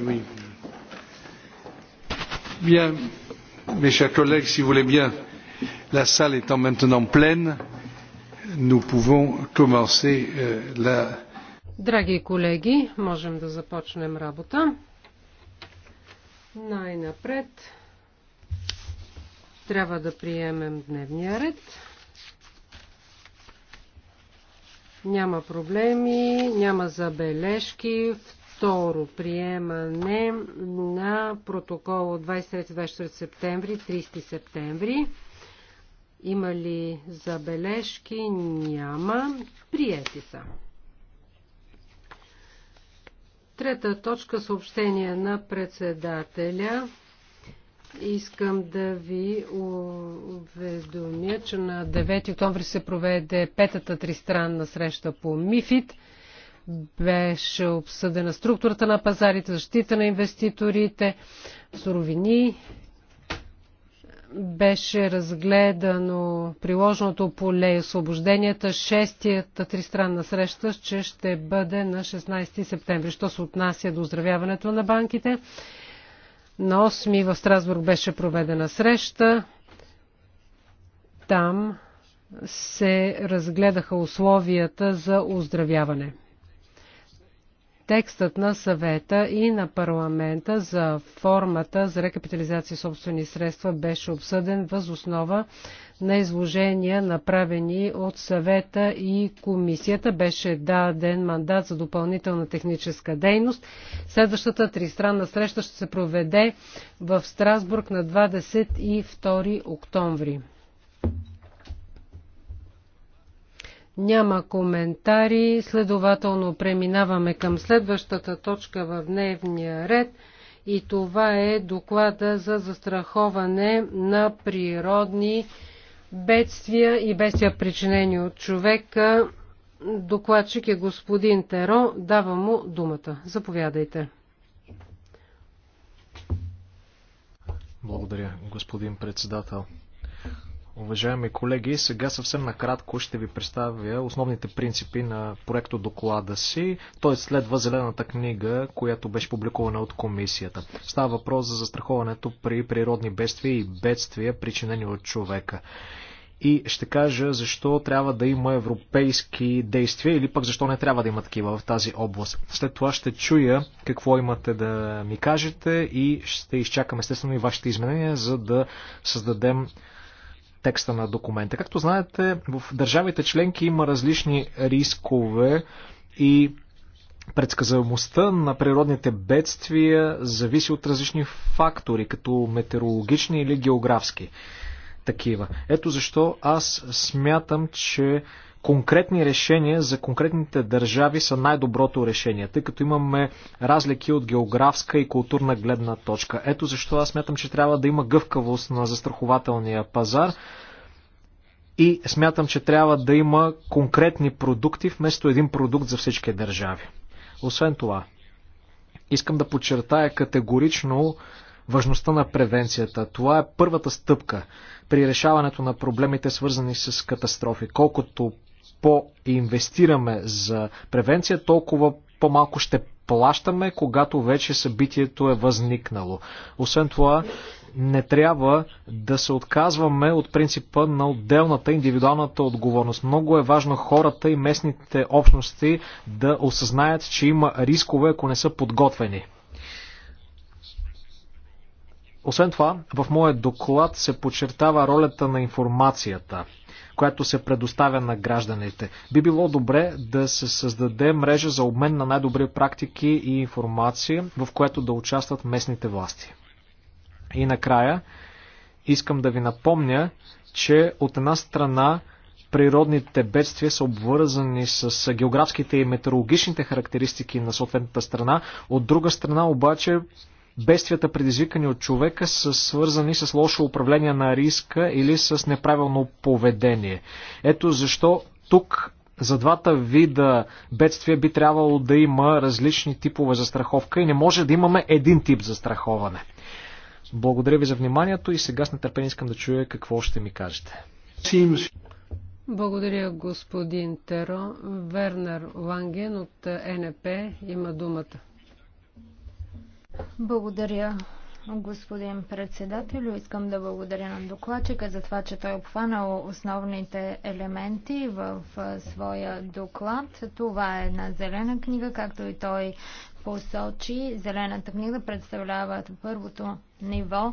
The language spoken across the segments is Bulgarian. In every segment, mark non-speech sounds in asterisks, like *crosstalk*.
Oui, Bien, mes chers collègues, si vous voulez bien, la salle étant maintenant pleine, nous pouvons commencer euh, la. Драги колеги, можем да започнем работа. Най-напред трябва да приемем дневния ред. Няма проблеми, няма забележки. Второ, приемане на протокол от 23-24 септември, 30 септември. Има ли забележки? Няма. Приети са. Трета точка съобщение на председателя. Искам да ви уведомя, че на 9 октомври се проведе петата тристранна среща по Мифит. Беше обсъдена структурата на пазарите, защита на инвеститорите, суровини. Беше разгледано приложеното поле и освобожденията. Шестията тристранна среща, че ще бъде на 16 септември. Що се отнася до оздравяването на банките? На 8 в Страсбург беше проведена среща. Там се разгледаха условията за оздравяване текстът на съвета и на парламента за формата за рекапитализация собствени средства беше обсъден въз основа на изложения, направени от съвета и комисията. Беше даден мандат за допълнителна техническа дейност. Следващата тристранна среща ще се проведе в Страсбург на 22 октомври. Няма коментари, следователно преминаваме към следващата точка в дневния ред и това е доклада за застраховане на природни бедствия и бедствия причинени от човека. Докладчик е господин Теро. Давам му думата. Заповядайте. Благодаря, господин председател. Уважаеми колеги, сега съвсем накратко ще ви представя основните принципи на проекто доклада си. Той следва зелената книга, която беше публикувана от комисията. Става въпрос за застраховането при природни бедствия и бедствия, причинени от човека. И ще кажа защо трябва да има европейски действия или пък защо не трябва да има такива в тази област. След това ще чуя какво имате да ми кажете и ще изчакам естествено и вашите изменения, за да създадем текста на документа. Както знаете, в държавите членки има различни рискове и Предсказаемостта на природните бедствия зависи от различни фактори, като метеорологични или географски такива. Ето защо аз смятам, че конкретни решения за конкретните държави са най-доброто решение, тъй като имаме разлики от географска и културна гледна точка. Ето защо аз смятам, че трябва да има гъвкавост на застрахователния пазар и смятам, че трябва да има конкретни продукти вместо един продукт за всички държави. Освен това, искам да подчертая категорично важността на превенцията. Това е първата стъпка при решаването на проблемите, свързани с катастрофи. Колкото по-инвестираме за превенция, толкова по-малко ще плащаме, когато вече събитието е възникнало. Освен това, не трябва да се отказваме от принципа на отделната индивидуалната отговорност. Много е важно хората и местните общности да осъзнаят, че има рискове, ако не са подготвени. Освен това, в моят доклад се подчертава ролята на информацията – която се предоставя на гражданите. Би било добре да се създаде мрежа за обмен на най-добри практики и информация, в която да участват местните власти. И накрая, искам да ви напомня, че от една страна природните бедствия са обвързани с географските и метеорологичните характеристики на съответната страна. От друга страна обаче бедствията, предизвикани от човека, са свързани с лошо управление на риска или с неправилно поведение. Ето защо тук за двата вида бедствия би трябвало да има различни типове застраховка и не може да имаме един тип застраховане. Благодаря ви за вниманието и сега с нетърпение искам да чуя какво ще ми кажете. Благодаря, господин Теро. Вернер Ланген от е НП има думата. Благодаря, господин председател, Искам да благодаря на докладчика за това, че той е обхванал основните елементи в своя доклад. Това е една зелена книга, както и той посочи. Зелената книга представлява първото ниво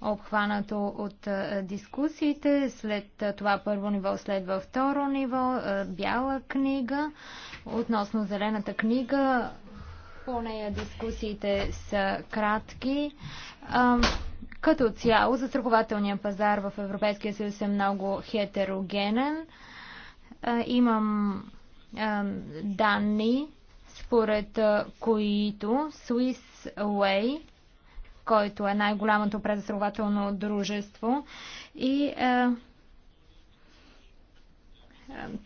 обхванато от дискусиите. След това първо ниво, следва второ ниво, бяла книга. Относно зелената книга по нея дискусиите са кратки. Като цяло, застрахователния пазар в Европейския съюз е много хетерогенен. Имам данни, според които Swiss Way, който е най-голямото презастрахователно дружество, и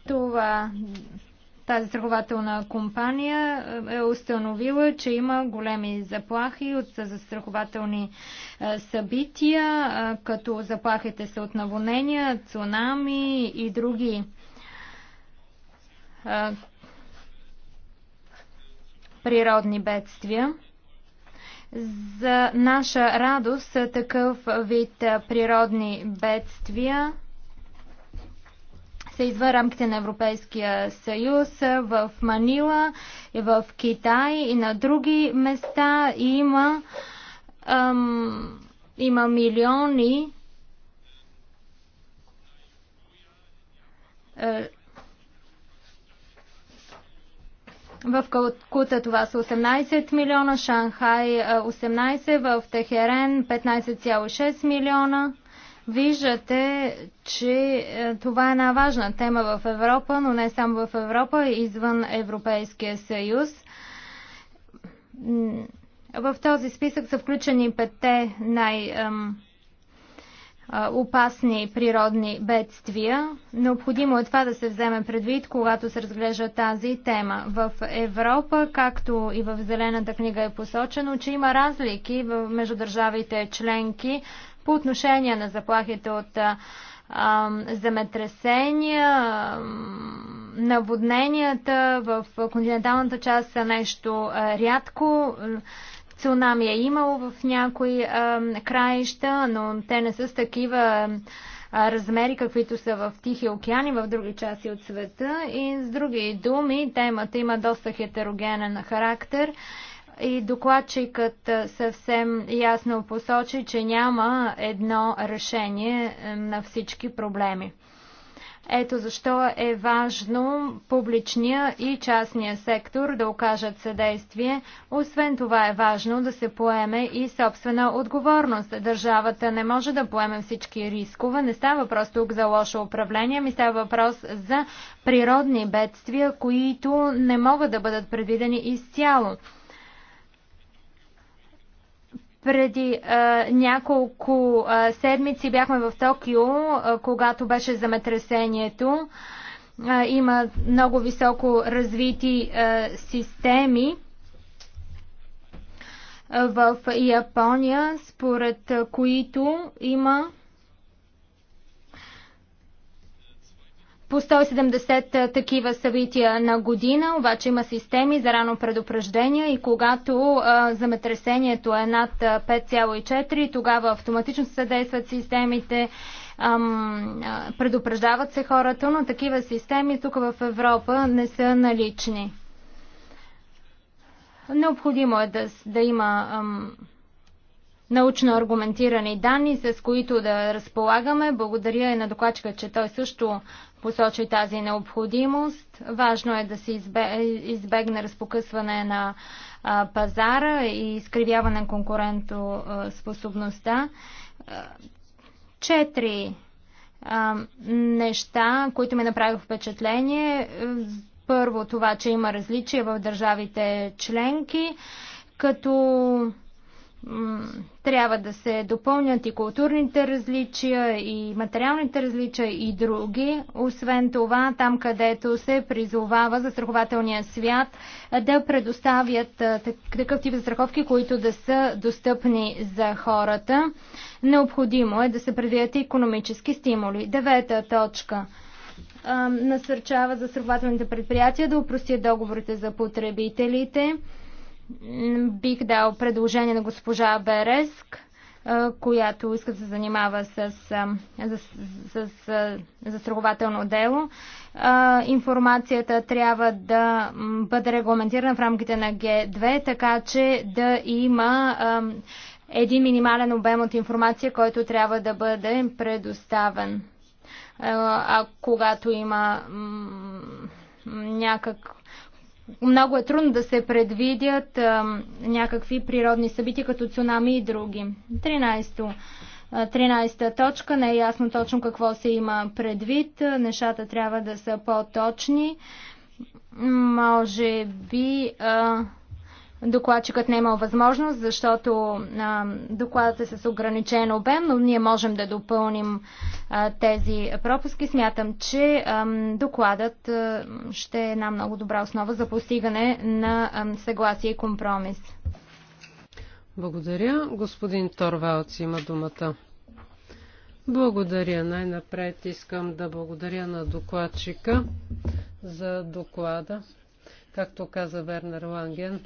това тази страхователна компания е, е установила, че има големи заплахи от застрахователни е, събития, е, като заплахите са от наводнения, цунами и други природни бедствия. За наша радост такъв вид природни бедствия са извън рамките на Европейския съюз, в Манила, в Китай и на други места. Има, ам, има милиони е, В Кута това са 18 милиона, Шанхай 18, е, в Техерен 15,6 милиона. Виждате, че е, това е една важна тема в Европа, но не само в Европа, извън Европейския съюз. В този списък са включени петте най- е, опасни природни бедствия. Необходимо е това да се вземе предвид, когато се разглежда тази тема. В Европа, както и в Зелената книга е посочено, че има разлики между държавите членки по отношение на заплахите от земетресения, наводненията в континенталната част са нещо рядко. Цунами е имало в някои краища, но те не са с такива размери, каквито са в Тихи океани в други части от света. И с други думи, темата има доста хетерогенен характер и докладчикът съвсем ясно посочи, че няма едно решение на всички проблеми. Ето защо е важно публичния и частния сектор да окажат съдействие. Освен това е важно да се поеме и собствена отговорност. Държавата не може да поеме всички рискове. Не става въпрос тук за лошо управление, ми става въпрос за природни бедствия, които не могат да бъдат предвидени изцяло. Преди а, няколко а, седмици бяхме в Токио, а, когато беше земетресението. А, има много високо развити а, системи в Япония, според които има по 170 такива събития на година, обаче има системи за рано предупреждение и когато земетресението е над 5,4, тогава автоматично се действат системите, ам, предупреждават се хората, но такива системи тук в Европа не са налични. Необходимо е да, да има ам, научно аргументирани данни, с които да разполагаме. Благодаря и на докладчика, че той също посочи тази необходимост. Важно е да се избегне разпокъсване на пазара и изкривяване на конкурентоспособността. Четири неща, които ми направиха впечатление. Първо това, че има различия в държавите членки, като трябва да се допълнят и културните различия, и материалните различия, и други. Освен това, там където се призовава застрахователния свят да предоставят такъв тип застраховки, които да са достъпни за хората, необходимо е да се предвидят економически стимули. Девета точка насърчава застрахователните предприятия да упростят договорите за потребителите. Бих дал предложение на госпожа Береск, която иска да се занимава с, с, с, с застрахователно дело. Информацията трябва да бъде регламентирана в рамките на Г2, така че да има един минимален обем от информация, който трябва да бъде предоставен. А когато има някакъв много е трудно да се предвидят а, някакви природни събития, като цунами и други. 13. 13 точка. Не е ясно точно какво се има предвид. Нещата трябва да са по-точни. Може би. А, Докладчикът не е имал възможност, защото а, докладът е с ограничен обем, но ние можем да допълним а, тези пропуски. Смятам, че а, докладът а, ще е една много добра основа за постигане на а, съгласие и компромис. Благодаря. Господин Торвалц има думата. Благодаря. Най-напред искам да благодаря на докладчика за доклада. Както каза Вернер Ланген,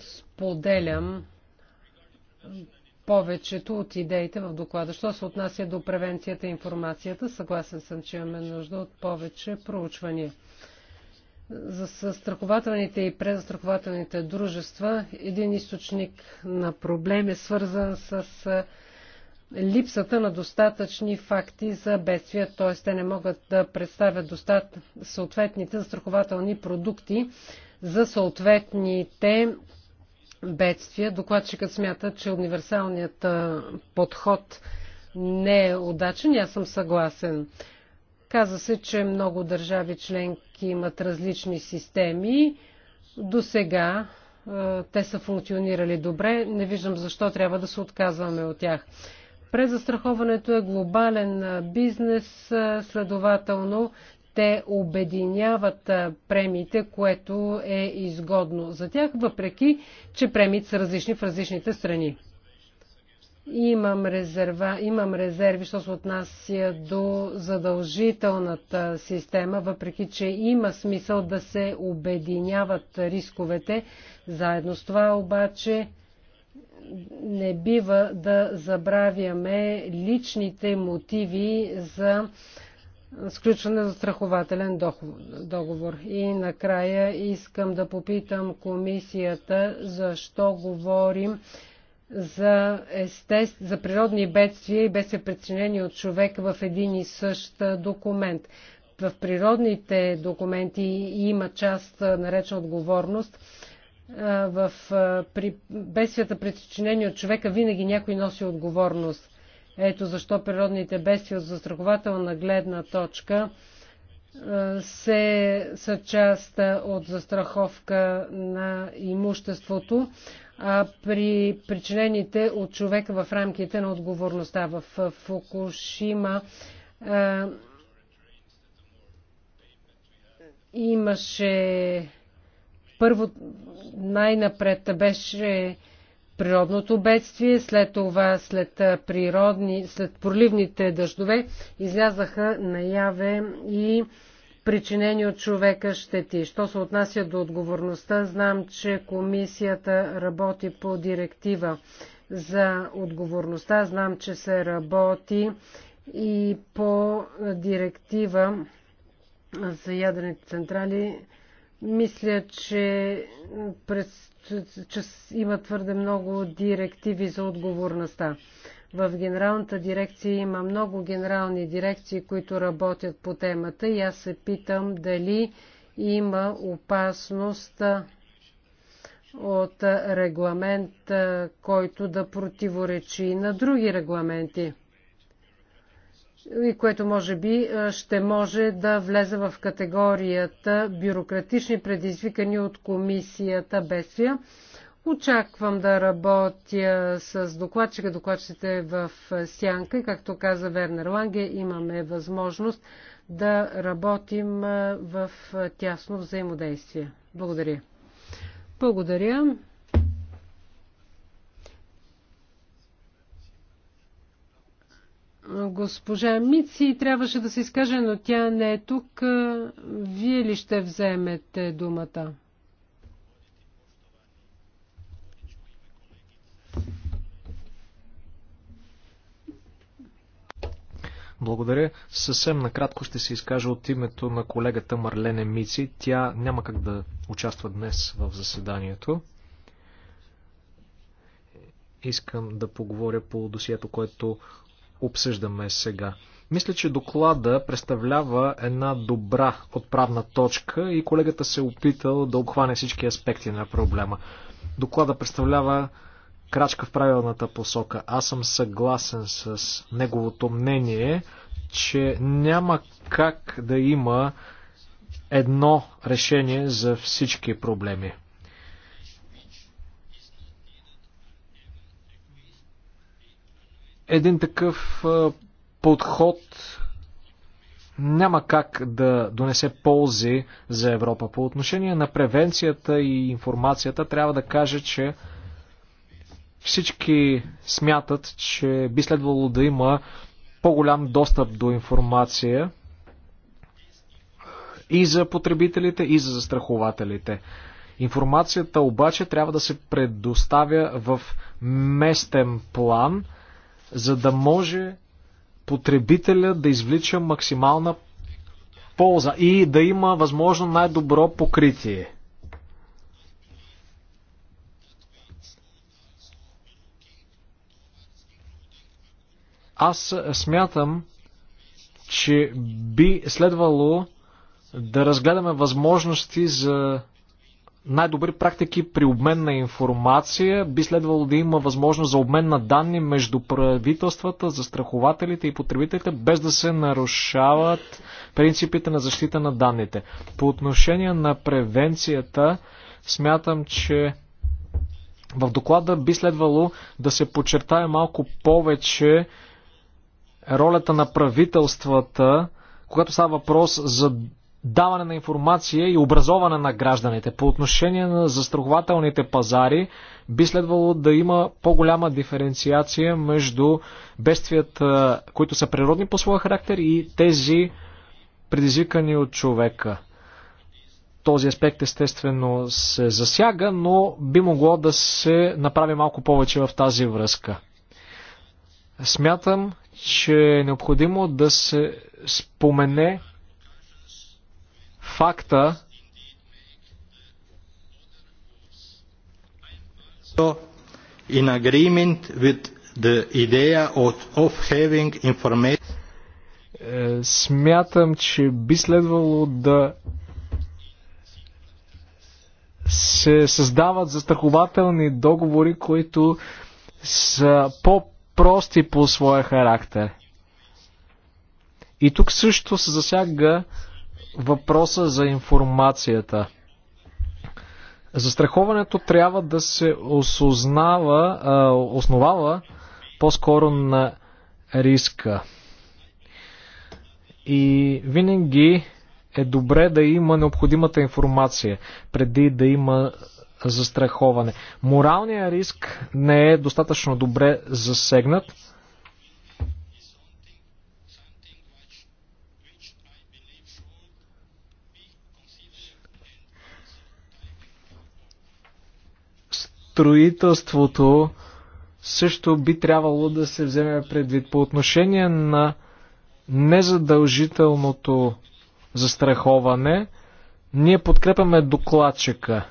споделям повечето от идеите в доклада. Що се отнася до превенцията и информацията, съгласен съм, че имаме нужда от повече проучвания. За страхователните и презастрахователните дружества един източник на проблем е свързан с липсата на достатъчни факти за бедствия, т.е. те не могат да представят достат... съответните застрахователни продукти за съответните бедствия. Докладчикът смята, че универсалният подход не е удачен. Аз съм съгласен. Каза се, че много държави членки имат различни системи. До сега те са функционирали добре. Не виждам защо трябва да се отказваме от тях. Презастраховането е глобален бизнес, следователно те обединяват премиите, което е изгодно за тях, въпреки че премиите са различни в различните страни. Имам, резерва, имам резерви, що се отнася до задължителната система, въпреки че има смисъл да се обединяват рисковете. Заедно с това обаче не бива да забравяме личните мотиви за сключване на страхователен договор. И накрая искам да попитам комисията защо говорим за, естест... за природни бедствия и бедствия причинени от човек в един и същ документ. В природните документи има част наречена отговорност в, при бедствията, причинени от човека, винаги някой носи отговорност. Ето защо природните бедствия от застрахователна гледна точка се, са част от застраховка на имуществото, а при причинените от човека в рамките на отговорността. В Фукушима имаше първо, най-напред беше природното бедствие, след това, след, природни, след проливните дъждове, излязаха наяве и причинени от човека щети. Що се отнася до отговорността, знам, че комисията работи по директива за отговорността. Знам, че се работи и по директива за ядрените централи мисля, че, през, час има твърде много директиви за отговорността. В генералната дирекция има много генерални дирекции, които работят по темата и аз се питам дали има опасност от регламент, който да противоречи на други регламенти и което може би ще може да влезе в категорията бюрократични предизвикани от комисията бедствия. Очаквам да работя с докладчика, докладчите в Сянка. Както каза Вернер Ланге, имаме възможност да работим в тясно взаимодействие. Благодаря. Благодаря. Госпожа Мици трябваше да се изкаже, но тя не е тук. Вие ли ще вземете думата? Благодаря. Съвсем накратко ще се изкажа от името на колегата Марлене Мици. Тя няма как да участва днес в заседанието. Искам да поговоря по досието, което обсъждаме сега. Мисля, че доклада представлява една добра отправна точка и колегата се е опитал да обхване всички аспекти на проблема. Доклада представлява крачка в правилната посока. Аз съм съгласен с неговото мнение, че няма как да има едно решение за всички проблеми. Един такъв подход няма как да донесе ползи за Европа. По отношение на превенцията и информацията, трябва да кажа, че всички смятат, че би следвало да има по-голям достъп до информация и за потребителите, и за застрахователите. Информацията обаче трябва да се предоставя в местен план – за да може потребителя да извлича максимална полза и да има възможно най-добро покритие. Аз смятам, че би следвало да разгледаме възможности за най-добри практики при обмен на информация. Би следвало да има възможност за обмен на данни между правителствата, застрахователите и потребителите, без да се нарушават принципите на защита на данните. По отношение на превенцията, смятам, че в доклада би следвало да се подчертае малко повече ролята на правителствата, когато става въпрос за даване на информация и образоване на гражданите. По отношение на застрахователните пазари би следвало да има по-голяма диференциация между бедствията, които са природни по своя характер и тези предизвикани от човека. Този аспект естествено се засяга, но би могло да се направи малко повече в тази връзка. Смятам, че е необходимо да се спомене факта, in agreement with the idea of, of having information е, смятам, че би следвало да се създават застрахователни договори, които са по-прости по своя характер. И тук също се засяга въпроса за информацията. Застраховането трябва да се осознава, а, основава по-скоро на риска. И винаги е добре да има необходимата информация преди да има застраховане. Моралният риск не е достатъчно добре засегнат. строителството също би трябвало да се вземе предвид. По отношение на незадължителното застраховане, ние подкрепяме докладчика.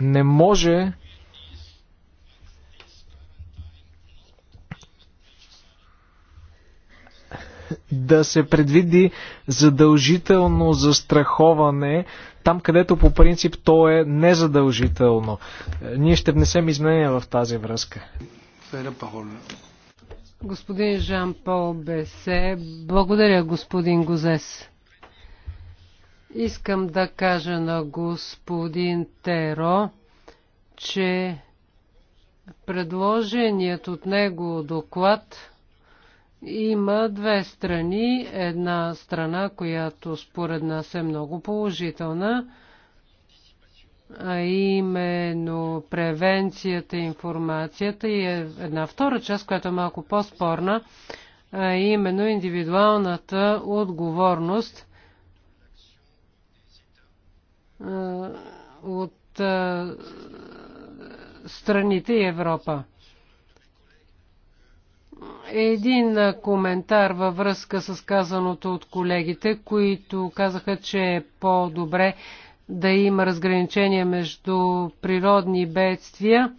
Не може да се предвиди задължително застраховане там където по принцип то е незадължително. Е, ние ще внесем изменения в тази връзка. Господин Жан-Пол Бесе, благодаря господин Гозес. Искам да кажа на господин Теро, че предложеният от него доклад има две страни. Една страна, която според нас е много положителна, а именно превенцията, информацията и е една втора част, която е малко по-спорна, а именно индивидуалната отговорност от страните и Европа. Един коментар във връзка с казаното от колегите, които казаха, че е по-добре да има разграничение между природни бедствия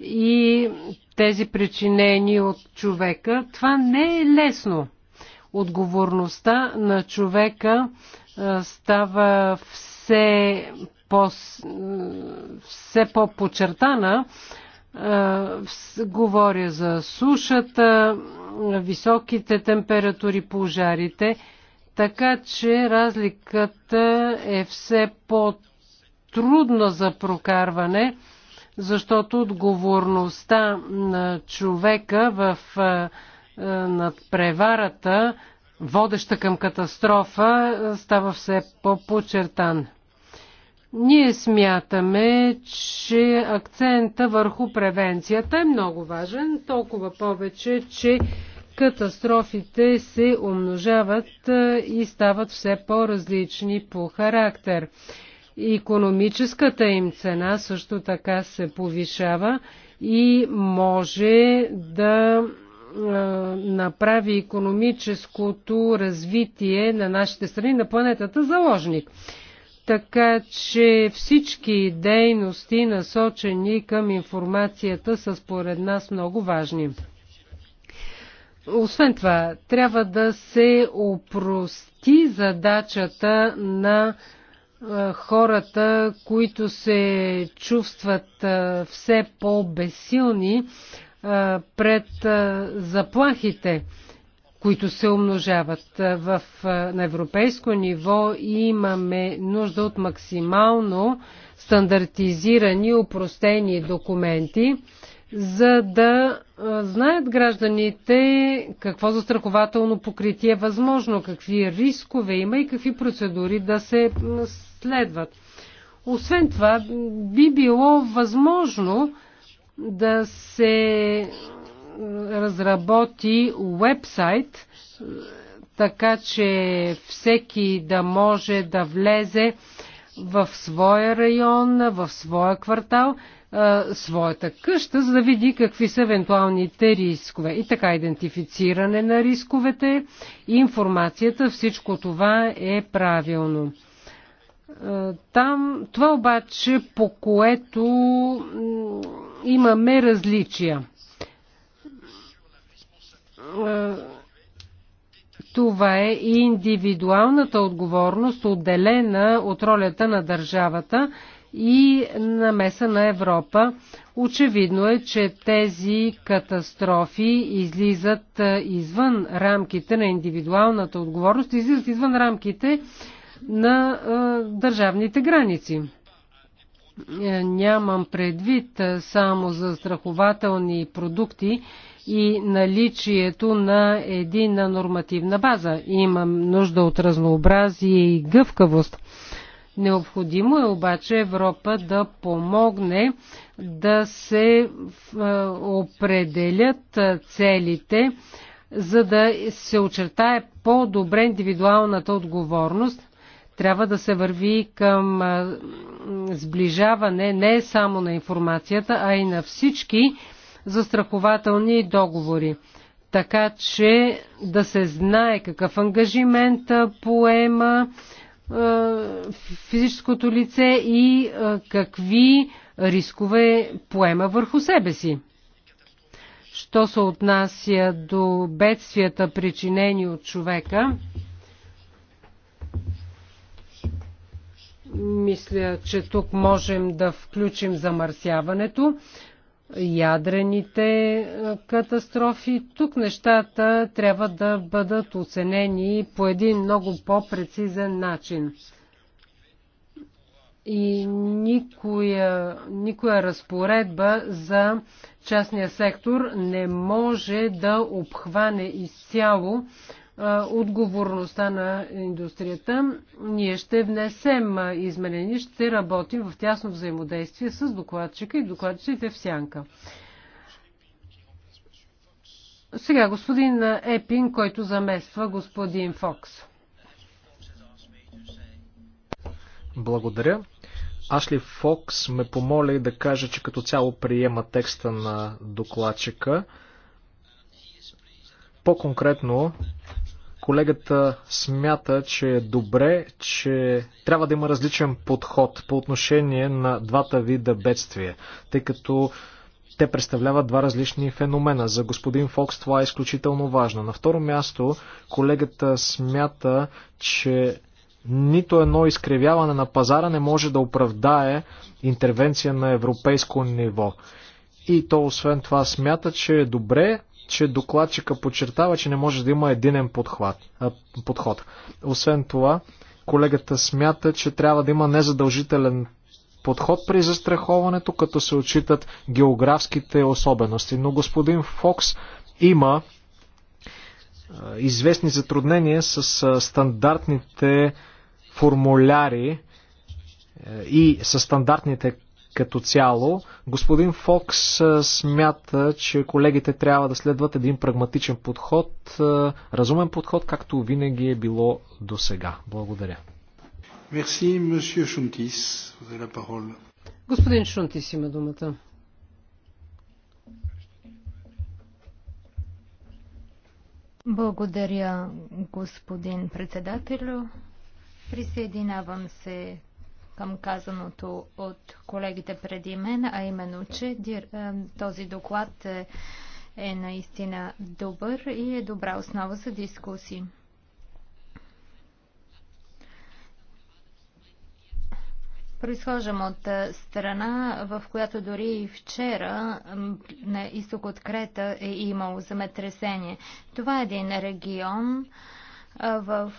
и тези причинени от човека. Това не е лесно. Отговорността на човека става все, по, все по-почертана е, говоря за сушата, високите температури, пожарите, така че разликата е все по-трудна за прокарване, защото отговорността на човека в е, е, надпреварата, водеща към катастрофа, става все по-почертан. Ние смятаме, че акцента върху превенцията е много важен, толкова повече, че катастрофите се умножават и стават все по-различни по характер. Икономическата им цена също така се повишава и може да направи економическото развитие на нашите страни на планетата заложник така че всички дейности, насочени към информацията, са според нас много важни. Освен това, трябва да се опрости задачата на хората, които се чувстват все по-бесилни пред заплахите които се умножават. В, на европейско ниво имаме нужда от максимално стандартизирани, упростени документи, за да знаят гражданите какво застрахователно покритие е възможно, какви рискове има и какви процедури да се следват. Освен това, би било възможно да се разработи уебсайт, така че всеки да може да влезе в своя район, в своя квартал, своята къща, за да види какви са евентуалните рискове. И така идентифициране на рисковете, информацията, всичко това е правилно. Там, това обаче, по което имаме различия. Е, това е и индивидуалната отговорност, отделена от ролята на държавата и намеса на Европа. Очевидно е, че тези катастрофи излизат е, извън рамките на индивидуалната отговорност, излизат извън рамките на а, е, държавните граници. Нямам предвид само за страхователни продукти, и наличието на единна нормативна база. Имам нужда от разнообразие и гъвкавост. Необходимо е обаче Европа да помогне да се определят целите, за да се очертае по-добре индивидуалната отговорност. Трябва да се върви към сближаване не само на информацията, а и на всички застрахователни договори. Така че да се знае какъв ангажимент поема физическото лице и какви рискове поема върху себе си. Що се отнася до бедствията, причинени от човека, мисля, че тук можем да включим замърсяването ядрените катастрофи. Тук нещата трябва да бъдат оценени по един много по-прецизен начин. И никоя, никоя разпоредба за частния сектор не може да обхване изцяло отговорността на индустрията. Ние ще внесем изменения, ще работим в тясно взаимодействие с докладчика и докладчиците в сянка. Сега господин Епин, който замества господин Фокс. Благодаря. Ашли Фокс ме помоли да кажа, че като цяло приема текста на докладчика. По-конкретно, Колегата смята, че е добре, че трябва да има различен подход по отношение на двата вида бедствия, тъй като те представляват два различни феномена. За господин Фокс това е изключително важно. На второ място, колегата смята, че нито едно изкривяване на пазара не може да оправдае интервенция на европейско ниво. И то освен това смята, че е добре че докладчика подчертава, че не може да има единен подхват, а, подход. Освен това, колегата смята, че трябва да има незадължителен подход при застраховането, като се отчитат географските особености. Но господин Фокс има известни затруднения с стандартните формуляри и с стандартните като цяло. Господин Фокс смята, че колегите трябва да следват един прагматичен подход, разумен подход, както винаги е било до сега. Благодаря. Мерси, мсье Шунтис. Господин Шунтис има думата. Благодаря, господин председател. Присъединявам се към казаното от колегите преди мен, а именно, че е, този доклад е, е наистина добър и е добра основа за дискусии. Произхождам от е, страна, в която дори и вчера на изток от Крета е имало земетресение. Това е един регион, в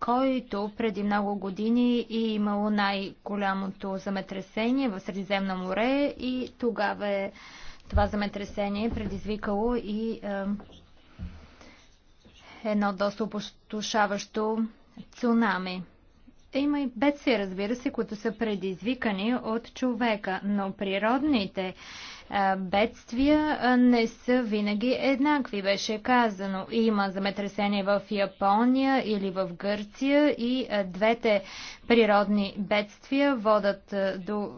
който преди много години е имало най-голямото земетресение в Средиземно море и тогава е това земетресение е предизвикало и едно доста опустошаващо цунами. Има и бедствия, разбира се, които са предизвикани от човека, но природните е, бедствия е, не са винаги еднакви, беше казано. Има земетресение в Япония или в Гърция и е, двете природни бедствия водат до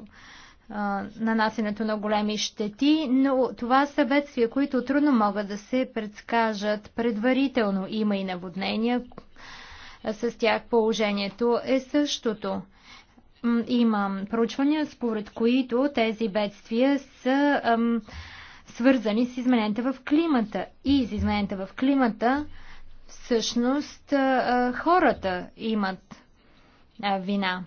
нанасенето на големи щети, но това са бедствия, които трудно могат да се предскажат предварително. Има и наводнения, с тях положението е същото. Има проучвания, според които тези бедствия са ам, свързани с измененията в климата. И с измененията в климата всъщност а, хората имат а, вина.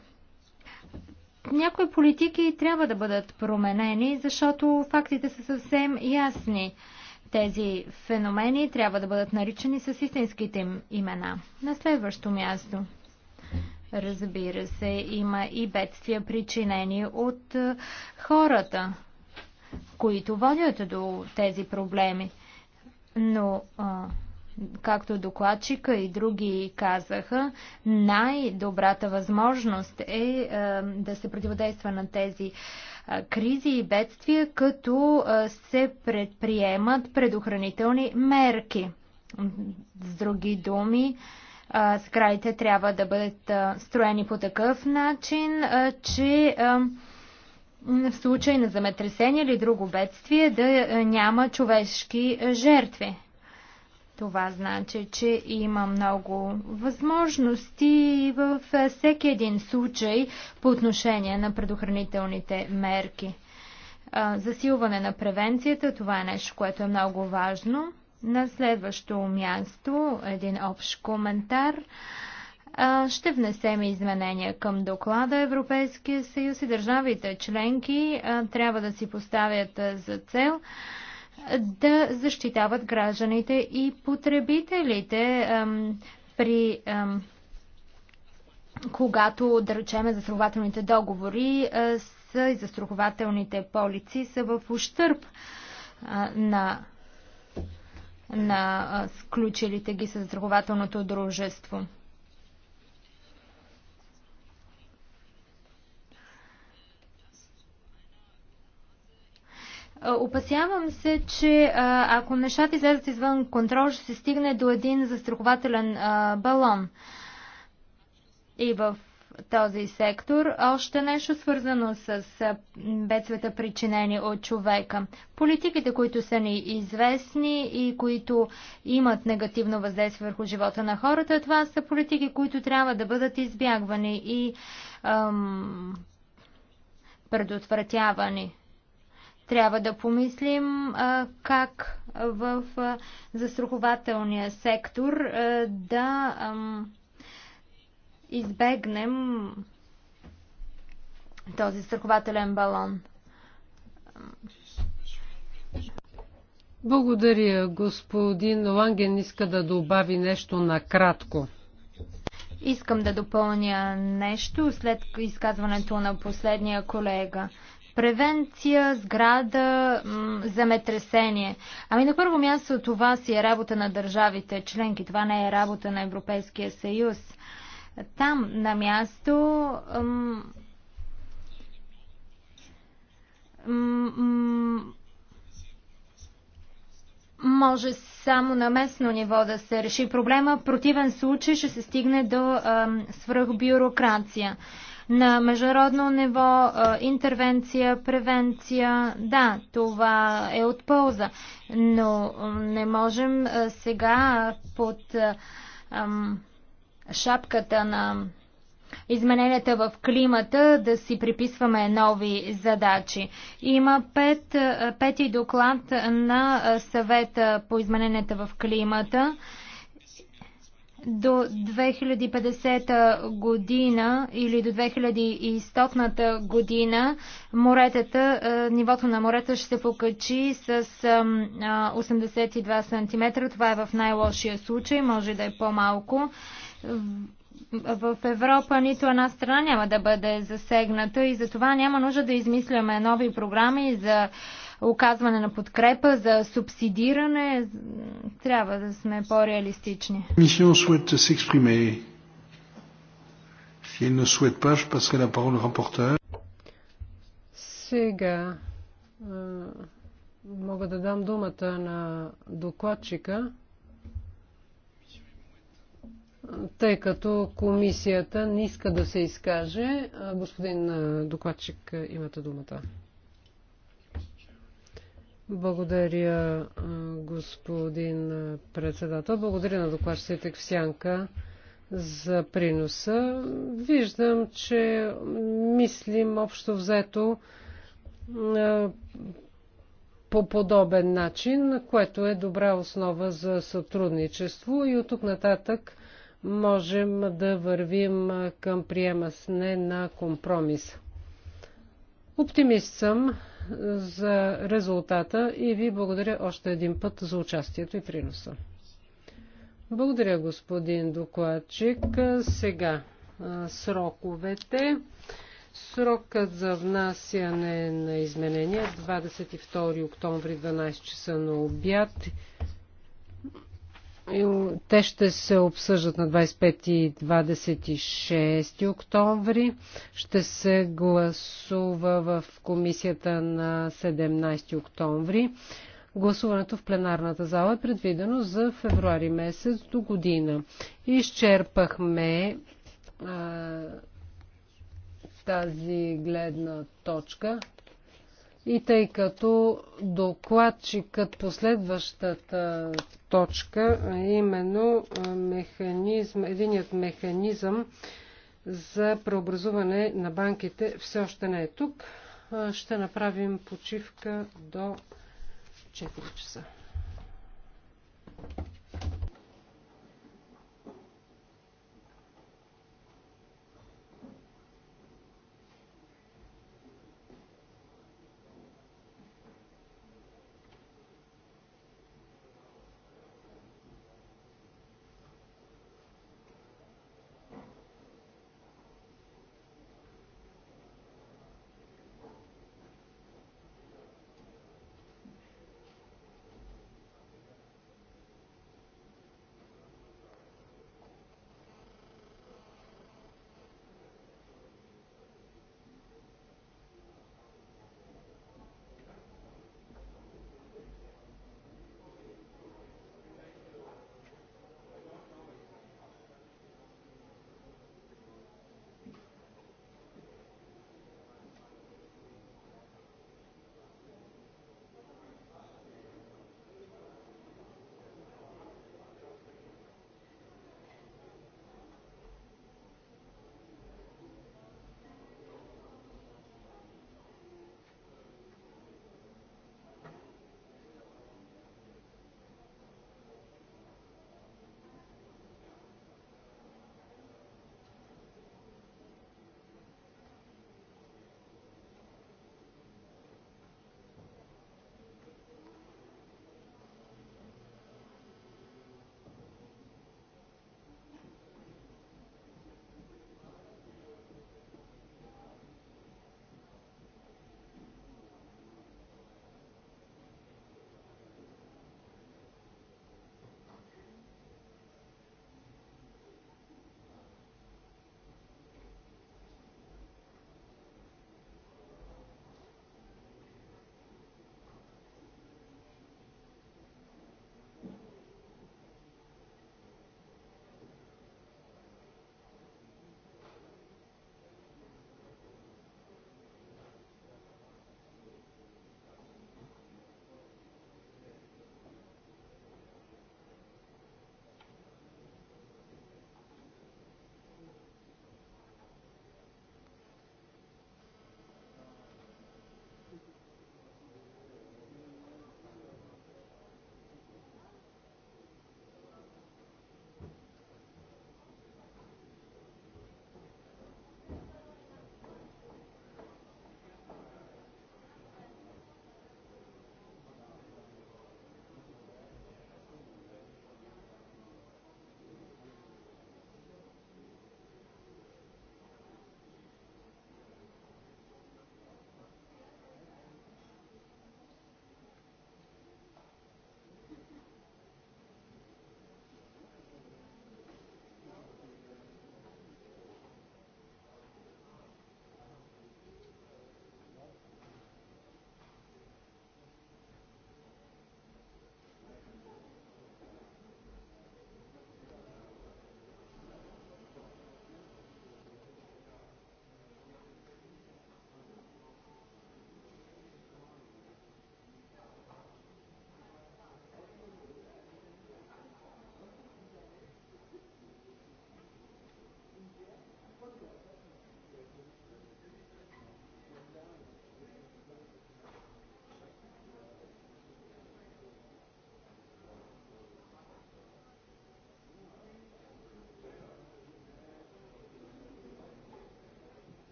Някои политики трябва да бъдат променени, защото фактите са съвсем ясни. Тези феномени трябва да бъдат наричани с истинските им имена. На следващо място. Разбира се, има и бедствия, причинени от е, хората, които водят до тези проблеми. Но, а, както докладчика и други казаха, най-добрата възможност е а, е, да се противодейства на тези а, кризи и бедствия, като се предприемат предохранителни мерки. С други думи, сградите трябва да бъдат строени по такъв начин, че в случай на земетресение или друго бедствие да няма човешки жертви. Това значи, че има много възможности във е, всеки един случай по отношение на предохранителните мерки. Е, засилване на превенцията, това е нещо, което е много важно. На следващо място един общ коментар. Е, ще внесем изменения към доклада Европейския съюз и държавите членки трябва да си поставят за цел да защитават гражданите и потребителите ам, при ам, когато, да речеме, застрахователните договори е, са и застрахователните полици са в ущърп на на сключилите ги с застрахователното дружество. Опасявам се, че ако нещата излезат извън контрол, ще се стигне до един застрахователен балон. И в този сектор. Още нещо свързано с бедствията причинени от човека. Политиките, които са ни известни и които имат негативно въздействие върху живота на хората, това са политики, които трябва да бъдат избягвани и ам, предотвратявани. Трябва да помислим а, как в а, застрахователния сектор а, да ам, избегнем този страхователен балон. Благодаря. Господин Ланген иска да добави нещо накратко. Искам да допълня нещо след изказването на последния колега. Превенция, сграда, земетресение. Ами на първо място това си е работа на държавите членки, това не е работа на Европейския съюз. Там на място може само на местно ниво да се реши проблема. В противен случай ще се стигне до свръхбюрокрация на международно ниво, интервенция, превенция. Да, това е от полза, но не можем сега под шапката на измененията в климата да си приписваме нови задачи. Има пет, пети доклад на съвета по измененията в климата до 2050 година или до 2100 година моретата, е, нивото на морета ще се покачи с 82 см. Това е в най-лошия случай, може да е по-малко. В Европа нито една страна няма да бъде засегната и затова няма нужда да измисляме нови програми за оказване на подкрепа, за субсидиране. Трябва да сме по-реалистични. Сега мога да дам думата на докладчика, тъй като комисията не иска да се изкаже. Господин докладчик, имате думата. Благодаря, господин председател. Благодаря на докладчиците ксянка за приноса. Виждам, че мислим общо взето по подобен начин, което е добра основа за сътрудничество и от тук нататък можем да вървим към приемасне на компромис. Оптимист съм, за резултата и ви благодаря още един път за участието и приноса. Благодаря, господин докладчик. Сега сроковете. Срокът за внасяне на изменения 22 е октомври 12 часа на обяд. Те ще се обсъждат на 25 и 26 октомври. Ще се гласува в комисията на 17 октомври. Гласуването в пленарната зала е предвидено за февруари месец до година. Изчерпахме а, тази гледна точка. И тъй като докладчикът последващата точка, а именно механизм, единият механизъм за преобразуване на банките все още не е тук. Ще направим почивка до 4 часа.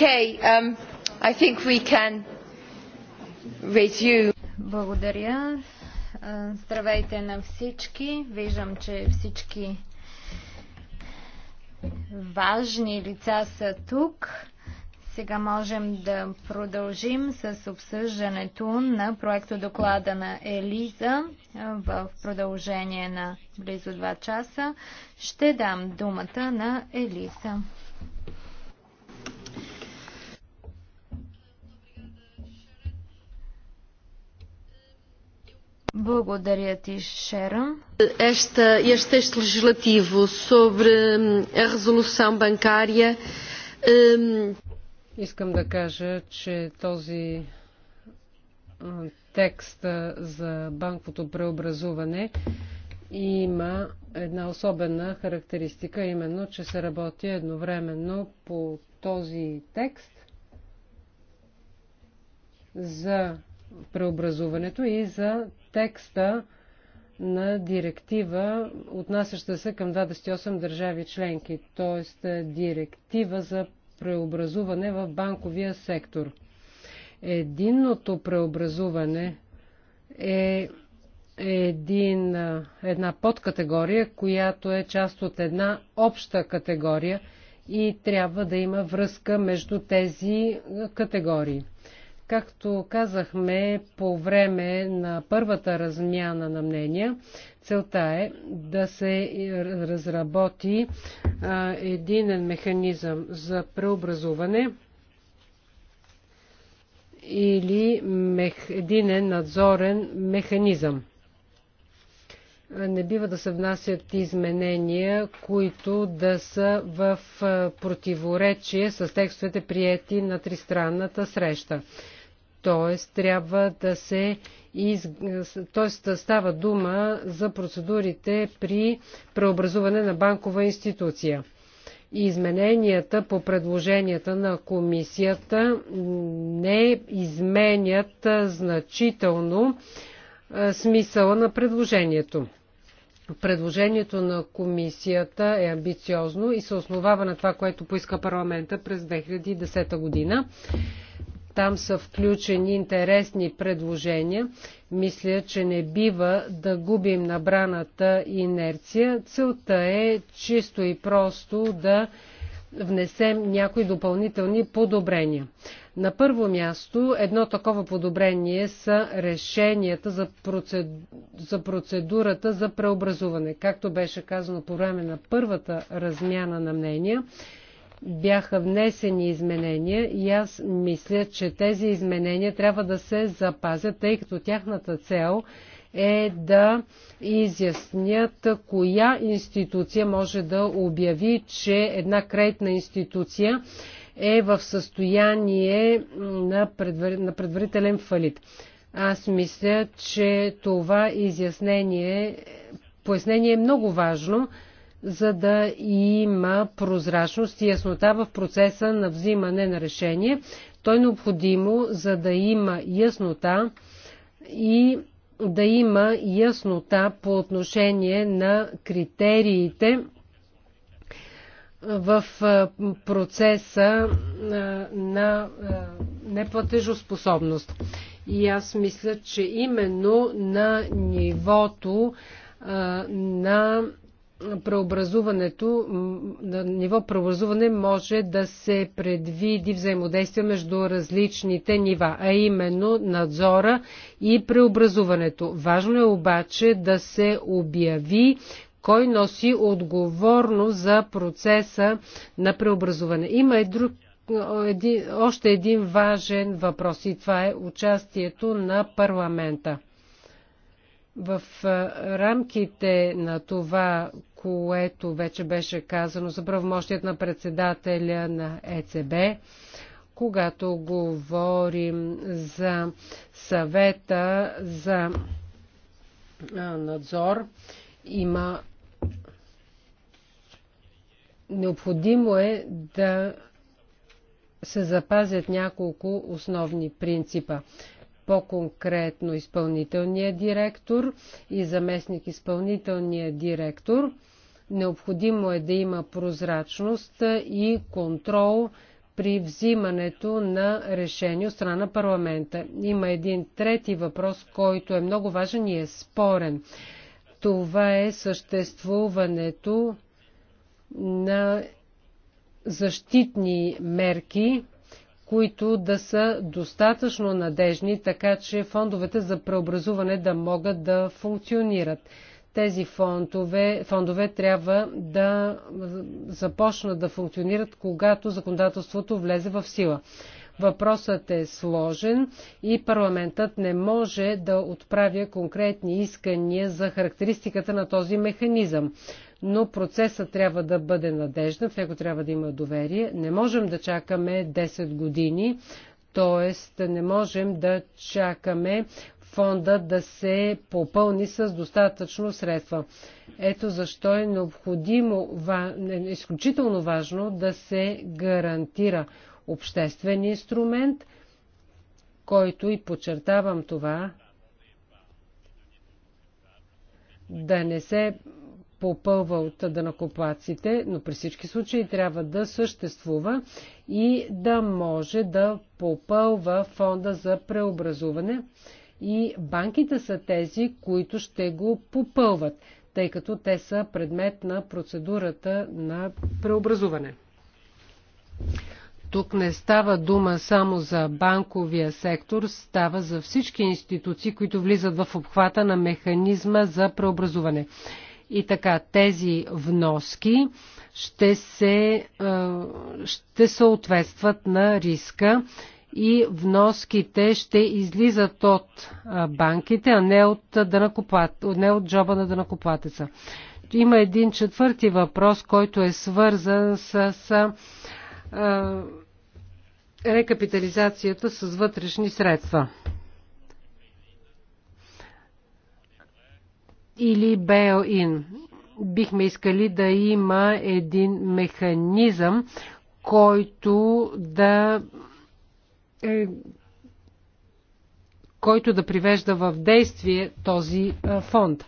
Um, Благодаря. Здравейте на всички. Виждам, че всички важни лица са тук. Сега можем да продължим с обсъждането на проекто доклада на Елиза в продължение на близо 2 часа. Ще дам думата на Елиза. Благодаря ти, Шерън. Esta, este texto legislativo sobre hm, a resolução bancária. Hm, Искам да кажа, че този текст за банковото преобразуване има една особена характеристика, именно, че се работи едновременно по този текст за преобразуването и за текста на директива, отнасяща се към 28 държави членки, т.е. директива за преобразуване в банковия сектор. Единното преобразуване е един, е, една подкатегория, която е част от една обща категория и трябва да има връзка между тези е, категории. Както казахме по време на първата размяна на мнения, целта е да се разработи единен механизъм за преобразуване или мех, единен надзорен механизъм. Не бива да се внасят изменения, които да са в противоречие с текстовете приети на тристранната среща т.е. трябва да се из... т.е. става дума за процедурите при преобразуване на банкова институция. Измененията по предложенията на комисията не изменят значително смисъла на предложението. Предложението на комисията е амбициозно и се основава на това, което поиска парламента през 2010 година. Там са включени интересни предложения. Мисля, че не бива да губим набраната инерция. Целта е чисто и просто да внесем някои допълнителни подобрения. На първо място, едно такова подобрение са решенията за, процеду... за процедурата за преобразуване. Както беше казано по време на първата размяна на мнения, бяха внесени изменения и аз мисля, че тези изменения трябва да се запазят, тъй като тяхната цел е да изяснят коя институция може да обяви, че една кредитна институция е в състояние на, предвар... на предварителен фалит. Аз мисля, че това изяснение, пояснение е много важно, за да има прозрачност и яснота в процеса на взимане на решение. То е необходимо, за да има яснота и да има яснота по отношение на критериите в процеса на неплатежоспособност. И аз мисля, че именно на нивото на преобразуването, на ниво преобразуване може да се предвиди взаимодействие между различните нива, а именно надзора и преобразуването. Важно е обаче да се обяви кой носи отговорност за процеса на преобразуване. Има и друг, един, още един важен въпрос и това е участието на парламента в рамките на това което вече беше казано за правомощият на председателя на ЕЦБ, когато говорим за съвета за надзор, има необходимо е да се запазят няколко основни принципа по-конкретно изпълнителния директор и заместник изпълнителния директор. Необходимо е да има прозрачност и контрол при взимането на решение от страна на парламента. Има един трети въпрос, който е много важен и е спорен. Това е съществуването на защитни мерки, които да са достатъчно надежни, така че фондовете за преобразуване да могат да функционират. Тези фондове, фондове трябва да започнат да функционират, когато законодателството влезе в сила. Въпросът е сложен и парламентът не може да отправя конкретни искания за характеристиката на този механизъм но процесът трябва да бъде надежден, в него трябва да има доверие. Не можем да чакаме 10 години, т.е. не можем да чакаме фонда да се попълни с достатъчно средства. Ето защо е необходимо, е изключително важно да се гарантира обществен инструмент, който и подчертавам това, да не се попълва от дънакоплаците, но при всички случаи трябва да съществува и да може да попълва фонда за преобразуване. И банките са тези, които ще го попълват, тъй като те са предмет на процедурата на преобразуване. Тук не става дума само за банковия сектор, става за всички институции, които влизат в обхвата на механизма за преобразуване. И така, тези вноски ще, се, ще съответстват на риска и вноските ще излизат от банките, а не от, дънакоплат, не от джоба на дънакоплатеца. Има един четвърти въпрос, който е свързан с, с а, рекапитализацията с вътрешни средства. или Bail In. Бихме искали да има един механизъм, който да е, който да привежда в действие този фонд.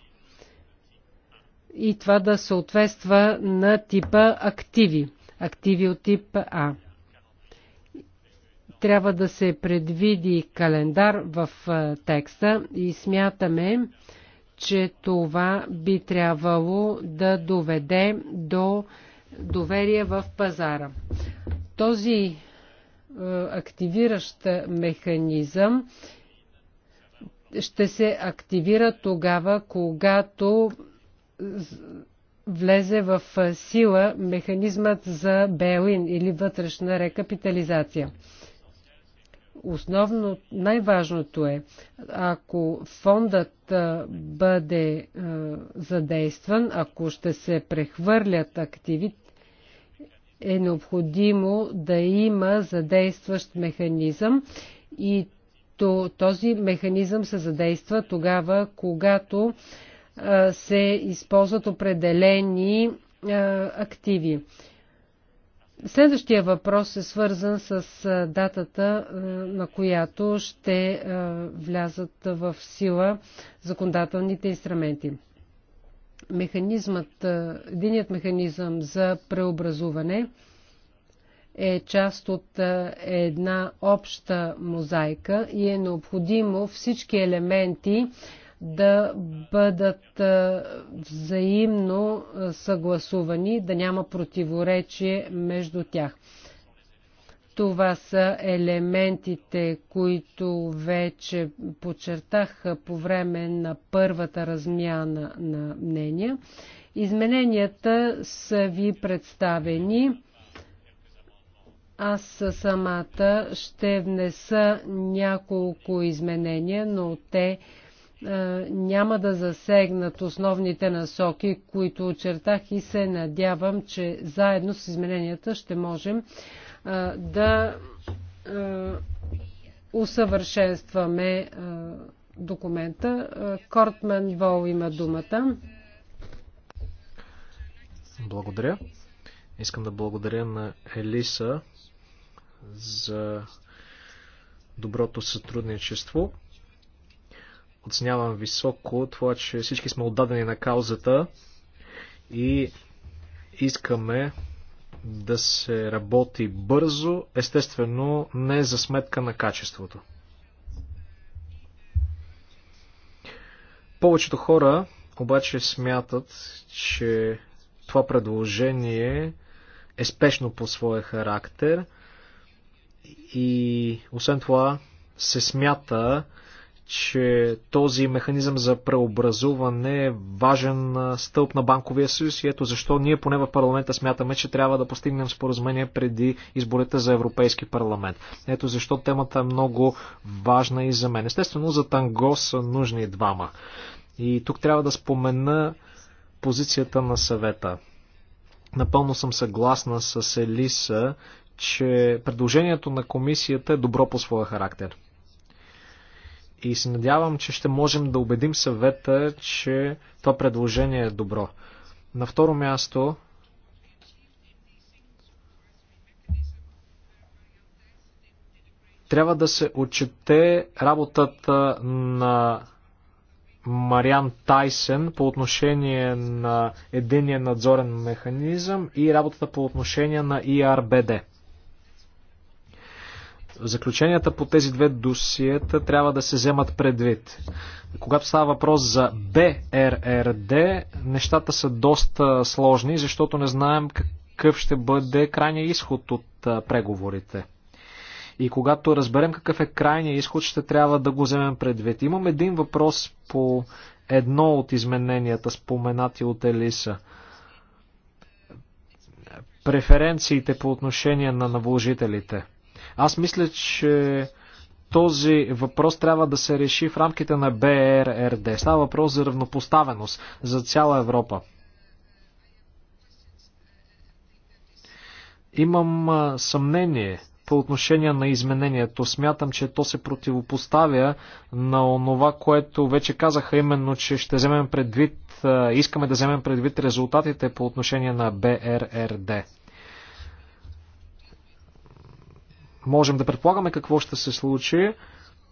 И това да съответства на типа активи. Активи от тип А. Трябва да се предвиди календар в текста и смятаме, че това би трябвало да доведе до доверие в пазара. Този е, активиращ механизъм ще се активира тогава, когато влезе в сила механизмът за Белин или вътрешна рекапитализация. Основно, най-важното е, ако фондът бъде задействан, ако ще се прехвърлят активи, е необходимо да има задействащ механизъм и то, този механизъм се задейства тогава, когато се използват определени активи. Следващия въпрос е свързан с датата, на която ще влязат в сила законодателните инструменти. Механизмът, единият механизъм за преобразуване е част от една обща мозайка и е необходимо всички елементи да бъдат взаимно съгласувани, да няма противоречие между тях. Това са елементите, които вече подчертах по време на първата размяна на мнения. Измененията са ви представени. Аз самата ще внеса няколко изменения, но те е, няма да засегнат основните насоки, които очертах и се надявам, че заедно с измененията ще можем е, да е, усъвършенстваме документа. Кортман Вол има думата. Благодаря. Искам да благодаря на Елиса за доброто сътрудничество оценявам високо това, че всички сме отдадени на каузата и искаме да се работи бързо, естествено не за сметка на качеството. Повечето хора обаче смятат, че това предложение е спешно по своя характер и освен това се смята, че този механизъм за преобразуване е важен стълб на банковия съюз и ето защо ние поне в парламента смятаме, че трябва да постигнем споразумение преди изборите за Европейски парламент. Ето защо темата е много важна и за мен. Естествено, за танго са нужни двама. И тук трябва да спомена позицията на съвета. Напълно съм съгласна с Елиса, че предложението на комисията е добро по своя характер и се надявам, че ще можем да убедим съвета, че това предложение е добро. На второ място, трябва да се отчете работата на Мариан Тайсен по отношение на единия надзорен механизъм и работата по отношение на ИРБД. Заключенията по тези две досиета трябва да се вземат предвид. Когато става въпрос за БРРД, нещата са доста сложни, защото не знаем какъв ще бъде крайният изход от преговорите. И когато разберем какъв е крайният изход, ще трябва да го вземем предвид. Имам един въпрос по едно от измененията, споменати от Елиса преференциите по отношение на наложителите. Аз мисля, че този въпрос трябва да се реши в рамките на БРРД. Е Става въпрос за равнопоставеност за цяла Европа. Имам съмнение по отношение на изменението. Смятам, че то се противопоставя на онова, което вече казаха, именно, че ще вземем предвид, искаме да вземем предвид резултатите по отношение на БРРД. Е Можем да предполагаме какво ще се случи,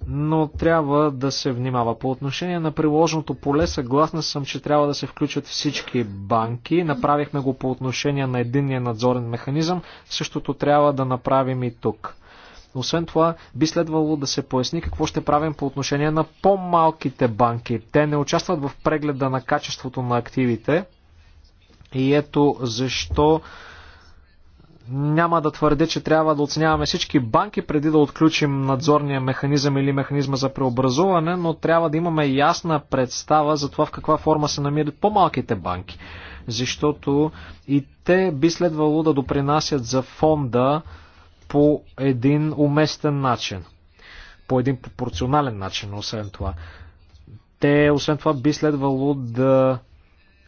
но трябва да се внимава. По отношение на приложното поле, съгласна съм, че трябва да се включат всички банки. Направихме го по отношение на единния надзорен механизъм. Същото трябва да направим и тук. Освен това, би следвало да се поясни какво ще правим по отношение на по-малките банки. Те не участват в прегледа на качеството на активите. И ето защо няма да твърде, че трябва да оценяваме всички банки преди да отключим надзорния механизъм или механизма за преобразуване, но трябва да имаме ясна представа за това в каква форма се намират по-малките банки. Защото и те би следвало да допринасят за фонда по един уместен начин. По един пропорционален начин, освен това. Те, освен това, би следвало да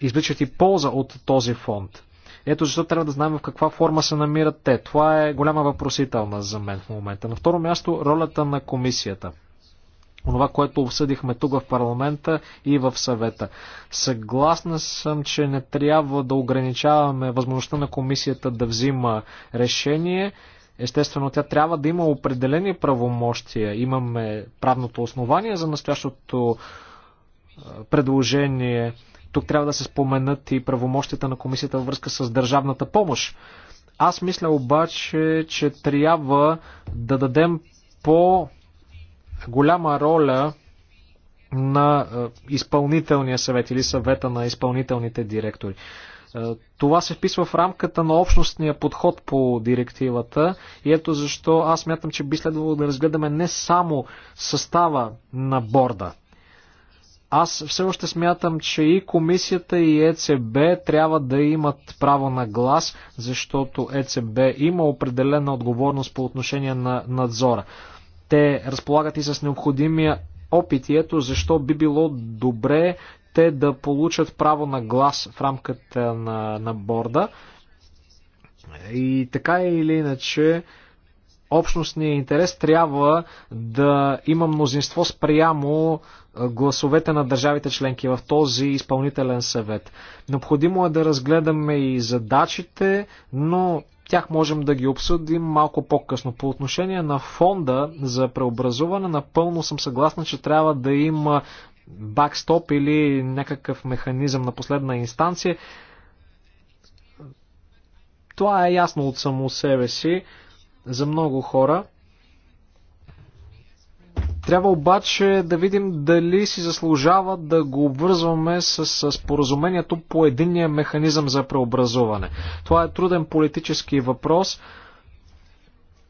извличат и полза от този фонд. Ето защо трябва да знаем в каква форма се намират те. Това е голяма въпросителна за мен в момента. На второ място, ролята на комисията. Онова, което обсъдихме тук в парламента и в съвета. Съгласна съм, че не трябва да ограничаваме възможността на комисията да взима решение. Естествено, тя трябва да има определени правомощия. Имаме правното основание за настоящото предложение тук трябва да се споменат и правомощите на комисията във връзка с държавната помощ. Аз мисля обаче, че трябва да дадем по голяма роля на е, изпълнителния съвет или съвета на изпълнителните директори. Е, това се вписва в рамката на общностния подход по директивата и ето защо аз мятам, че би следвало да разгледаме не само състава на борда аз все още смятам, че и комисията и ЕЦБ трябва да имат право на глас, защото ЕЦБ има определена отговорност по отношение на надзора. Те разполагат и с необходимия опит и ето защо би било добре те да получат право на глас в рамката на, на борда. И така или иначе, общностния интерес трябва да има мнозинство спрямо гласовете на държавите членки в този изпълнителен съвет. Необходимо е да разгледаме и задачите, но тях можем да ги обсъдим малко по-късно. По отношение на фонда за преобразуване, напълно съм съгласна, че трябва да има бакстоп или някакъв механизъм на последна инстанция. Това е ясно от само себе си за много хора. Трябва обаче да видим дали си заслужава да го обвързваме с споразумението по единния механизъм за преобразуване. Това е труден политически въпрос.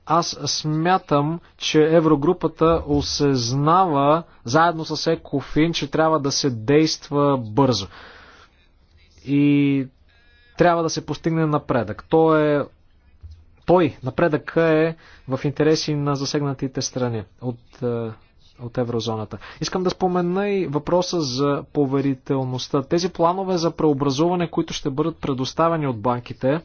Аз смятам, че Еврогрупата осъзнава заедно с Екофин, че трябва да се действа бързо. И трябва да се постигне напредък. То е той, напредъка е в интереси на засегнатите страни от е, от еврозоната. Искам да спомена и въпроса за поверителността. Тези планове за преобразуване, които ще бъдат предоставени от банките,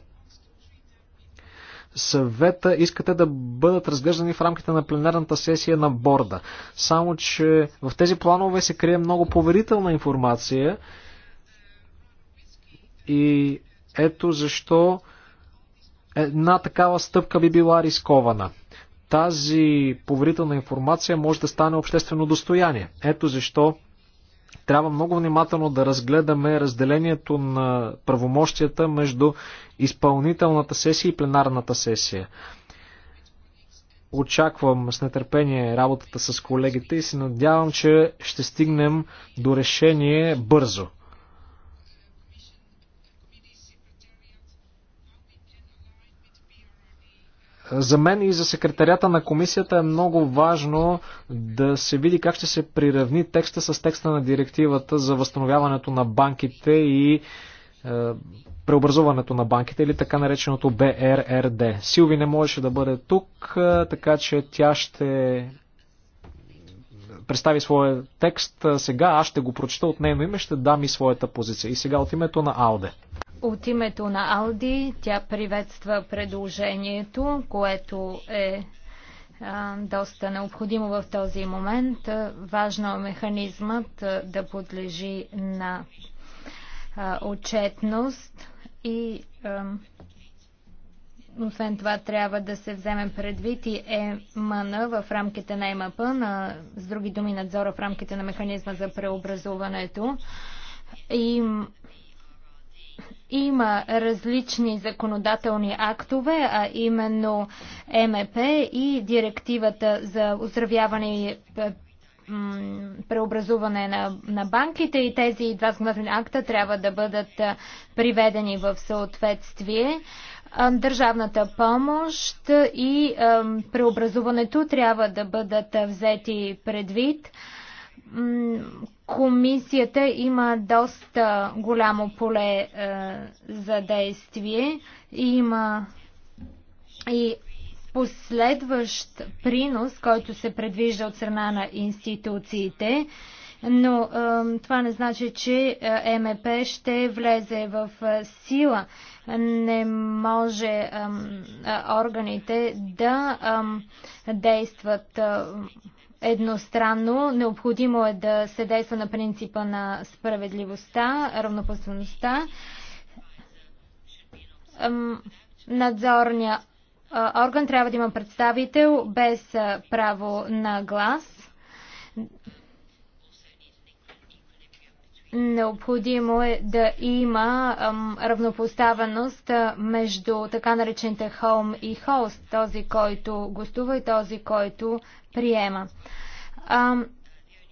съвета искате да бъдат разглеждани в рамките на пленарната сесия на борда. Само, че в тези планове се крие много поверителна информация и ето защо една такава стъпка би била рискована тази поверителна информация може да стане обществено достояние. Ето защо трябва много внимателно да разгледаме разделението на правомощията между изпълнителната сесия и пленарната сесия. Очаквам с нетърпение работата с колегите и се надявам, че ще стигнем до решение бързо. За мен и за секретарята на комисията е много важно да се види как ще се приравни текста с текста на директивата за възстановяването на банките и е, преобразуването на банките или така нареченото БРРД. Силви не можеше да бъде тук, е, така че тя ще представи своя текст сега, аз ще го прочета от нейно име, ще дам и своята позиция. И сега от името на Ауде. От името на Алди тя приветства предложението, което е доста необходимо в този момент. Важно е механизмът да подлежи на отчетност и освен това трябва да се вземе предвид и ЕМН в рамките на ЕМП, на, с други думи надзора в рамките на механизма за преобразуването. И има различни законодателни актове, а именно МЕП и директивата за оздравяване и е, преобразуване на, на банките и тези два законодателни акта трябва да бъдат е, приведени в съответствие. Е, държавната помощ и преобразуването трябва да бъдат взети предвид. Комисията има доста голямо поле е, за действие и има и последващ принос, който се предвижда от страна на институциите, но е, това не значи, че е, МЕП ще влезе в сила. Не може органите да действат едностранно. Необходимо е да се действа на принципа на справедливостта, равнопоставеността. Надзорния орган трябва да има представител без право на глас. Необходимо е да има ам, равнопоставеност между така наречените home и host, този, който гостува и този, който приема. Ам,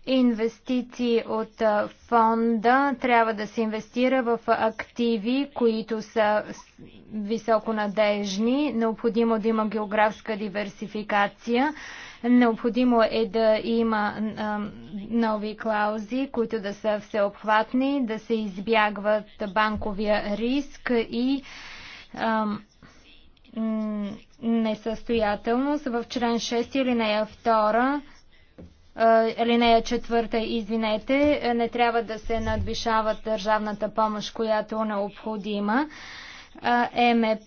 инвестиции от фонда трябва да се инвестира в активи, които са високо надежни. Необходимо да има географска диверсификация Необходимо е да има нови клаузи, които да са всеобхватни, да се избягват банковия риск и несъстоятелност. В член 6 или нея 2 Алинея четвърта, извинете, не трябва да се надвишава държавната помощ, която е необходима. МЕП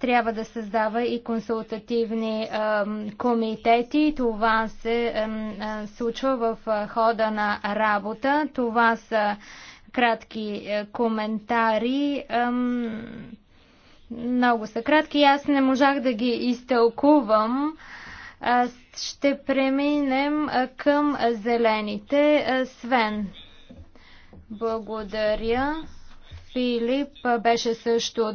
трябва да създава и консултативни комитети. Това се случва в хода на работа. Това са кратки е, коментари. Много са кратки. Аз не можах да ги изтълкувам. Ще преминем към зелените. Свен. Благодаря. Филип беше също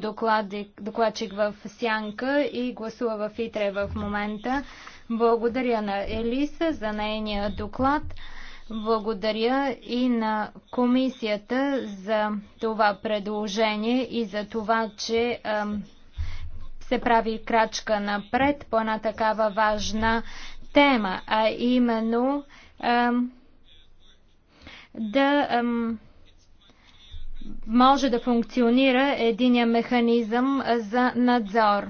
докладчик в Сянка и гласува в Итре в момента. Благодаря на Елиса за нейния доклад. Благодаря и на комисията за това предложение и за това, че се прави крачка напред по една такава важна тема, а именно да ам, може да функционира единия механизъм за надзор.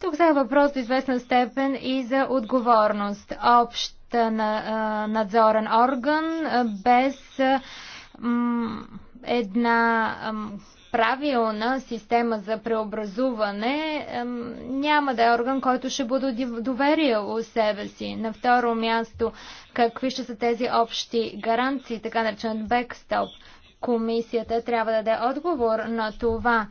Тук за въпрос до известна степен и за отговорност. Общ надзорен орган без една правилна система за преобразуване няма да е орган, който ще бъде доверил у себе си. На второ място, какви ще са тези общи гаранции, така наречен бекстоп – Комисията трябва да даде отговор на това,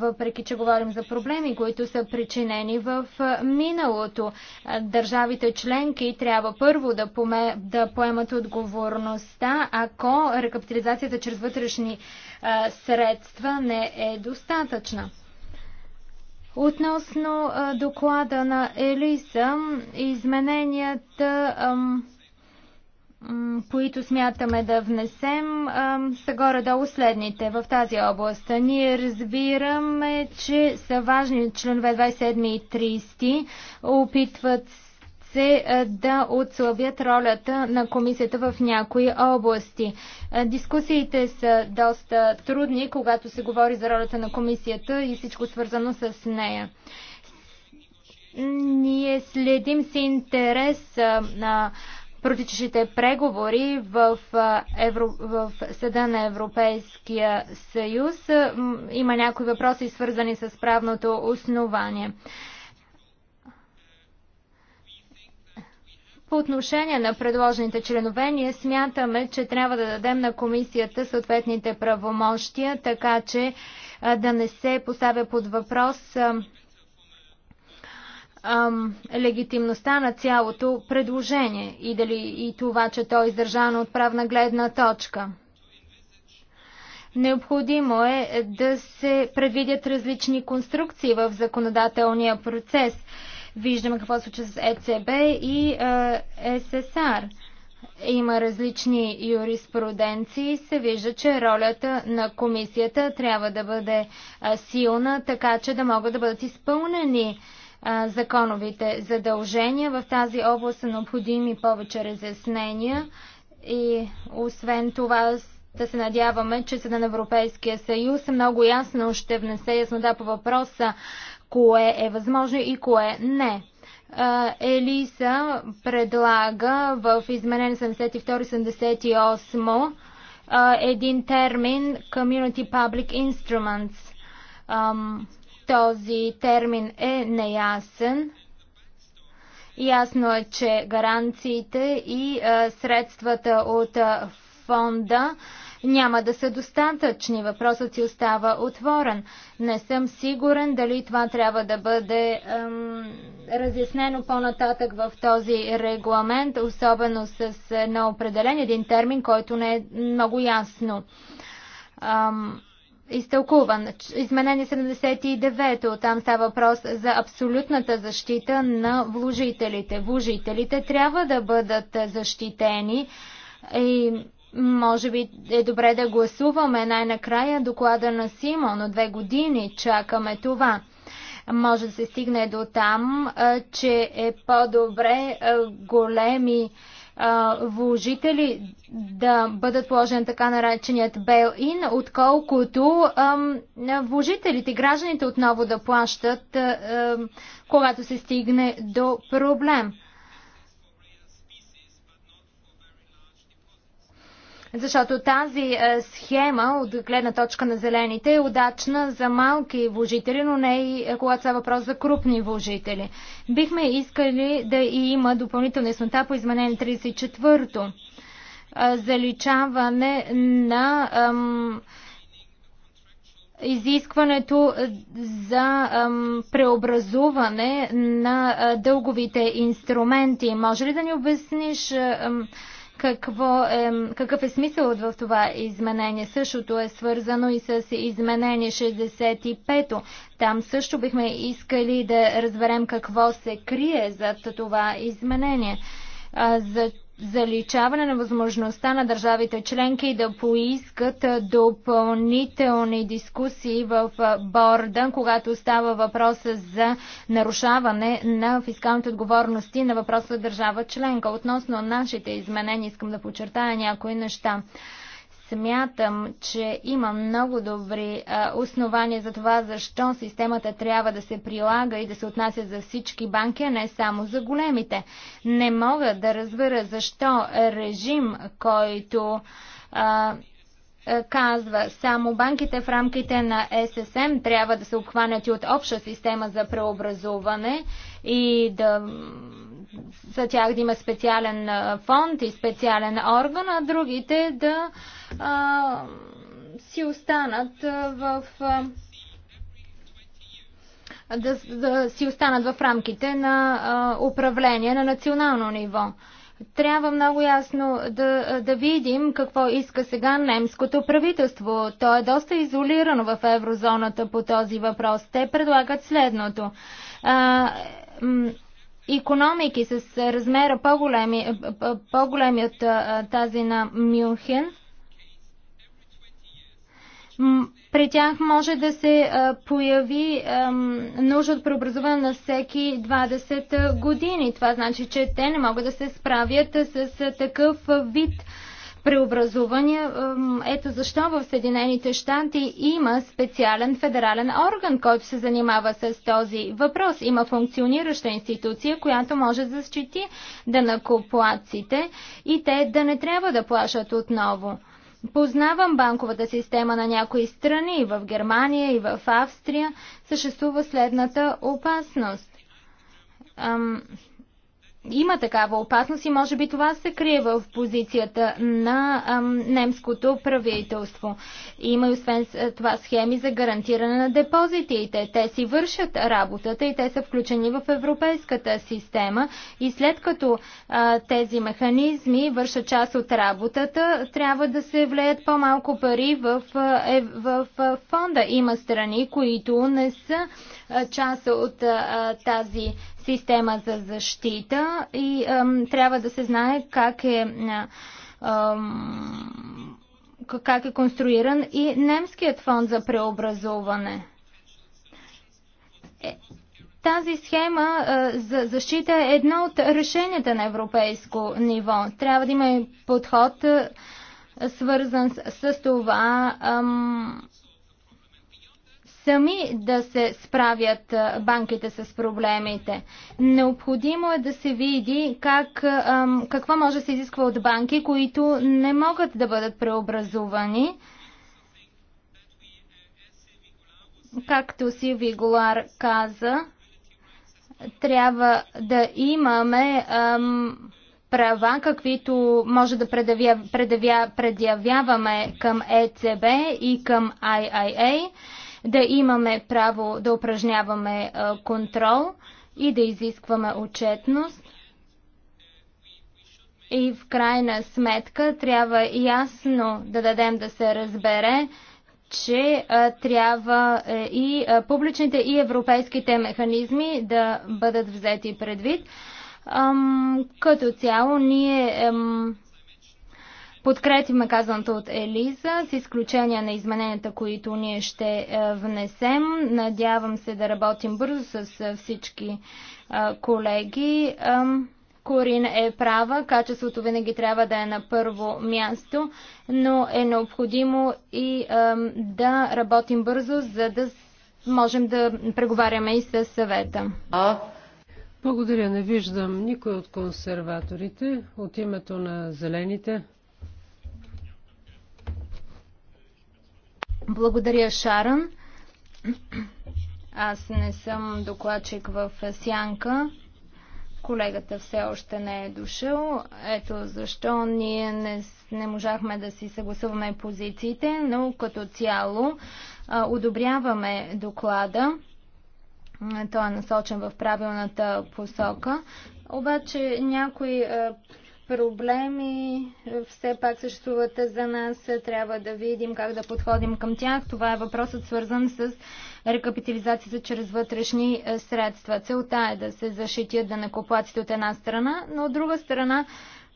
въпреки че говорим за проблеми, които са причинени в миналото. Държавите членки трябва първо да, поме, да поемат отговорността, ако рекапитализацията чрез вътрешни средства не е достатъчна. Относно доклада на Елиса, измененията които смятаме да внесем, са горе-долу следните в тази област. Ние разбираме, че са важни членове 27 и 30, опитват се да отслабят ролята на комисията в някои области. Дискусиите са доста трудни, когато се говори за ролята на комисията и всичко свързано с нея. Ние следим с интерес на протичащите преговори в, Евро... в Съда на Европейския съюз. Има някои въпроси, свързани с правното основание. По отношение на предложените членове, ние смятаме, че трябва да дадем на комисията съответните правомощия, така че да не се поставя под въпрос ам, легитимността на цялото предложение и дали и това, че то е издържано от правна гледна точка. Необходимо е да се предвидят различни конструкции в законодателния процес. Виждаме какво случва с ЕЦБ и е, ССР. Има различни юриспруденции. Се вижда, че ролята на комисията трябва да бъде силна, така че да могат да бъдат изпълнени законовите задължения. В тази област са необходими повече разяснения и освен това да се надяваме, че Съда на Европейския съюз много ясно ще внесе яснота по въпроса кое е възможно и кое не. Елиса предлага в изменение 72-78 един термин Community Public Instruments – този термин е неясен. Ясно е, че гаранциите и а, средствата от а, фонда няма да са достатъчни. Въпросът си остава отворен. Не съм сигурен дали това трябва да бъде ем, разяснено по-нататък в този регламент, особено с едно определен един термин, който не е много ясно. Ем, изтълкуван. Изменение 79-то, там става въпрос за абсолютната защита на вложителите. Вложителите трябва да бъдат защитени и може би е добре да гласуваме най-накрая доклада на Симон, но две години чакаме това може да се стигне до там, че е по-добре големи вложители да бъдат положен така нареченият бейл-ин, отколкото вложителите, гражданите отново да плащат, когато се стигне до проблем. Защото тази е, схема от гледна точка на зелените е удачна за малки вложители, но не и е, когато са въпрос за крупни вложители. Бихме искали да и има допълнителна яснота по изменение 34-то. Е, заличаване на ам, изискването за ам, преобразуване на дълговите инструменти. Може ли да ни обясниш ам, какво е, какъв е смисълът в това изменение? Същото е свързано и с изменение 65-то. Там също бихме искали да разберем какво се крие зад това изменение. За заличаване на възможността на държавите членки да поискат допълнителни дискусии в борда, когато става въпроса за нарушаване на фискалните отговорности на въпроса държава членка. Относно нашите изменения искам да подчертая някои неща. Смятам, че има много добри а, основания за това, защо системата трябва да се прилага и да се отнася за всички банки, а не само за големите. Не мога да разбера защо режим, който а, казва, само банките в рамките на ССМ трябва да се обхванят и от обща система за преобразуване и да за тях да има специален фонд и специален орган, а другите да а, си останат в. Да, да си останат в рамките на а, управление на национално ниво. Трябва много ясно да, да видим какво иска сега немското правителство. То е доста изолирано в еврозоната по този въпрос. Те предлагат следното. А, економики с размера по-големи, е, по-големи от тази на Мюнхен, при тях може да се появи нужда от преобразуване на всеки 20 години. Това значи, че те не могат да се справят с такъв вид преобразувания. Ето защо в Съединените щати има специален федерален орган, който се занимава с този въпрос. Има функционираща институция, която може да защити данакоплаците и те да не трябва да плашат отново. Познавам банковата система на някои страни, и в Германия, и в Австрия. Съществува следната опасност. Ам, има такава опасност и може би това се крие в позицията на ам, немското правителство. Има и освен е, това схеми за гарантиране на депозитите. Те си вършат работата и те са включени в европейската система и след като а, тези механизми вършат част от работата, трябва да се влеят по-малко пари в, е, в, в е, фонда. Има страни, които не са част от тази система за защита и трябва да се знае как е как е конструиран и немският фонд за преобразуване. Е, тази схема за защита е едно от решенията на европейско ниво. Трябва да има подход свързан с, това ам, сами да се справят банките с проблемите. Необходимо е да се види как, какво може да се изисква от банки, които не могат да бъдат преобразувани. Както си Голар каза, трябва да имаме ам, права, каквито може да предявя, предявя, предявяваме към ЕЦБ и към IIA да имаме право да упражняваме е, контрол и да изискваме отчетност. И в крайна сметка трябва ясно да дадем да се разбере, че е, трябва е, и публичните и европейските механизми да бъдат взети предвид. като цяло ние Подкретиме казаното от Елиза, с изключение на измененията, които ние ще е, внесем. Надявам се да работим бързо с е, всички е, колеги. Корин е права, качеството винаги трябва да е на първо място, но е необходимо и да работим бързо, за да можем да преговаряме и с съвета. Благодаря, не виждам никой от консерваторите. От името на зелените. Благодаря, Шаран. Аз не съм докладчик в Сянка. Колегата все още не е дошъл. Ето защо ние не, не можахме да си съгласуваме позициите, но като цяло а, одобряваме доклада. Той е насочен в правилната посока. Обаче някои а, проблеми е, все пак съществуват за нас. Е, трябва да видим как да подходим към тях. Това е въпросът свързан с рекапитализацията чрез вътрешни е, средства. Целта е да се защитят накоплаците от една страна, но от друга страна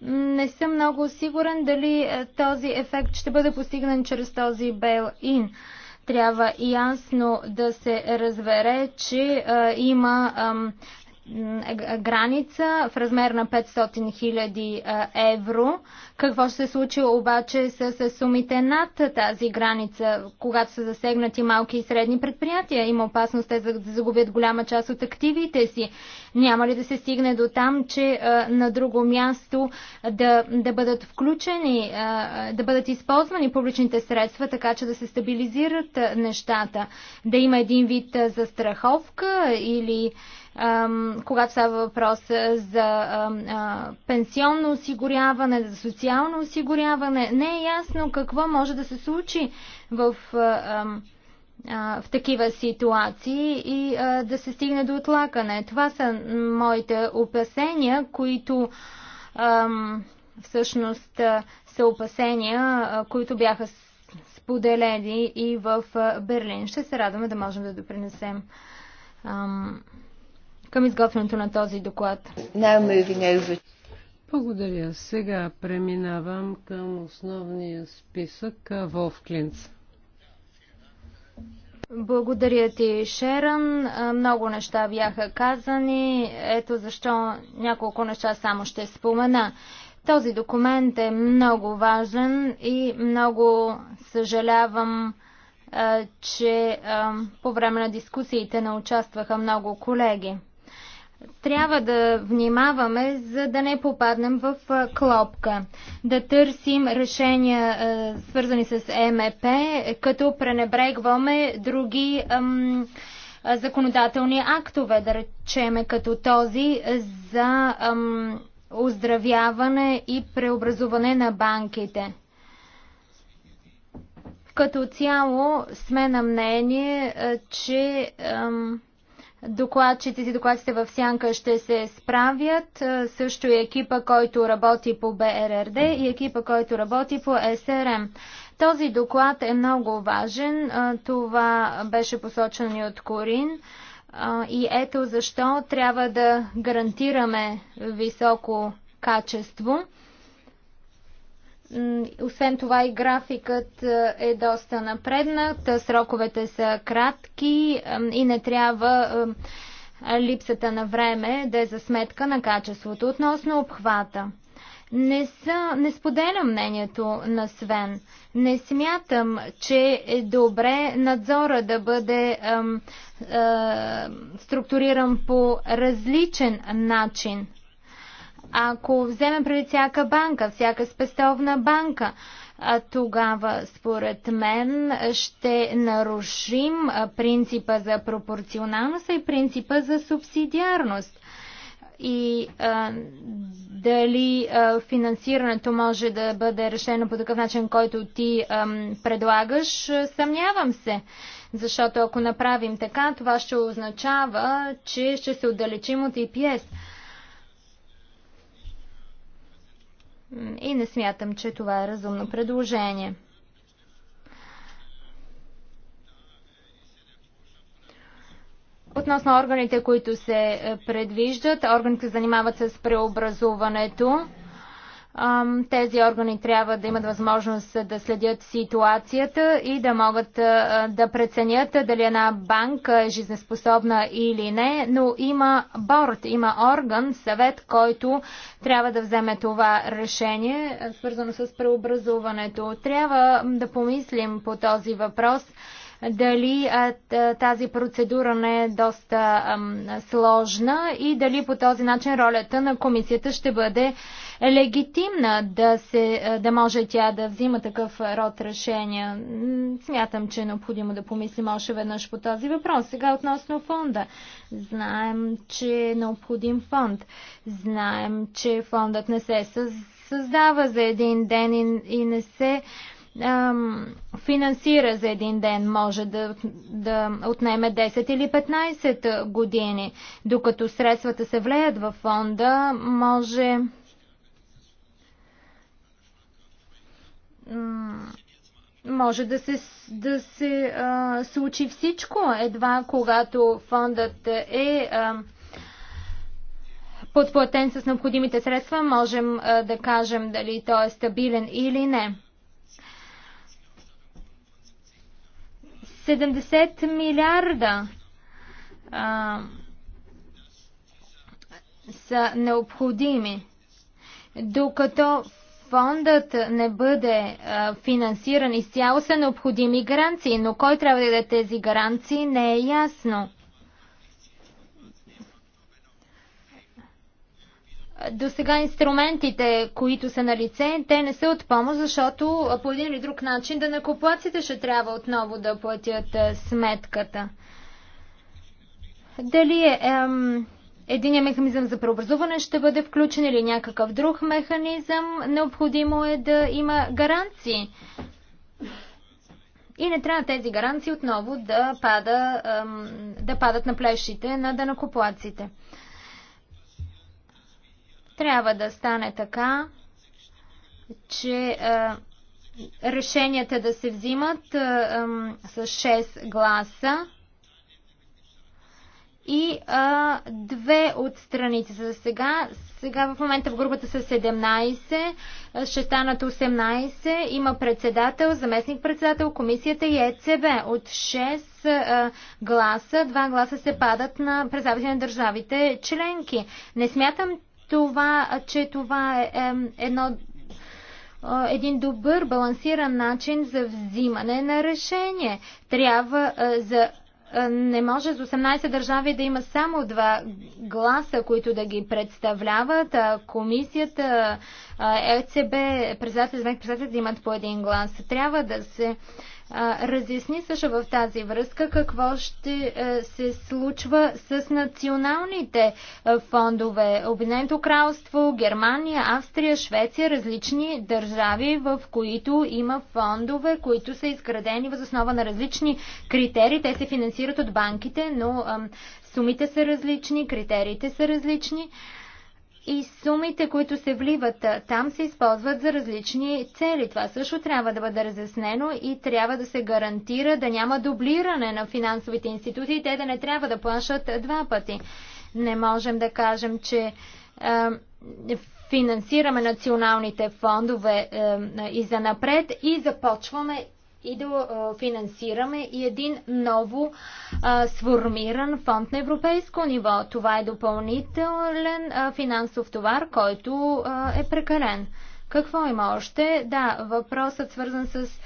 не съм много сигурен дали този ефект ще бъде постигнан чрез този bail ин трябва ясно да се разбере, че а, има ам, граница в размер на 500 000 евро. Какво ще се случи обаче с сумите над тази граница, когато са засегнати малки и средни предприятия? Има опасност те да загубят голяма част от активите си. Няма ли да се стигне до там, че на друго място да, да бъдат включени, да бъдат използвани публичните средства, така че да се стабилизират нещата? Да има един вид застраховка или когато става въпрос за пенсионно осигуряване, за социално осигуряване. Не е ясно какво може да се случи в, в такива ситуации и да се стигне до отлакане. Това са моите опасения, които всъщност са опасения, които бяха споделени и в Берлин. Ще се радваме да можем да допринесем към изготвянето на този доклад. Благодаря. Сега преминавам към основния списък в Клинц. Благодаря ти, Шерън. Много неща бяха казани. Ето защо няколко неща само ще спомена. Този документ е много важен и много съжалявам, че по време на дискусиите не участваха много колеги трябва да внимаваме, за да не попаднем в клопка. Да търсим решения, свързани с МЕП, като пренебрегваме други ам, законодателни актове, да речеме като този за ам, оздравяване и преобразуване на банките. Като цяло сме на мнение, че ам, Докладчите си докладците в Сянка ще се справят. Е, също и екипа, който работи по БРРД и екипа, който работи по СРМ. Този доклад е много важен. Е, това беше посочено и от Корин. Е, и ето защо трябва да гарантираме високо качество. Освен това и графикът е, е доста напреднат, сроковете са кратки и не трябва липсата на време да е за сметка на качеството. Относно обхвата. Не, са, не споделям мнението на Свен. Не смятам, че е добре надзора да бъде ам, е, структуриран по различен начин. Ако вземем преди всяка банка, всяка спестовна банка, тогава според мен ще нарушим принципа за пропорционалност и принципа за субсидиарност. И а, дали а, финансирането може да бъде решено по такъв начин, който ти а, предлагаш, съмнявам се. Защото ако направим така, това ще означава, че ще се отдалечим от EPS. и не смятам, че това е разумно предложение. Относно органите, които се е, предвиждат, органите занимават се с преобразуването. Тези органи трябва да имат възможност да следят ситуацията и да могат да преценят дали една банка е жизнеспособна или не, но има борт, има орган, съвет, който трябва да вземе това решение, свързано с преобразуването. Трябва да помислим по този въпрос дали тази процедура не е доста сложна и дали по този начин ролята на комисията ще бъде легитимна да, се, да може тя да взима такъв род решения. Смятам, че е необходимо да помислим още веднъж по този въпрос. Сега относно фонда. Знаем, че е необходим фонд. Знаем, че фондът не се създава за един ден и не се финансира за един ден, може да, да отнеме 10 или 15 години. Докато средствата се влеят във фонда, може може да се, да се а, случи всичко. Едва когато фондът е а, подплатен с необходимите средства, можем а, да кажем дали той е стабилен или не. 70 милиарда а, са необходими, докато фондът не бъде а, финансиран изцяло, са необходими гаранции, но кой трябва да даде тези гаранции не е ясно. До сега инструментите, които са на лице, те не са от помощ, защото по един или друг начин да накоплаците ще трябва отново да платят сметката. Дали е, ем, Единият механизъм за преобразуване ще бъде включен или някакъв друг механизъм. Необходимо е да има гаранции. И не трябва тези гаранции отново да, пада, да падат на плещите на данакоплаците. Трябва да стане така, че решенията да се взимат с 6 гласа и а, две от страните за сега. Сега в момента в групата са 17, ще станат 18. Има председател, заместник-председател, комисията и ЕЦБ. От 6 гласа, 2 гласа се падат на представителите на държавите членки. Не смятам това, че това е, е едно един добър балансиран начин за взимане на решение. Трябва за е, не може за 18 държави да има само два гласа, които да ги представляват. Комисията, ЕЦБ, председател и да имат по един глас. Трябва да се разясни също в тази връзка какво ще е, се случва с националните е, фондове. Обединеното кралство, Германия, Австрия, Швеция, различни държави, в които има фондове, които са изградени въз основа на различни критерии. Те се финансират от банките, но сумите са различни, критериите са различни и сумите, които се вливат там, се използват за различни цели. Това също трябва да бъде разяснено и трябва да се гарантира да няма дублиране на финансовите институции, те да не трябва да плащат два пъти. Не можем да кажем, че е, финансираме националните фондове е, и за напред и започваме и да финансираме и един ново а, сформиран фонд на европейско ниво. Това е допълнителен а, финансов товар, който а, е прекален. Какво има още? Да, въпросът свързан с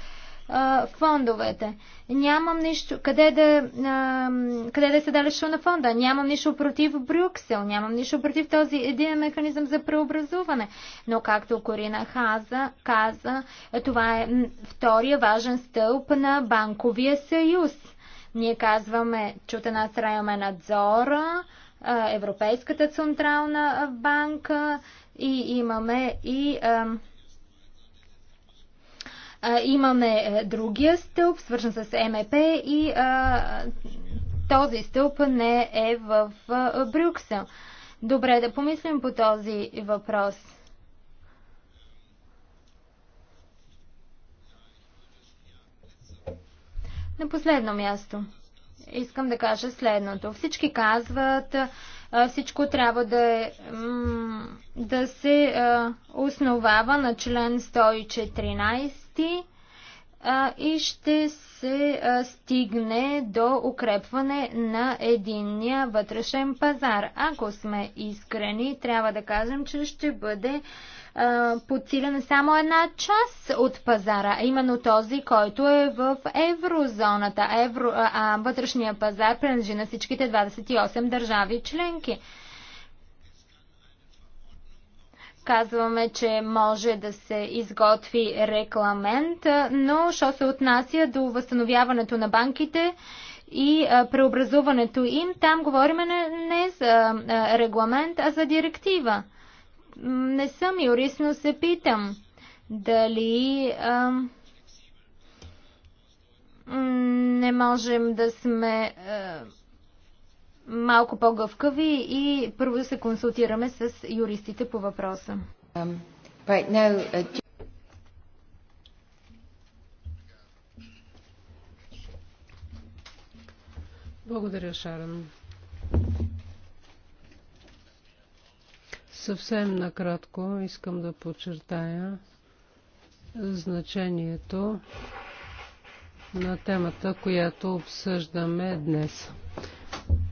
а, фондовете. Нямам нищо... Къде да, а, къде да се далечо на фонда? Нямам нищо против Брюксел, нямам нищо против този един механизъм за преобразуване. Но както Корина Хаза каза, това е втория важен стълб на банковия съюз. Ние казваме, че от една страна имаме надзора, Европейската централна банка и имаме и Имаме е, другия стълб, свършен с МЕП и този стълб не е в Брюксел. Добре да помислим по този въпрос. На последно място искам да кажа следното. Всички казват, всичко трябва да, е, да се основава на член области и ще се стигне до укрепване на единния вътрешен пазар. Ако сме искрени, трябва да кажем, че ще бъде подсилена само една част от пазара, именно този, който е в еврозоната. Евро, а, вътрешния пазар принадлежи на всичките 28 държави членки казваме, че може да се изготви рекламент, но що се отнася до възстановяването на банките и преобразуването им, там говорим не за регламент, а за директива. Не съм юрист, но се питам дали а, не можем да сме малко по-гъвкави и първо да се консултираме с юристите по въпроса. Um, right now, uh... Благодаря, Шаран. Съвсем накратко искам да подчертая значението на темата, която обсъждаме днес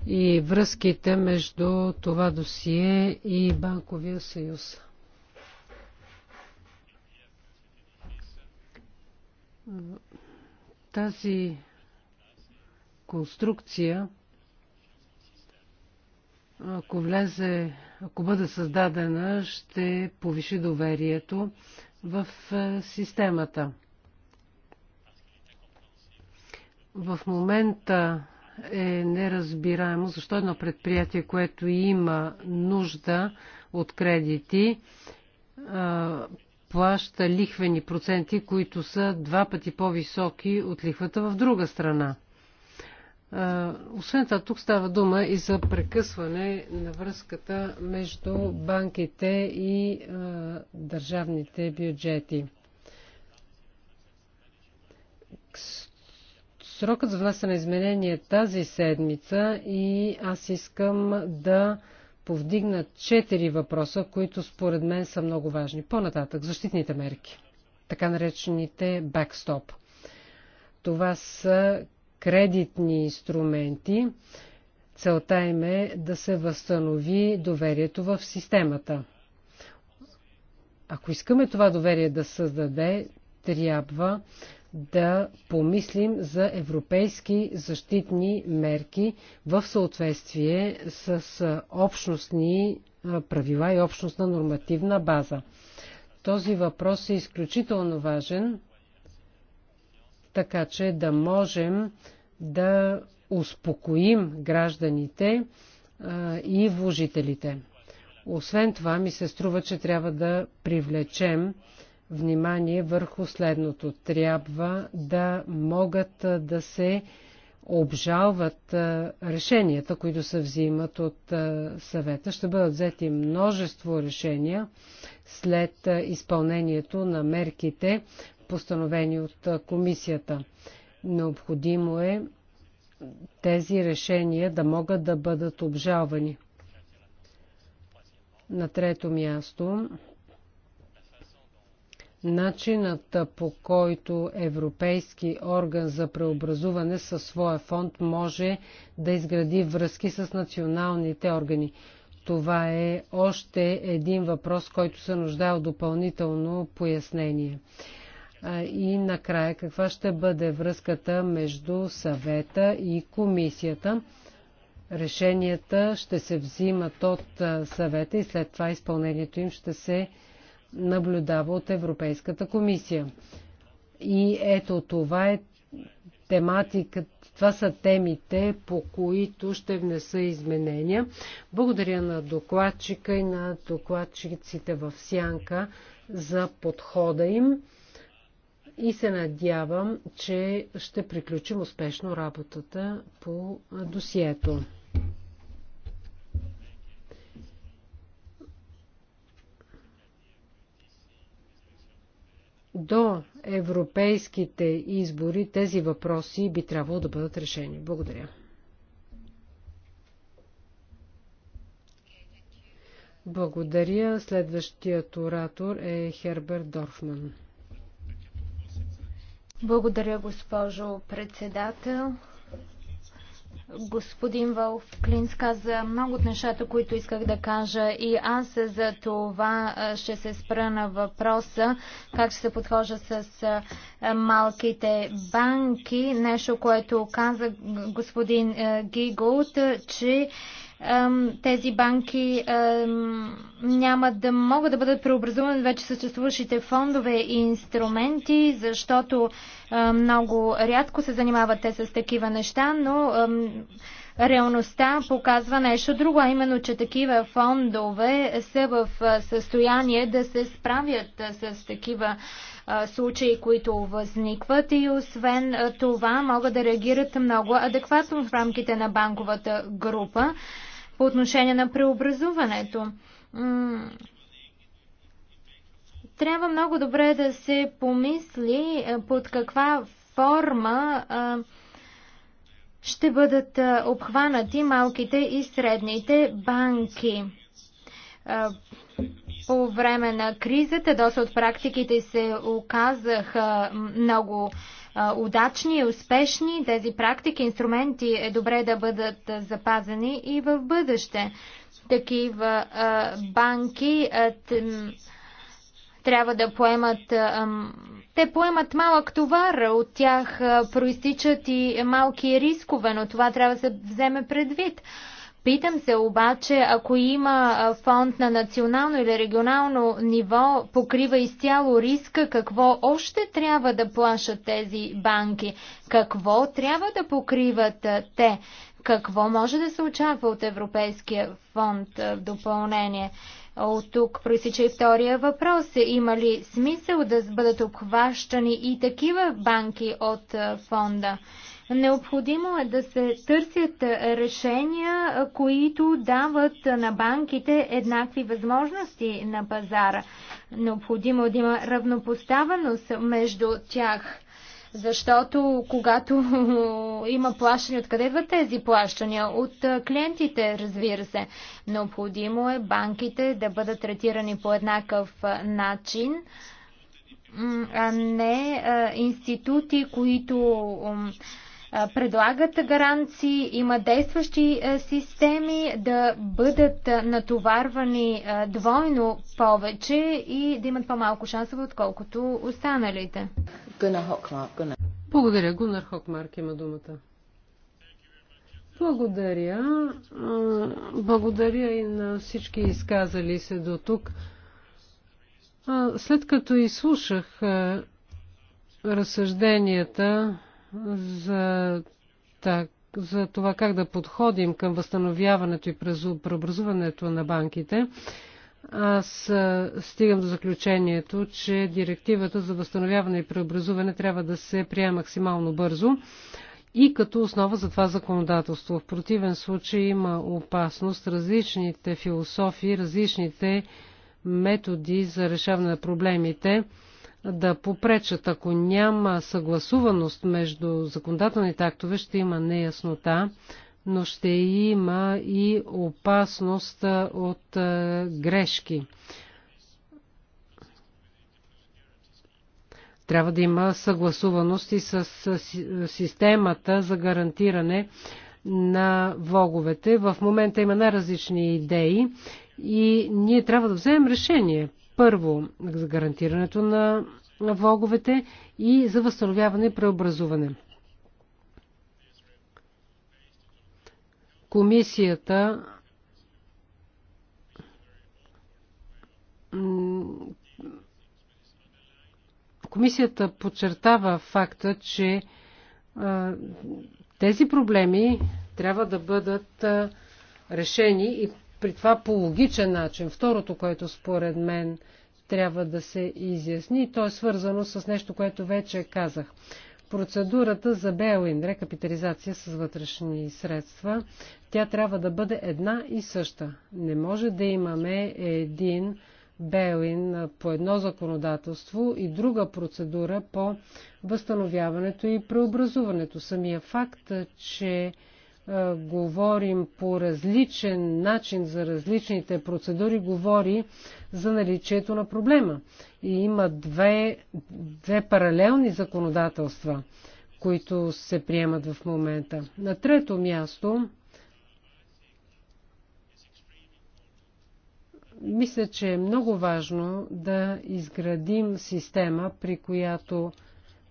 и връзките между това досие и Банковия съюз. Тази конструкция, ако влезе, ако бъде създадена, ще повиши доверието в е, системата. В момента е неразбираемо защо едно предприятие, което има нужда от кредити, плаща лихвени проценти, които са два пъти по-високи от лихвата в друга страна. Освен това, тук става дума и за прекъсване на връзката между банките и държавните бюджети Срокът за внасяне на изменения тази седмица и аз искам да повдигна четири въпроса, които според мен са много важни. По-нататък, защитните мерки, така наречените бекстоп. Това са кредитни инструменти. Целта им е да се възстанови доверието в системата. Ако искаме това доверие да създаде, трябва да помислим за европейски защитни мерки в съответствие с общностни правила и общностна нормативна база. Този въпрос е изключително важен, така че да можем да успокоим гражданите и вложителите. Освен това, ми се струва, че трябва да привлечем внимание върху следното. Трябва да могат да се обжалват решенията, които се взимат от съвета. Ще бъдат взети множество решения след изпълнението на мерките, постановени от комисията. Необходимо е тези решения да могат да бъдат обжалвани. На трето място Начинът по който Европейски орган за преобразуване със своя фонд може да изгради връзки с националните органи. Това е още един въпрос, който се нуждае от допълнително пояснение. И накрая, каква ще бъде връзката между съвета и комисията? Решенията ще се взимат от съвета и след това изпълнението им ще се наблюдава от Европейската комисия. И ето това е тематиката, това са темите, по които ще внеса изменения. Благодаря на докладчика и на докладчиците в Сянка за подхода им и се надявам, че ще приключим успешно работата по досието. до европейските избори тези въпроси би трябвало да бъдат решени. Благодаря. Благодаря. Следващият оратор е Херберт Дорфман. Благодаря, госпожо председател. Господин Вълф Клинс каза много от нещата, които исках да кажа и аз за това ще се спра на въпроса как ще се подхожа с малките банки. Нещо, което каза господин Гигулт, че тези банки няма да могат да бъдат преобразувани вече съществуващите фондове и инструменти, защото много рядко се занимават те с такива неща, но реалността показва нещо друго, а именно, че такива фондове са в състояние да се справят с такива случаи, които възникват и освен това могат да реагират много адекватно в рамките на банковата група по отношение на преобразуването. Трябва много добре да се помисли е, под каква форма е, ще бъдат е, обхванати малките и средните банки. По време на кризата доста от практиките се оказаха много удачни и успешни. Тези практики, инструменти е добре да бъдат запазени и в бъдеще. Такива банки трябва да поемат. Те поемат малък товар, от тях проистичат и малки рискове, но това трябва да се вземе предвид. Питам се обаче, ако има фонд на национално или регионално ниво, покрива изцяло риска, какво още трябва да плашат тези банки? Какво трябва да покриват те? Какво може да се очаква от Европейския фонд в допълнение? От тук проистича и втория въпрос. Има ли смисъл да бъдат обхващани и такива банки от фонда? Необходимо е да се търсят решения, които дават на банките еднакви възможности на пазара. Необходимо е да има равнопоставеност между тях. Защото когато *laughs* има плащане, откъде идват тези плащания? От клиентите, разбира се. Необходимо е банките да бъдат третирани по еднакъв начин, а не институти, които предлагат гаранции, има действащи системи да бъдат натоварвани двойно повече и да имат по-малко шансове, отколкото останалите. Благодаря. Гунар Хокмарк има думата. Благодаря. Благодаря и на всички изказали се до тук. След като изслушах разсъжденията за, так, за това как да подходим към възстановяването и преобразуването на банките, аз стигам до заключението, че директивата за възстановяване и преобразуване трябва да се приема максимално бързо и като основа за това законодателство. В противен случай има опасност различните философии, различните методи за решаване на проблемите да попречат. Ако няма съгласуваност между законодателните актове, ще има неяснота, но ще има и опасност от грешки. Трябва да има съгласуваност и с системата за гарантиране на влоговете. В момента има най-различни идеи и ние трябва да вземем решение първо, за гарантирането на влоговете и за възстановяване и преобразуване. Комисията Комисията подчертава факта, че тези проблеми трябва да бъдат решени и при това по логичен начин. Второто, което според мен трябва да се изясни, то е свързано с нещо, което вече казах. Процедурата за Белин, рекапитализация с вътрешни средства, тя трябва да бъде една и съща. Не може да имаме един Белин по едно законодателство и друга процедура по възстановяването и преобразуването. Самия факт, че е, говорим по различен начин за различните процедури, говори за наличието на проблема. И има две, две паралелни законодателства, които се приемат в момента. На трето място, мисля, че е много важно да изградим система, при която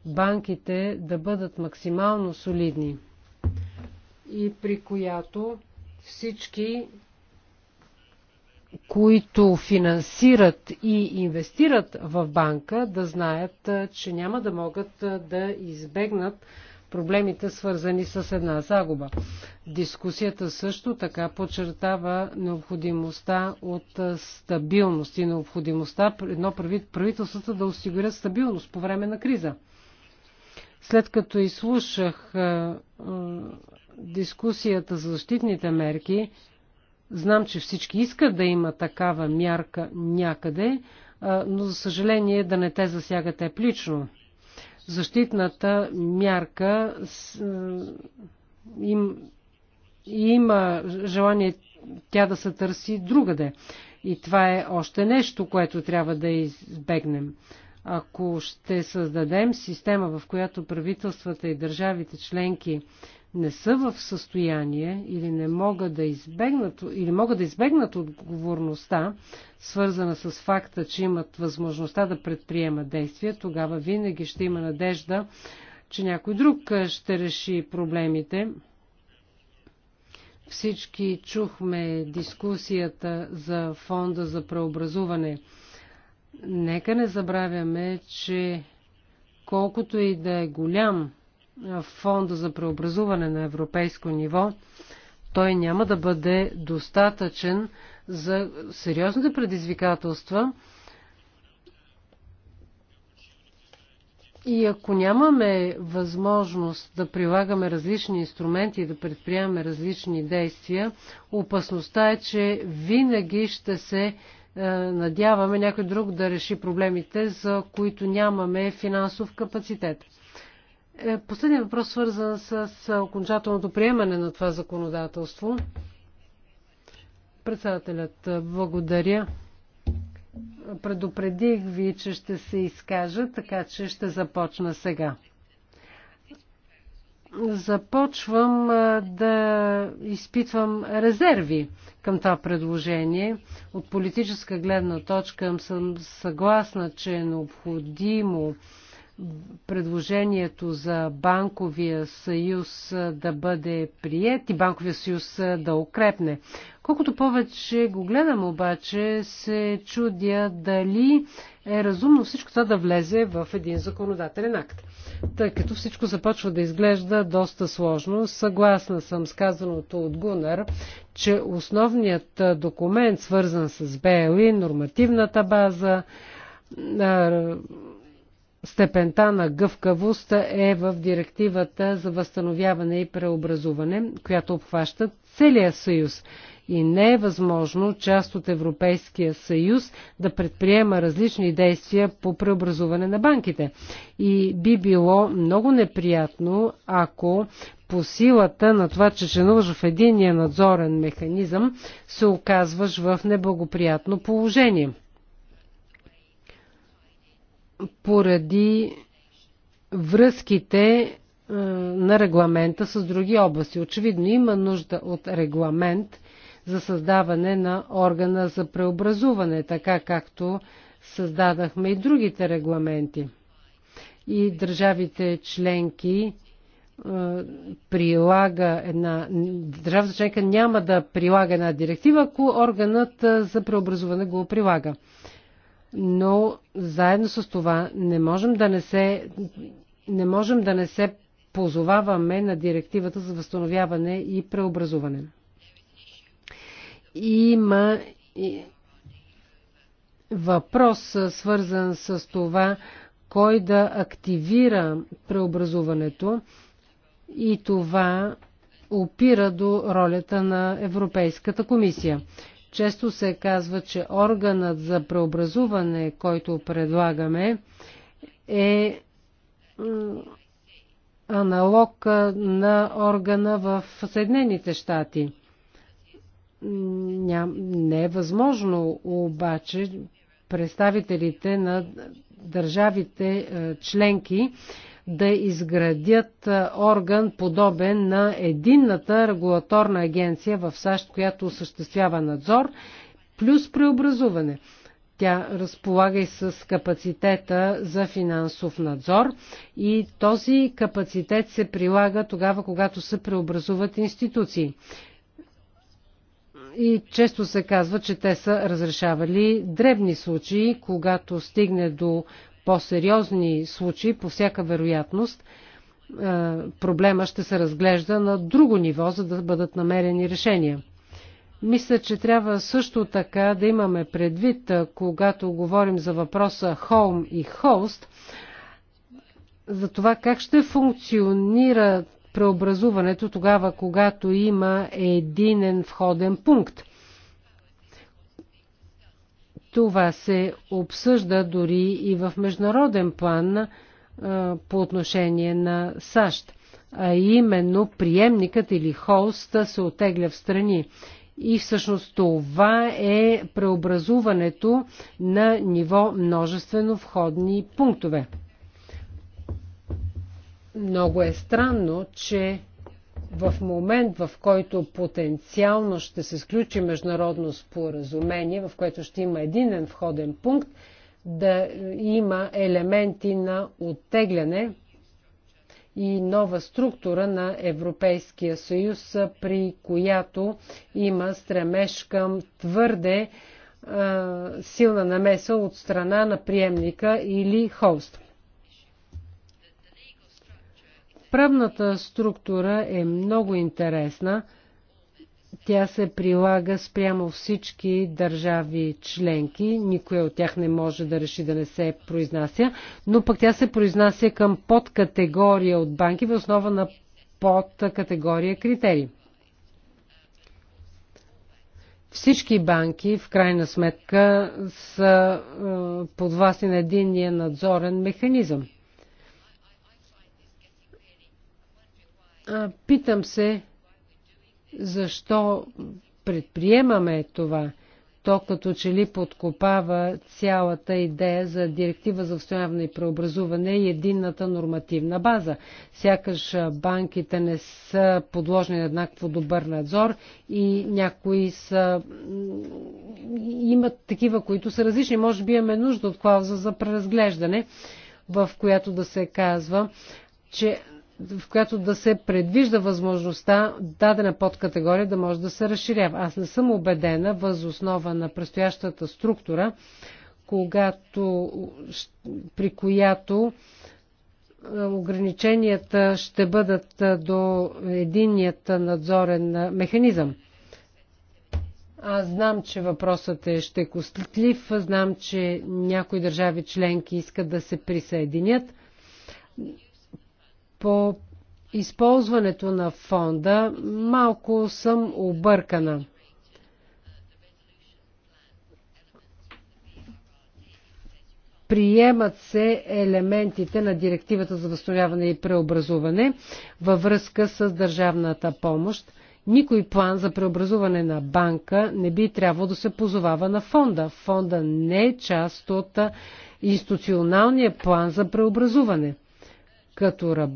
банките да бъдат максимално солидни и при която всички, които финансират и инвестират в банка, да знаят, че няма да могат да избегнат проблемите, свързани с една загуба. Дискусията също така подчертава необходимостта от стабилност и необходимостта едно правителството да осигурят стабилност по време на криза. След като изслушах дискусията за защитните мерки, знам, че всички искат да има такава мярка някъде, но за съжаление да не те засяга теб лично. Защитната мярка им, има желание тя да се търси другаде. И това е още нещо, което трябва да избегнем. Ако ще създадем система, в която правителствата и държавите членки не са в състояние или не могат да избегнат, или могат да избегнат отговорността, свързана с факта, че имат възможността да предприемат действия, тогава винаги ще има надежда, че някой друг ще реши проблемите. Всички чухме дискусията за фонда за преобразуване. Нека не забравяме, че колкото и да е голям фонда за преобразуване на европейско ниво, той няма да бъде достатъчен за сериозните предизвикателства. И ако нямаме възможност да прилагаме различни инструменти и да предприемаме различни действия, опасността е, че винаги ще се е, надяваме някой друг да реши проблемите, за които нямаме финансов капацитет. Е, последният въпрос свързан с окончателното приемане на това законодателство. Председателят, благодаря. Предупредих ви, че ще се изкажа, така че ще започна сега. Започвам е, да изпитвам резерви към това предложение. От политическа гледна точка съм съгласна, че е необходимо предложението за банковия съюз да бъде прият и банковия съюз да укрепне. Колкото повече го гледам обаче, се чудя дали е разумно всичко това да влезе в един законодателен акт. Тъй като всичко започва да изглежда доста сложно, съгласна съм с казаното от Гунар, че основният документ, свързан с БЛИ, нормативната база, степента на гъвкавост е в директивата за възстановяване и преобразуване, която обхваща целия съюз. И не е възможно част от Европейския съюз да предприема различни действия по преобразуване на банките. И би било много неприятно, ако по силата на това, че членуваш в единия надзорен механизъм, се оказваш в неблагоприятно положение – поради връзките е, на регламента с други области. Очевидно има нужда от регламент за създаване на органа за преобразуване, така както създадахме и другите регламенти. И държавите членки е, прилага една... Държавата членка няма да прилага една директива, ако органът е, за преобразуване го прилага но заедно с това не можем да не се, не можем да не се позоваваме на директивата за възстановяване и преобразуване. Има въпрос свързан с това, кой да активира преобразуването и това опира до ролята на Европейската комисия. Често се казва, че органът за преобразуване, който предлагаме, е аналог на органа в Съединените щати. Не е възможно обаче представителите на държавите членки да изградят орган подобен на единната регулаторна агенция в САЩ, която осъществява надзор, плюс преобразуване. Тя разполага и с капацитета за финансов надзор и този капацитет се прилага тогава, когато се преобразуват институции. И често се казва, че те са разрешавали дребни случаи, когато стигне до по-сериозни случаи, по всяка вероятност, е, проблема ще се разглежда на друго ниво, за да бъдат намерени решения. Мисля, че трябва също така да имаме предвид, е, когато говорим за въпроса home и host, за това как ще функционира преобразуването тогава, когато има единен входен пункт. Това се обсъжда дори и в международен план по отношение на САЩ, а именно приемникът или холста се отегля в страни. И всъщност това е преобразуването на ниво множествено входни пунктове. Много е странно, че в момент, в който потенциално ще се сключи международно споразумение, в което ще има единен входен пункт, да има елементи на оттегляне и нова структура на Европейския съюз, при която има стремеж към твърде а, силна намеса от страна на приемника или хост. Правната структура е много интересна. Тя се прилага спрямо всички държави членки. никой от тях не може да реши да не се произнася, но пък тя се произнася към подкатегория от банки в основа на подкатегория критерии. Всички банки, в крайна сметка, са е, подвластни на единния надзорен механизъм. Питам се, защо предприемаме това. То като че ли подкопава цялата идея за директива за възстановяване и преобразуване и единната нормативна база. Сякаш банките не са подложени на еднакво добър надзор и някои са... имат такива, които са различни. Може би имаме нужда от клауза за преразглеждане, в която да се казва, че в която да се предвижда възможността дадена подкатегория да може да се разширява. Аз не съм убедена въз основа на предстоящата структура, когато, при която ограниченията ще бъдат до единният надзорен механизъм. Аз знам, че въпросът е ще костлив, знам, че някои държави членки искат да се присъединят по използването на фонда малко съм объркана. приемат се елементите на директивата за възстановяване и преобразуване във връзка с държавната помощ. Никой план за преобразуване на банка не би трябвало да се позовава на фонда. Фонда не е част от институционалния план за преобразуване като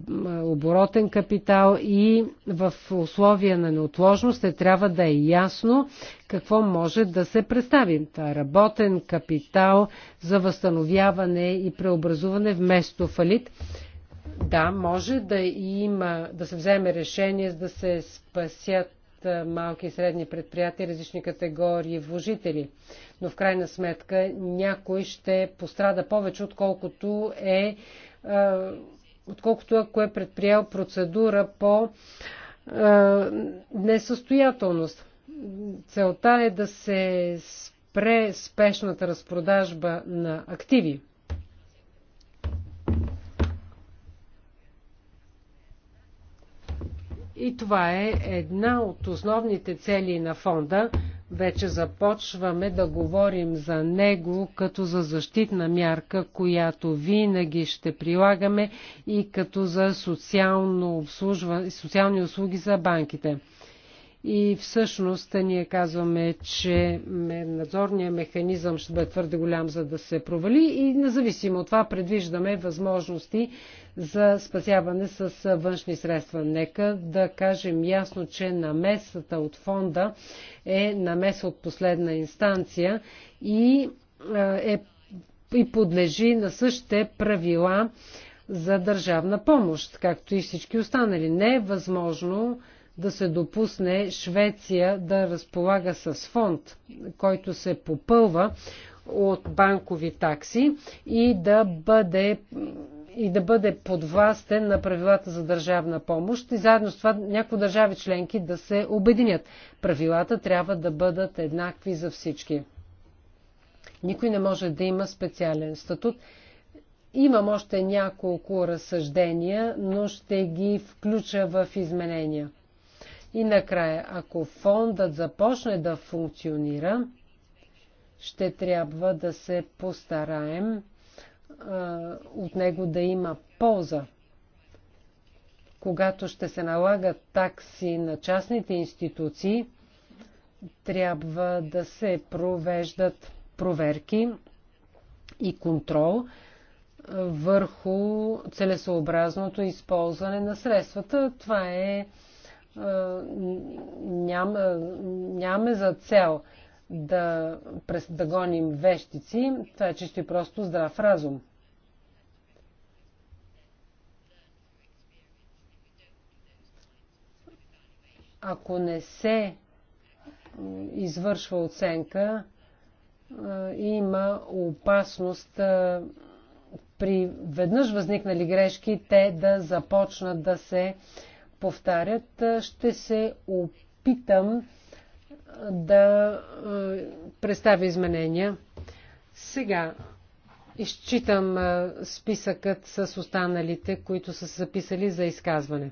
оборотен капитал и в условия на неотложност е трябва да е ясно какво може да се представи. Това е работен капитал за възстановяване и преобразуване вместо фалит. Да, може да има, да се вземе решение да се спасят малки и средни предприятия, различни категории вложители. Но в крайна сметка някой ще пострада повече, отколкото е отколкото ако е предприял процедура по несъстоятелност. Целта е да се спре спешната разпродажба на активи. И това е една от основните цели на фонда вече започваме да говорим за него като за защитна мярка, която винаги ще прилагаме и като за социално обслужва, социални услуги за банките. И всъщност ние казваме, че надзорният механизъм ще бъде твърде голям, за да се провали и независимо от това предвиждаме възможности за спасяване с външни средства. Нека да кажем ясно, че намесата от фонда е намеса от последна инстанция и, е, и подлежи на същите правила за държавна помощ, както и всички останали. Не е възможно да се допусне Швеция да разполага с фонд, който се попълва от банкови такси и да бъде и да бъде подвластен на правилата за държавна помощ и заедно с това някои държави членки да се обединят. Правилата трябва да бъдат еднакви за всички. Никой не може да има специален статут. Имам още няколко разсъждения, но ще ги включа в изменения. И накрая, ако фондът започне да функционира, ще трябва да се постараем а, от него да има полза. Когато ще се налагат такси на частните институции, трябва да се провеждат проверки и контрол върху целесообразното използване на средствата. Това е няма, нямаме за цел да, да гоним вещици, това е чисто и просто здрав разум. Ако не се извършва оценка, има опасност при веднъж възникнали грешки те да започнат да се повтарят. Ще се опитам да представя изменения. Сега изчитам списъкът с останалите, които са се записали за изказване.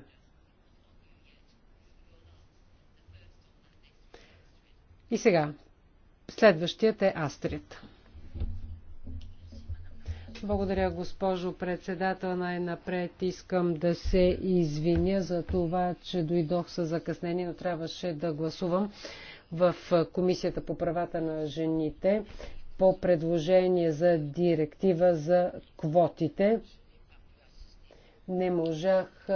И сега, следващият е Астрид. Благодаря, госпожо председател. Най-напред искам да се извиня за това, че дойдох с закъснение, но трябваше да гласувам в Комисията по правата на жените по предложение за директива за квотите. Не можах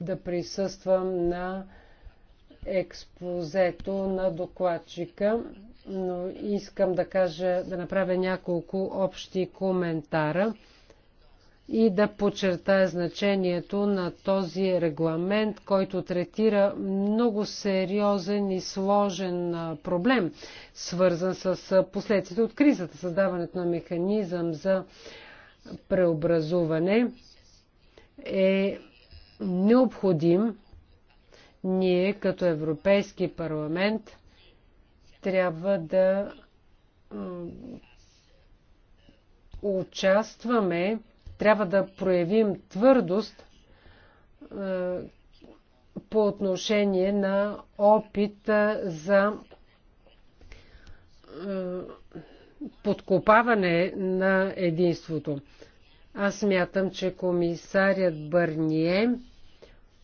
да присъствам на експозето на докладчика но искам да кажа, да направя няколко общи коментара и да подчертая значението на този регламент, който третира много сериозен и сложен проблем, свързан с последствията от кризата, създаването на механизъм за преобразуване е необходим ние като Европейски парламент – трябва да участваме, трябва да проявим твърдост по отношение на опита за подкопаване на единството. Аз мятам, че комисарят Бърние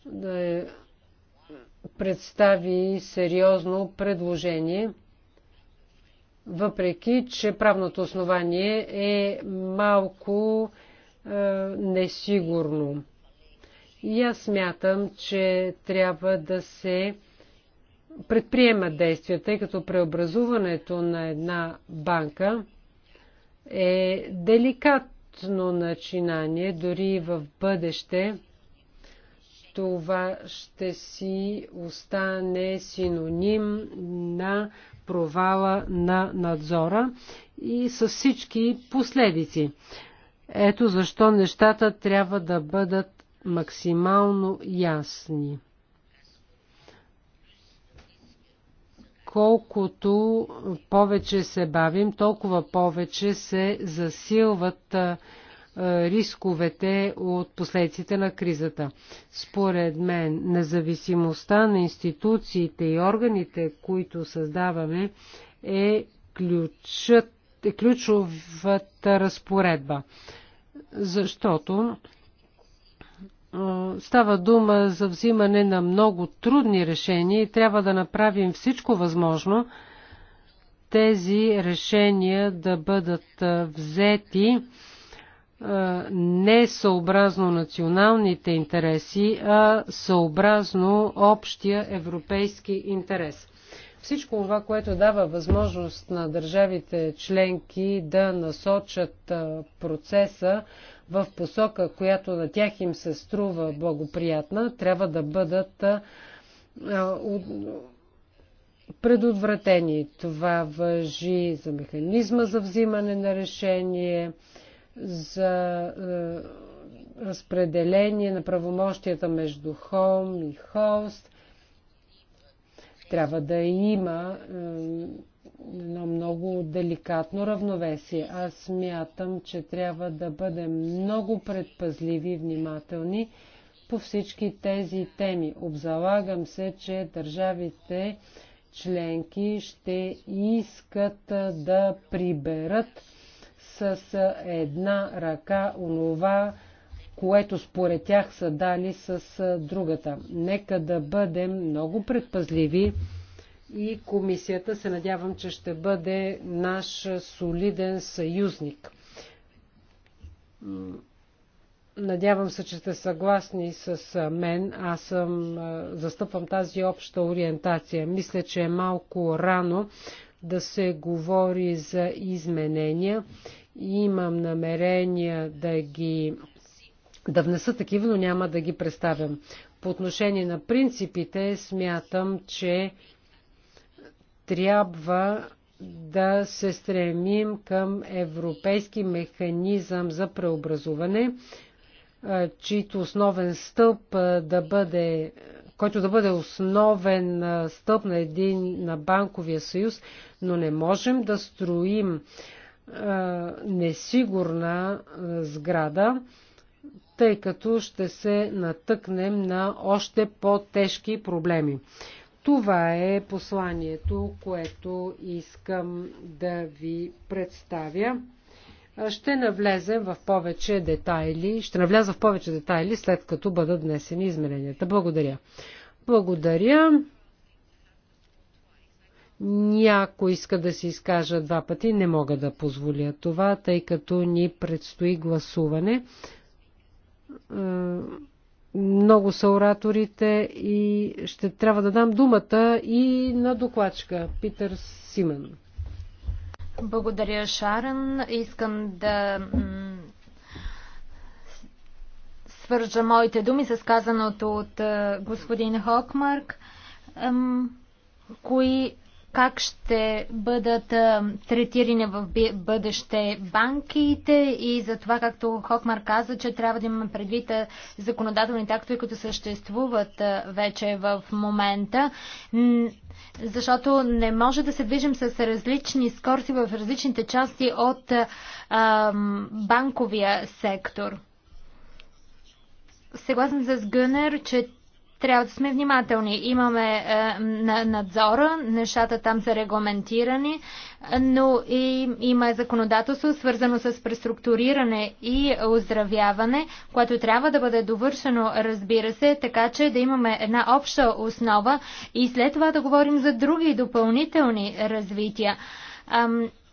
да е, представи сериозно предложение въпреки че правното основание е малко е, несигурно. И аз смятам, че трябва да се предприемат действия, тъй като преобразуването на една банка е деликатно начинание, дори в бъдеще това ще си остане синоним на провала на надзора и с всички последици. Ето защо нещата трябва да бъдат максимално ясни. Колкото повече се бавим, толкова повече се засилват рисковете от последиците на кризата. Според мен, независимостта на институциите и органите, които създаваме, е, ключът, е ключовата разпоредба. Защото става дума за взимане на много трудни решения и трябва да направим всичко възможно тези решения да бъдат взети не съобразно националните интереси, а съобразно общия европейски интерес. Всичко това, което дава възможност на държавите членки да насочат процеса в посока, която на тях им се струва благоприятна, трябва да бъдат предотвратени. Това въжи за механизма за взимане на решение, за е, разпределение на правомощията между хом и хост. Трябва да има е, едно много деликатно равновесие. Аз смятам, че трябва да бъдем много предпазливи и внимателни по всички тези теми. Обзалагам се, че държавите членки ще искат е, да приберат с една ръка онова, което според тях са дали с другата. Нека да бъдем много предпазливи и комисията се надявам, че ще бъде наш солиден съюзник. Надявам се, че сте съгласни с мен. Аз съм, застъпвам тази обща ориентация. Мисля, че е малко рано да се говори за изменения Имам намерение да ги да внеса такива, но няма да ги представям. По отношение на принципите, смятам, че трябва да се стремим към европейски механизъм за преобразуване, чийто основен стълб да бъде, който да бъде основен стълб на един на банковия съюз, но не можем да строим е, несигурна е, сграда, тъй като ще се натъкнем на още по-тежки проблеми. Това е посланието, което искам да ви представя. Е, ще навлезем в повече детайли. Ще навляза в повече детайли, след като бъдат внесени измененията. Благодаря. Благодаря. Някой иска да се изкажа два пъти, не мога да позволя това, тъй като ни предстои гласуване. Е, много са ораторите и ще трябва да дам думата и на докладчика Питър Симън. Благодаря, Шарен. Искам да свържа моите думи с казаното от е, господин Хокмарк. Кои как ще бъдат третирани в бъдеще банките и за това, както Хокмар каза, че трябва да имаме предвид законодателните актове, които съществуват вече в момента, защото не може да се движим с различни скорости в различните части от банковия сектор. Съгласен с Гънер, че трябва да сме внимателни. Имаме е, надзора, нещата там са регламентирани, но и, има законодателство, свързано с преструктуриране и оздравяване, което трябва да бъде довършено, разбира се, така че да имаме една обща основа и след това да говорим за други допълнителни развития.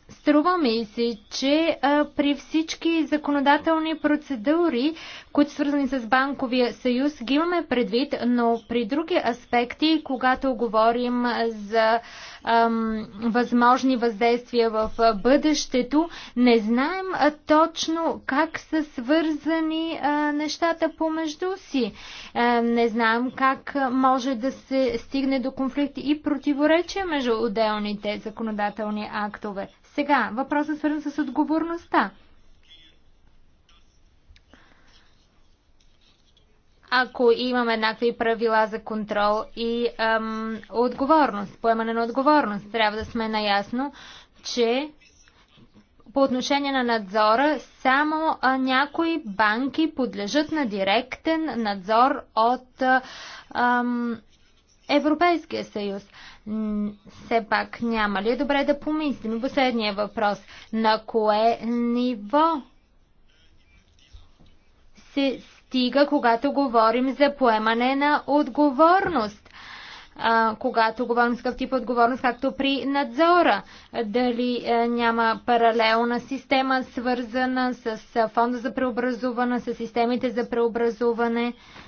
Струва ми се, че а, при всички законодателни процедури, които свързани с банковия съюз, ги имаме предвид, но при други аспекти, когато говорим за ам, възможни въздействия в бъдещето, не знаем а, точно как са свързани а, нещата помежду си. А, не знаем как може да се стигне до конфликти и противоречия между отделните законодателни актове. Сега, въпросът е свързан с отговорността. Ако имаме еднакви правила за контрол и ам, отговорност, поемане на отговорност, трябва да сме наясно, че по отношение на надзора, само а, някои банки подлежат на директен надзор от а, ам, Европейския съюз все пак няма ли е добре да помислим? Последния въпрос. На кое ниво се стига, когато говорим за поемане на отговорност? А, когато говорим с какъв тип отговорност, както при надзора. Дали а, е, няма паралелна система, свързана с е, фонда за преобразуване, с системите за преобразуване? А,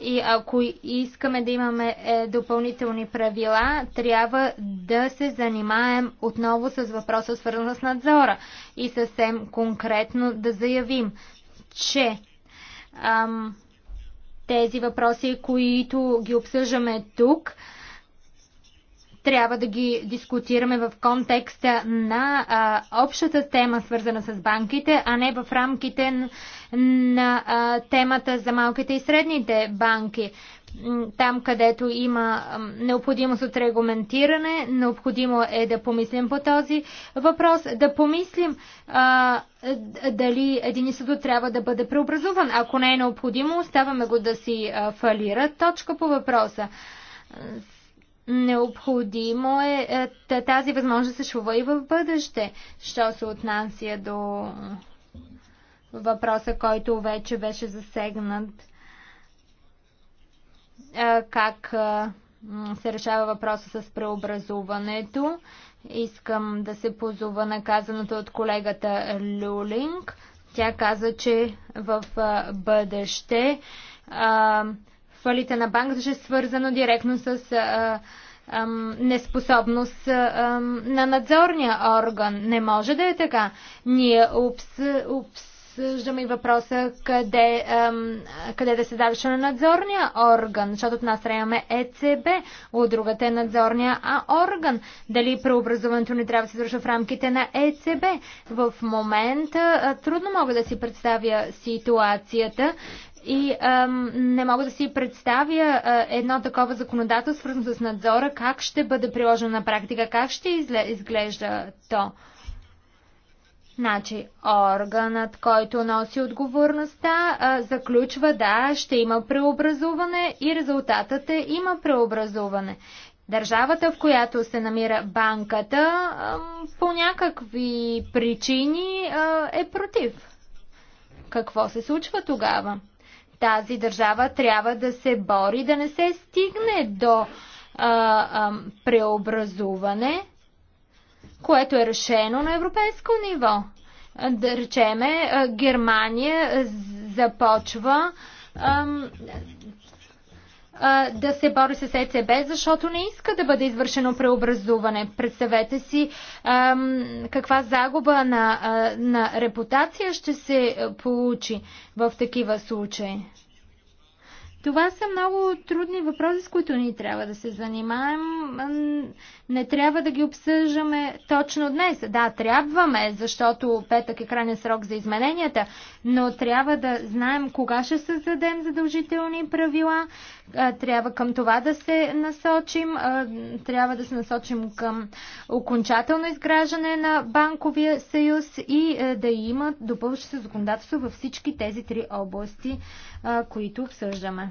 и ако искаме да имаме е, допълнителни правила, трябва да се занимаем отново с въпроса свързан с надзора и съвсем конкретно да заявим, че ам, тези въпроси, които ги обсъждаме тук, трябва да ги дискутираме в контекста на а, общата тема, свързана с банките, а не в рамките на на а, темата за малките и средните банки. Там, където има необходимост от регламентиране, необходимо е да помислим по този въпрос, да помислим а, дали един институт трябва да бъде преобразуван. Ако не е необходимо, оставаме го да си фалира. Точка по въпроса. Необходимо е, е тази възможност да се шува и в бъдеще, що се отнася до въпроса, който вече беше засегнат. Как се решава въпроса с преобразуването. Искам да се позова на казаното от колегата Люлинг. Тя каза, че в бъдеще фалита на банката ще е свързано директно с неспособност на надзорния орган. Не може да е така. Ние обс, обс, обсъждаме и въпроса къде, ам, къде да се завиша на надзорния орган, защото от нас трябваме ЕЦБ, от другата е надзорния а орган. Дали преобразуването не трябва да се извършва в рамките на ЕЦБ? В момента трудно мога да си представя ситуацията. И ам, не мога да си представя а, едно такова законодателство, свързано с надзора, как ще бъде приложено на практика, как ще изглежда то. Значи, органът, който носи отговорността, заключва да, ще има преобразуване и резултатът е има преобразуване. Държавата, в която се намира банката, по някакви причини е против. Какво се случва тогава? Тази държава трябва да се бори да не се стигне до а, а, преобразуване което е решено на европейско ниво. Да речеме, Германия започва ам, а, да се бори с ЕЦБ, защото не иска да бъде извършено преобразуване. Представете си ам, каква загуба на, а, на репутация ще се получи в такива случаи. Това са много трудни въпроси, с които ни трябва да се занимаем. Не трябва да ги обсъждаме точно днес. Да, трябваме, защото петък е крайен срок за измененията, но трябва да знаем кога ще създадем задължителни правила, трябва към това да се насочим. Трябва да се насочим към окончателно изграждане на банковия съюз и да има допълващо се законодателство във всички тези три области, които обсъждаме.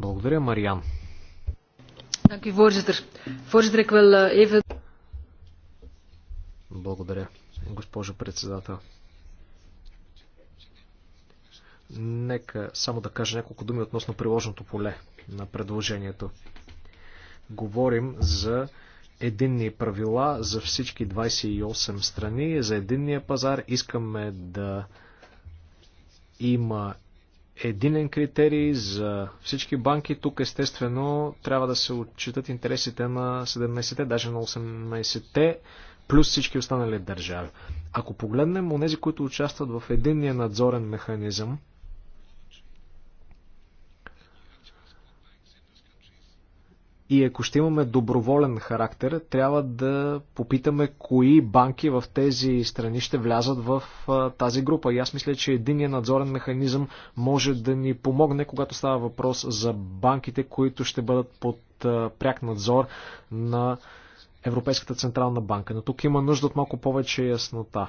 Благодаря, Мариан. Eh, Благодаря, госпожо председател. Нека само да кажа няколко думи относно приложното поле на предложението. Говорим за единни правила за всички 28 страни, за единния пазар. Искаме да има единен критерий за всички банки. Тук естествено трябва да се отчитат интересите на 17-те, даже на 18-те, плюс всички останали държави. Ако погледнем у нези, които участват в единния надзорен механизъм, И ако ще имаме доброволен характер, трябва да попитаме кои банки в тези страни ще влязат в тази група. И аз мисля, че единият надзорен механизъм може да ни помогне, когато става въпрос за банките, които ще бъдат под пряк надзор на Европейската централна банка. Но тук има нужда от малко повече яснота.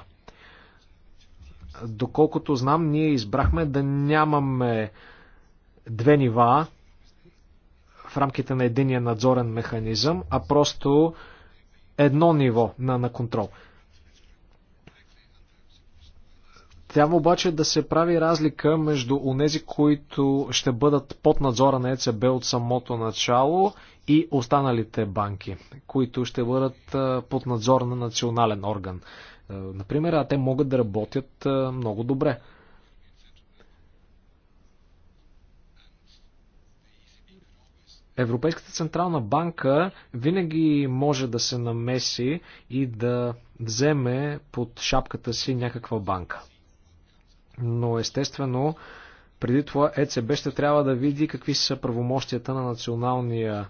Доколкото знам, ние избрахме да нямаме две нива рамките на единия надзорен механизъм, а просто едно ниво на, на контрол. Трябва обаче да се прави разлика между онези, които ще бъдат под надзора на ЕЦБ от самото начало и останалите банки, които ще бъдат под надзор на национален орган. Например, а те могат да работят много добре. Европейската централна банка винаги може да се намеси и да вземе под шапката си някаква банка. Но естествено, преди това ЕЦБ ще трябва да види какви са правомощията на националния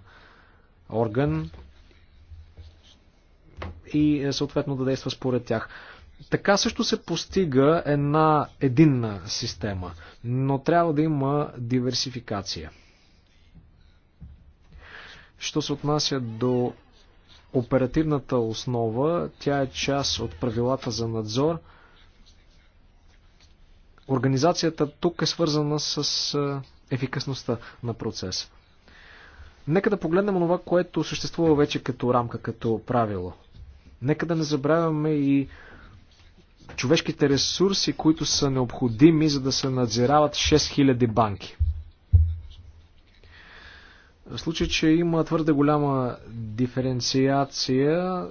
орган и е, съответно да действа според тях. Така също се постига една единна система, но трябва да има диверсификация. Що се отнася до оперативната основа, тя е част от правилата за надзор. Организацията тук е свързана с ефикасността на процеса. Нека да погледнем това, което съществува вече като рамка, като правило. Нека да не забравяме и човешките ресурси, които са необходими, за да се надзирават 6000 банки. В случай, че има твърде голяма диференциация,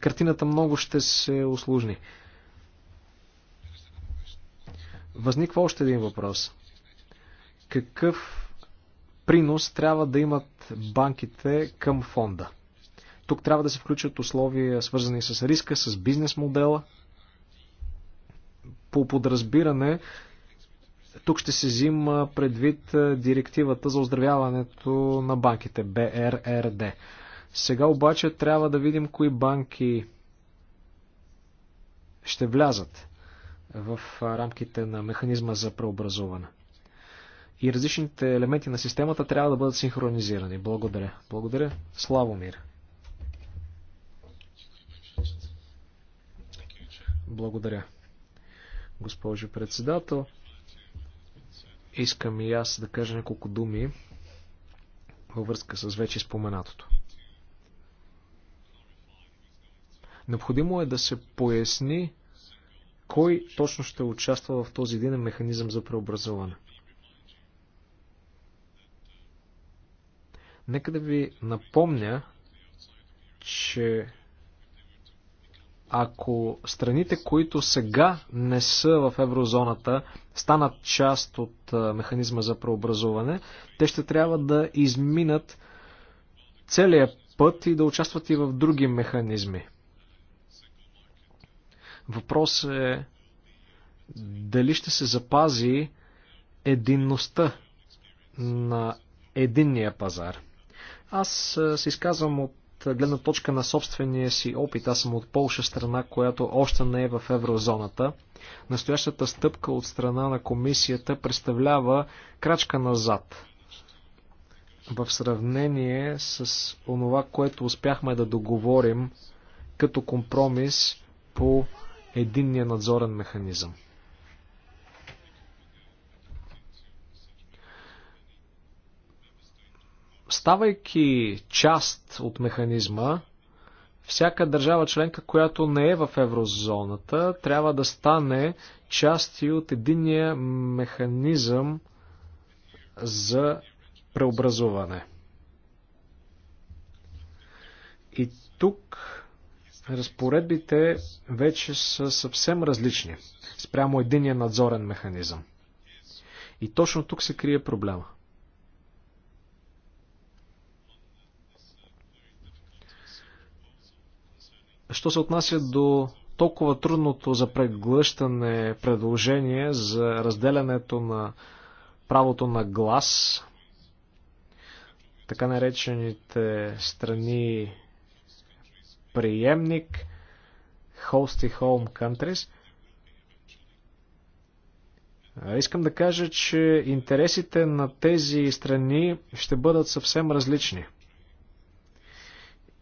картината много ще се услужни. Възниква още един въпрос. Какъв принос трябва да имат банките към фонда? Тук трябва да се включат условия, свързани с риска, с бизнес модела. По подразбиране, тук ще се взима предвид директивата за оздравяването на банките, БРРД. Сега обаче трябва да видим кои банки ще влязат в рамките на механизма за преобразуване. И различните елементи на системата трябва да бъдат синхронизирани. Благодаря. Благодаря. Славомир. Благодаря. Госпожо председател, Искам и аз да кажа няколко думи във връзка с вече споменатото. Необходимо е да се поясни кой точно ще участва в този един механизъм за преобразуване. Нека да ви напомня, че ако страните, които сега не са в еврозоната, станат част от механизма за преобразуване, те ще трябва да изминат целият път и да участват и в други механизми. Въпрос е дали ще се запази единността на единния пазар. Аз се изказвам от гледна точка на собствения си опит. Аз съм от Полша страна, която още не е в еврозоната. Настоящата стъпка от страна на комисията представлява крачка назад в сравнение с онова, което успяхме да договорим като компромис по единния надзорен механизъм. Ставайки част от механизма, всяка държава членка, която не е в еврозоната, трябва да стане част и от единия механизъм за преобразуване. И тук разпоредбите вече са съвсем различни спрямо единия надзорен механизъм. И точно тук се крие проблема. Що се отнася до толкова трудното за преглъщане предложение за разделянето на правото на глас, така наречените страни приемник, host и home countries. Искам да кажа, че интересите на тези страни ще бъдат съвсем различни.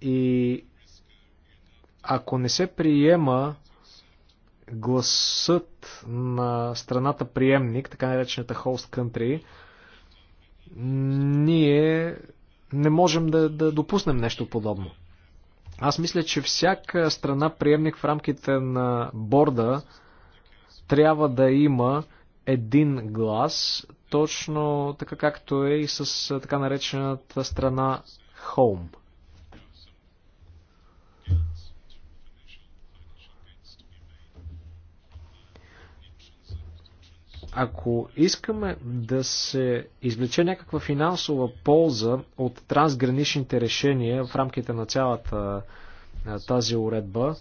И ако не се приема гласът на страната приемник, така наречената host country, ние не можем да, да допуснем нещо подобно. Аз мисля, че всяка страна приемник в рамките на борда трябва да има един глас, точно така както е и с така наречената страна Home. Ако искаме да се извлече някаква финансова полза от трансграничните решения в рамките на цялата тази уредба,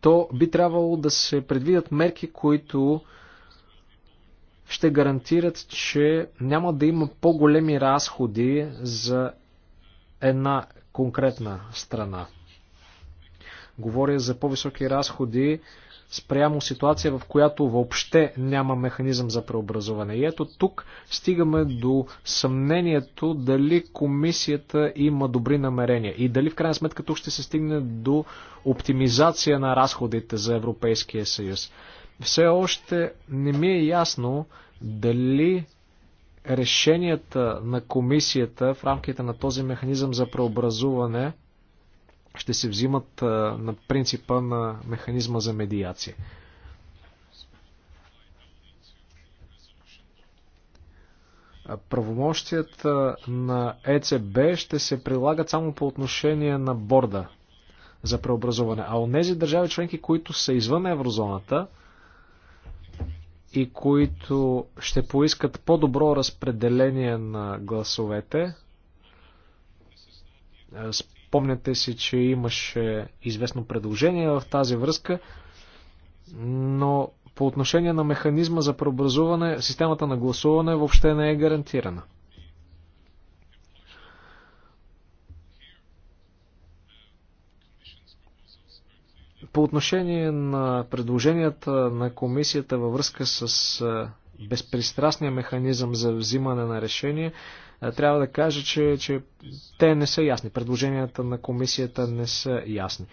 то би трябвало да се предвидят мерки, които ще гарантират, че няма да има по-големи разходи за една конкретна страна. Говоря за по-високи разходи спрямо ситуация, в която въобще няма механизъм за преобразуване. И ето тук стигаме до съмнението дали комисията има добри намерения и дали в крайна сметка тук ще се стигне до оптимизация на разходите за Европейския съюз. Все още не ми е ясно дали решенията на комисията в рамките на този механизъм за преобразуване – ще се взимат на принципа на механизма за медиация. Правомощията на ЕЦБ ще се прилагат само по отношение на борда за преобразуване. А от тези държави членки, които са извън еврозоната и които ще поискат по-добро разпределение на гласовете, Спомняте си, че имаше известно предложение в тази връзка, но по отношение на механизма за преобразуване, системата на гласуване въобще не е гарантирана. По отношение на предложенията на комисията във връзка с безпристрастния механизъм за взимане на решения. Е, трябва да кажа, че, че те не са ясни. Предложенията на комисията не са ясни.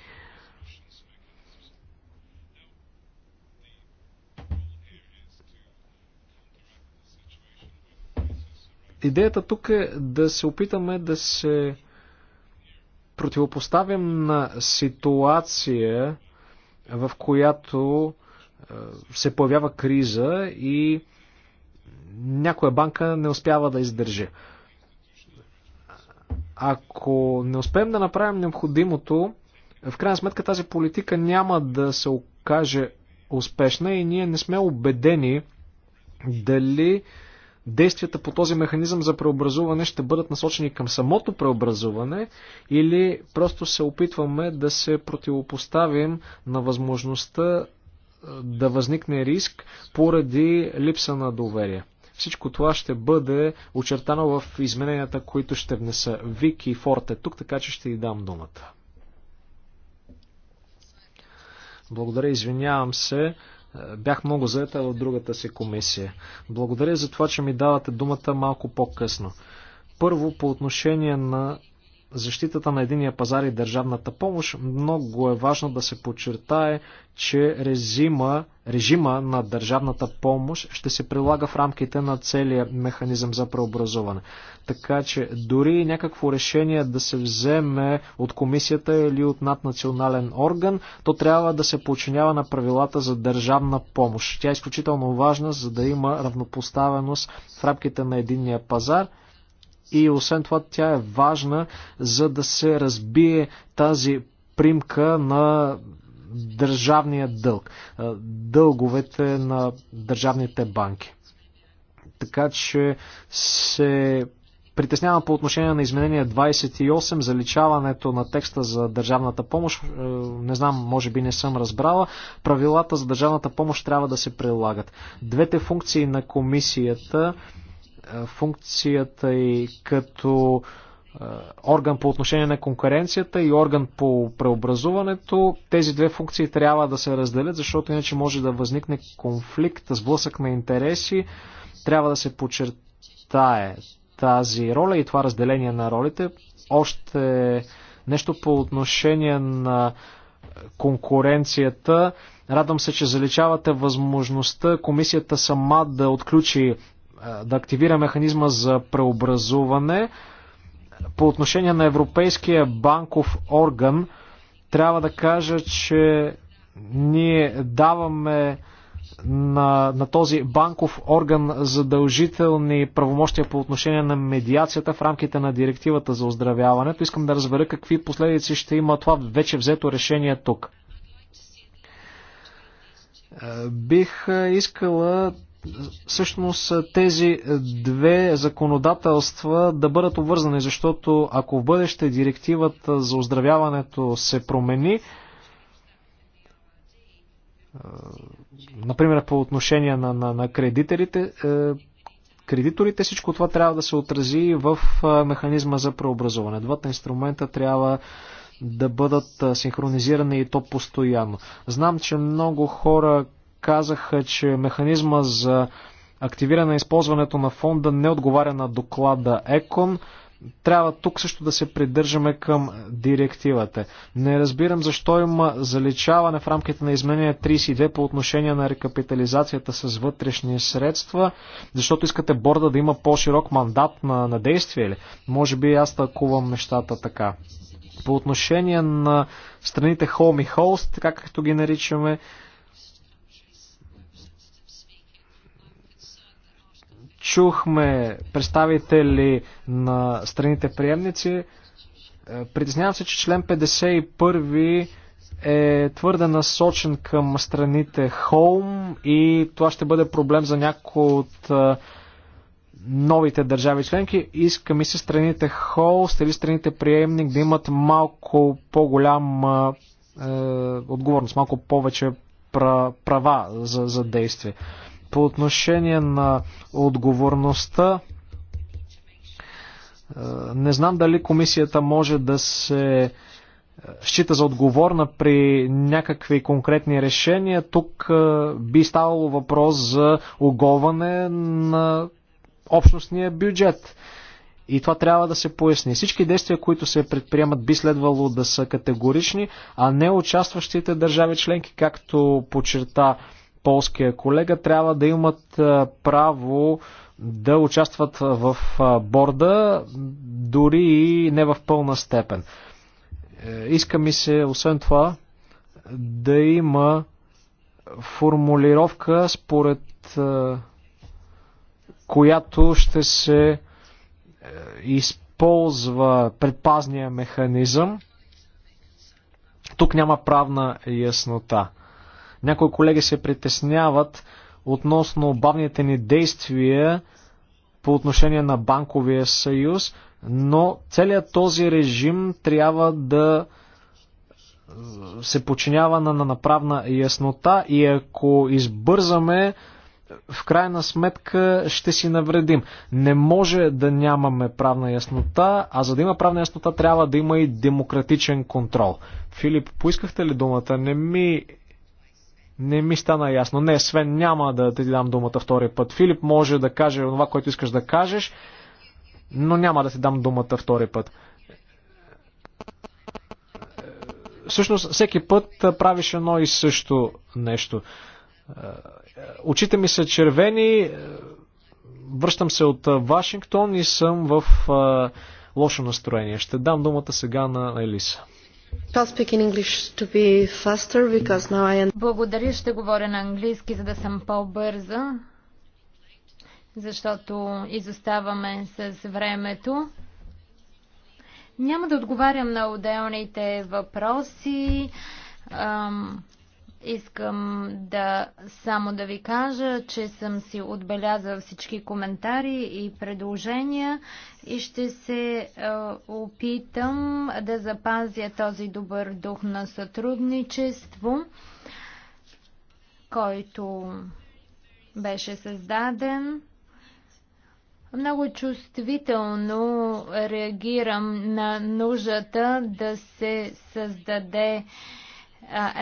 Идеята тук е да се опитаме да се противопоставим на ситуация, в която е, се появява криза и някоя банка не успява да издържи. Ако не успеем да направим необходимото, в крайна сметка тази политика няма да се окаже успешна и ние не сме убедени дали действията по този механизъм за преобразуване ще бъдат насочени към самото преобразуване или просто се опитваме да се противопоставим на възможността да възникне риск поради липса на доверие. Всичко това ще бъде очертано в измененията, които ще внеса. Вики и Форте тук, така че ще й дам думата. Благодаря, извинявам се. Бях много заета в другата си комисия. Благодаря за това, че ми давате думата малко по-късно. Първо, по отношение на защитата на единия пазар и държавната помощ, много е важно да се подчертае, че режима, режима на държавната помощ ще се прилага в рамките на целия механизъм за преобразуване. Така че дори някакво решение да се вземе от комисията или от наднационален орган, то трябва да се подчинява на правилата за държавна помощ. Тя е изключително важна, за да има равнопоставеност в рамките на единния пазар – и освен това тя е важна, за да се разбие тази примка на държавния дълг, дълговете на държавните банки. Така че се притеснявам по отношение на изменение 28, заличаването на текста за държавната помощ. Е, не знам, може би не съм разбрала. Правилата за държавната помощ трябва да се прилагат. Двете функции на комисията функцията и като орган по отношение на конкуренцията и орган по преобразуването. Тези две функции трябва да се разделят, защото иначе може да възникне конфликт, сблъсък на интереси. Трябва да се подчертае тази роля и това разделение на ролите. Още нещо по отношение на конкуренцията. Радвам се, че заличавате възможността комисията сама да отключи да активира механизма за преобразуване. По отношение на Европейския банков орган, трябва да кажа, че ние даваме на, на този банков орган задължителни правомощия по отношение на медиацията в рамките на директивата за оздравяването. Искам да разбера какви последици ще има това вече взето решение тук. Е, бих е, искала всъщност тези две законодателства да бъдат обвързани, защото ако в бъдеще директивата за оздравяването се промени, например по отношение на, на, на кредиторите, е, кредиторите, всичко това трябва да се отрази в механизма за преобразуване. Двата инструмента трябва да бъдат синхронизирани и то постоянно. Знам, че много хора казаха, че механизма за активиране на използването на фонда не отговаря на доклада ЕКОН. Трябва тук също да се придържаме към директивата. Не разбирам защо има заличаване в рамките на изменение 32 по отношение на рекапитализацията с вътрешни средства, защото искате борда да има по-широк мандат на, на действие ли? Може би аз тълкувам нещата така. По отношение на страните Home и Host, така както ги наричаме, чухме представители на страните приемници. Е, притеснявам се, че член 51 е твърде насочен към страните холм и това ще бъде проблем за някои от е, новите държави членки. Иска ми се страните хол, стели страните приемник да имат малко по-голям е, е отговорност, малко повече права за, за действие. По отношение на отговорността, е, не знам дали комисията може да се е, счита за отговорна при някакви конкретни решения. Тук е, би ставало въпрос за оговане на общностния бюджет. И това трябва да се поясни. Всички действия, които се предприемат, би следвало да са категорични, а не участващите държави членки, както почерта полския колега, трябва да имат право да участват в борда, дори и не в пълна степен. Е, иска ми се, освен това, да има формулировка, според която ще се е, използва предпазния механизъм. Тук няма правна яснота. Някои колеги се притесняват относно бавните ни действия по отношение на банковия съюз, но целият този режим трябва да се подчинява на, на направна яснота и ако избързаме, в крайна сметка ще си навредим. Не може да нямаме правна яснота, а за да има правна яснота трябва да има и демократичен контрол. Филип, поискахте ли думата? Не ми не ми стана ясно. Не, Свен, няма да ти дам думата втори път. Филип може да каже това, което искаш да кажеш, но няма да ти дам думата втори път. Всъщност, всеки път правиш едно и също нещо. Очите ми са червени, връщам се от Вашингтон и съм в лошо настроение. Ще дам думата сега на Елиса. Благодаря, ще говоря на английски, за да съм по-бърза, защото изоставаме с времето. Няма да отговарям на отделните въпроси. Искам да само да ви кажа, че съм си отбелязал всички коментари и предложения и ще се е, опитам да запазя този добър дух на сътрудничество, който беше създаден. Много чувствително реагирам на нуждата да се създаде е,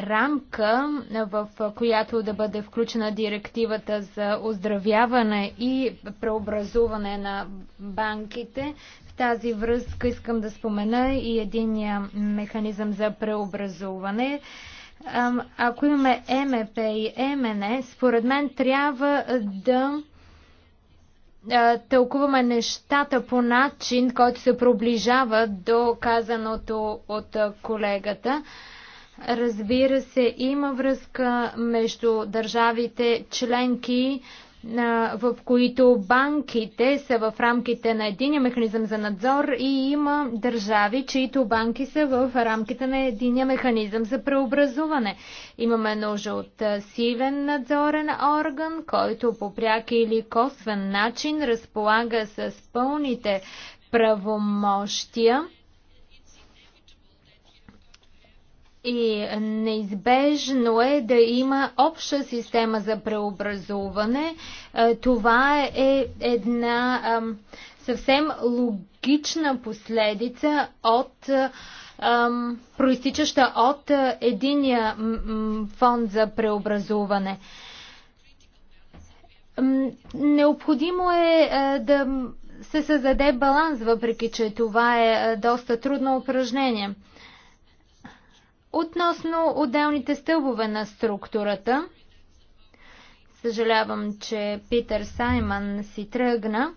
рамка, в която да бъде включена директивата за оздравяване и преобразуване на банките. В тази връзка искам да спомена и единия механизъм за преобразуване. Ако имаме МП и МН, е, според мен трябва да тълкуваме нещата по начин, който се приближава до казаното от колегата. Разбира се, има връзка между държавите членки, в които банките са в рамките на единия механизъм за надзор и има държави, чието банки са в рамките на единия механизъм за преобразуване. Имаме нужда от силен надзорен орган, който по пряк или косвен начин разполага с пълните правомощия И неизбежно е да има обща система за преобразуване. Е, това е една съвсем логична последица от проистичаща от е, единия фонд за преобразуване. Необходимо е, е да се създаде баланс, въпреки че това е доста трудно упражнение. Относно отделните стълбове на структурата, съжалявам, че Питър Саймън си тръгна,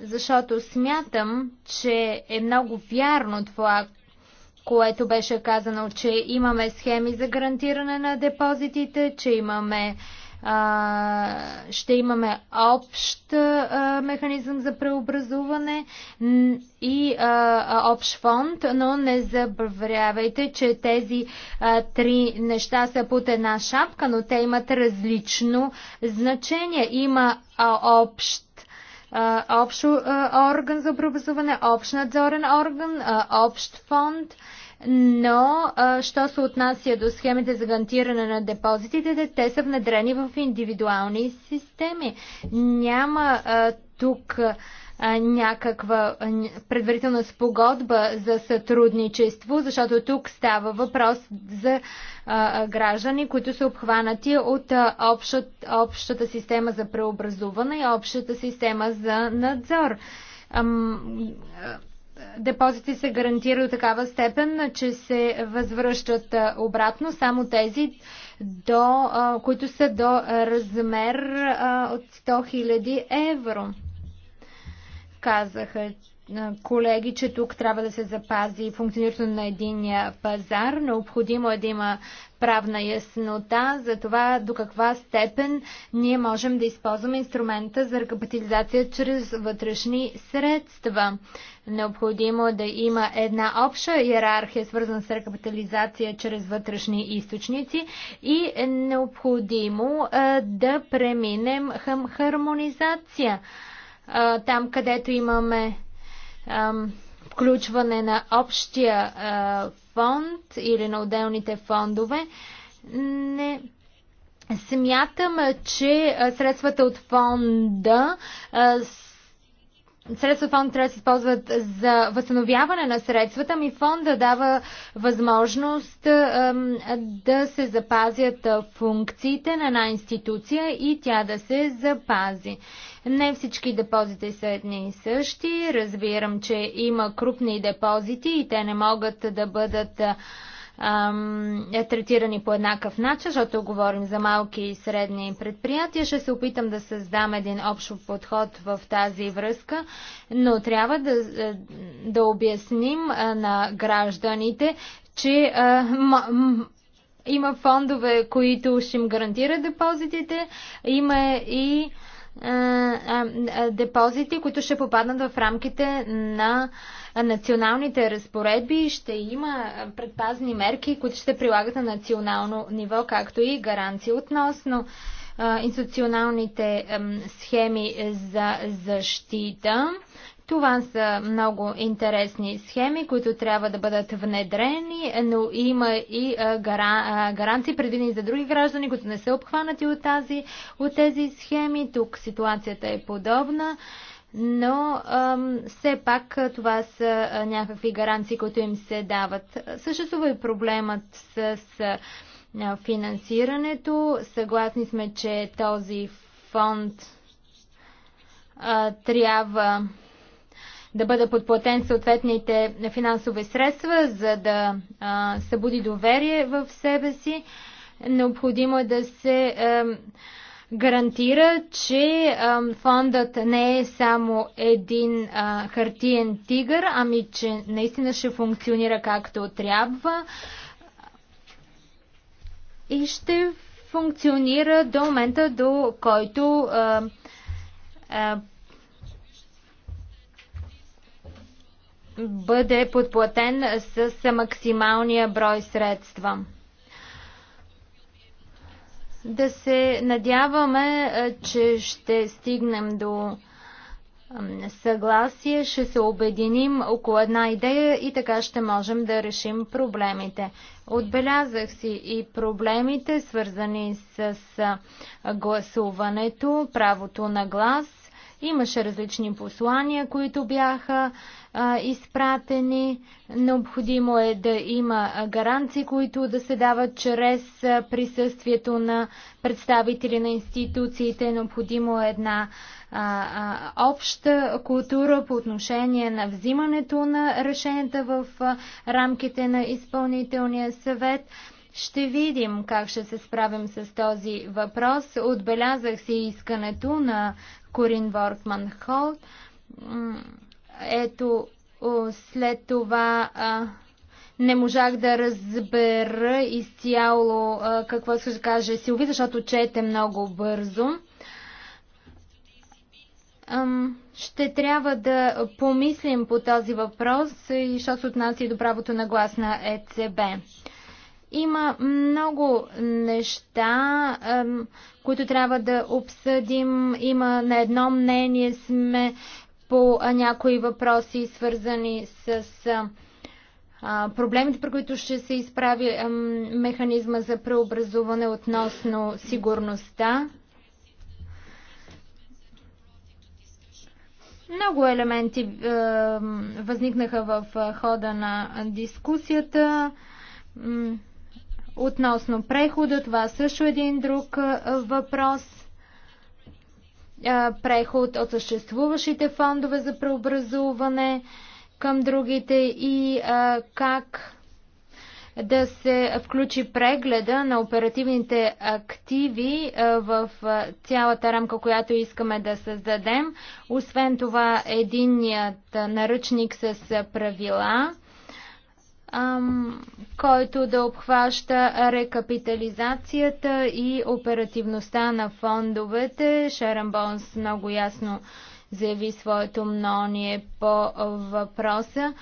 защото смятам, че е много вярно това, което беше казано, че имаме схеми за гарантиране на депозитите, че имаме ще имаме общ механизъм за преобразуване и общ фонд, но не забравяйте, че тези три неща са под една шапка, но те имат различно значение. Има общ общо орган за преобразуване, общ надзорен орган, общ фонд – но а, що се отнася до схемите за гарантиране на депозитите, те са внедрени в индивидуални системи. Няма а, тук някаква предварителна спогодба за сътрудничество, защото тук става въпрос за граждани, които са обхванати от общата система за преобразуване и общата система за надзор депозити се гарантира до такава степен, че се възвръщат обратно само тези, до, които са до размер от 100 000 евро. Казаха, колеги, че тук трябва да се запази функционирането на единния пазар. Необходимо е да има правна яснота за това до каква степен ние можем да използваме инструмента за рекапитализация чрез вътрешни средства. Необходимо е да има една обща иерархия, свързана с рекапитализация чрез вътрешни източници и е необходимо да преминем към хармонизация там, където имаме включване на общия фонд или на отделните фондове. Не смятам, че средствата от фонда Средства фонд трябва да се използват за възстановяване на средствата, ми фонда дава възможност да се запазят функциите на една институция и тя да се запази. Не всички депозити са едни и същи. Разбирам, че има крупни депозити и те не могат да бъдат е третирани по еднакъв начин, защото говорим за малки и средни предприятия. Ще се опитам да създам един общ подход в тази връзка, но трябва да, да обясним на гражданите, че има фондове, които ще им гарантират депозитите, има и депозити, които ще попаднат в рамките на националните разпоредби. Ще има предпазни мерки, които ще прилагат на национално ниво, както и гаранции относно институционалните схеми за защита. Това са много интересни схеми, които трябва да бъдат внедрени, но има и гаранции предвидени за други граждани, които не са обхванати от, тази, от тези схеми. Тук ситуацията е подобна но ам, все пак това са някакви гаранции, които им се дават. Съществува и проблемът с, с финансирането. Съгласни сме, че този фонд а, трябва да бъде подплатен съответните финансови средства, за да а, събуди доверие в себе си. Необходимо е да се а, гарантира, че а, фондът не е само един а, хартиен тигър, ами че наистина ще функционира както трябва и ще функционира до момента, до който а, а, бъде подплатен с максималния брой средства. Да се надяваме, че ще стигнем до съгласие, ще се обединим около една идея и така ще можем да решим проблемите. Отбелязах си и проблемите, свързани с гласуването, правото на глас. Имаше различни послания, които бяха а, изпратени. Необходимо е да има гаранции, които да се дават чрез присъствието на представители на институциите. Необходимо е една а, а, обща култура по отношение на взимането на решенията в а, рамките на изпълнителния съвет. Ще видим как ще се справим с този въпрос. Отбелязах си искането на Корин Воркман Холт. Ето, след това а, не можах да разбера изцяло а, какво се каже Силви, защото чете много бързо. ще трябва да помислим по този въпрос и що се отнася и до правото на глас на ЕЦБ. Има много неща, които трябва да обсъдим. Има на едно мнение сме по някои въпроси, свързани с проблемите, при които ще се изправи механизма за преобразуване относно сигурността. Много елементи а, възникнаха в хода на дискусията относно прехода. Това също е един друг въпрос преход от съществуващите фондове за преобразуване към другите и как да се включи прегледа на оперативните активи в цялата рамка, която искаме да създадем. Освен това, единният наръчник с правила който да обхваща рекапитализацията и оперативността на фондовете. Шерън Бонс много ясно заяви своето мнение по въпроса.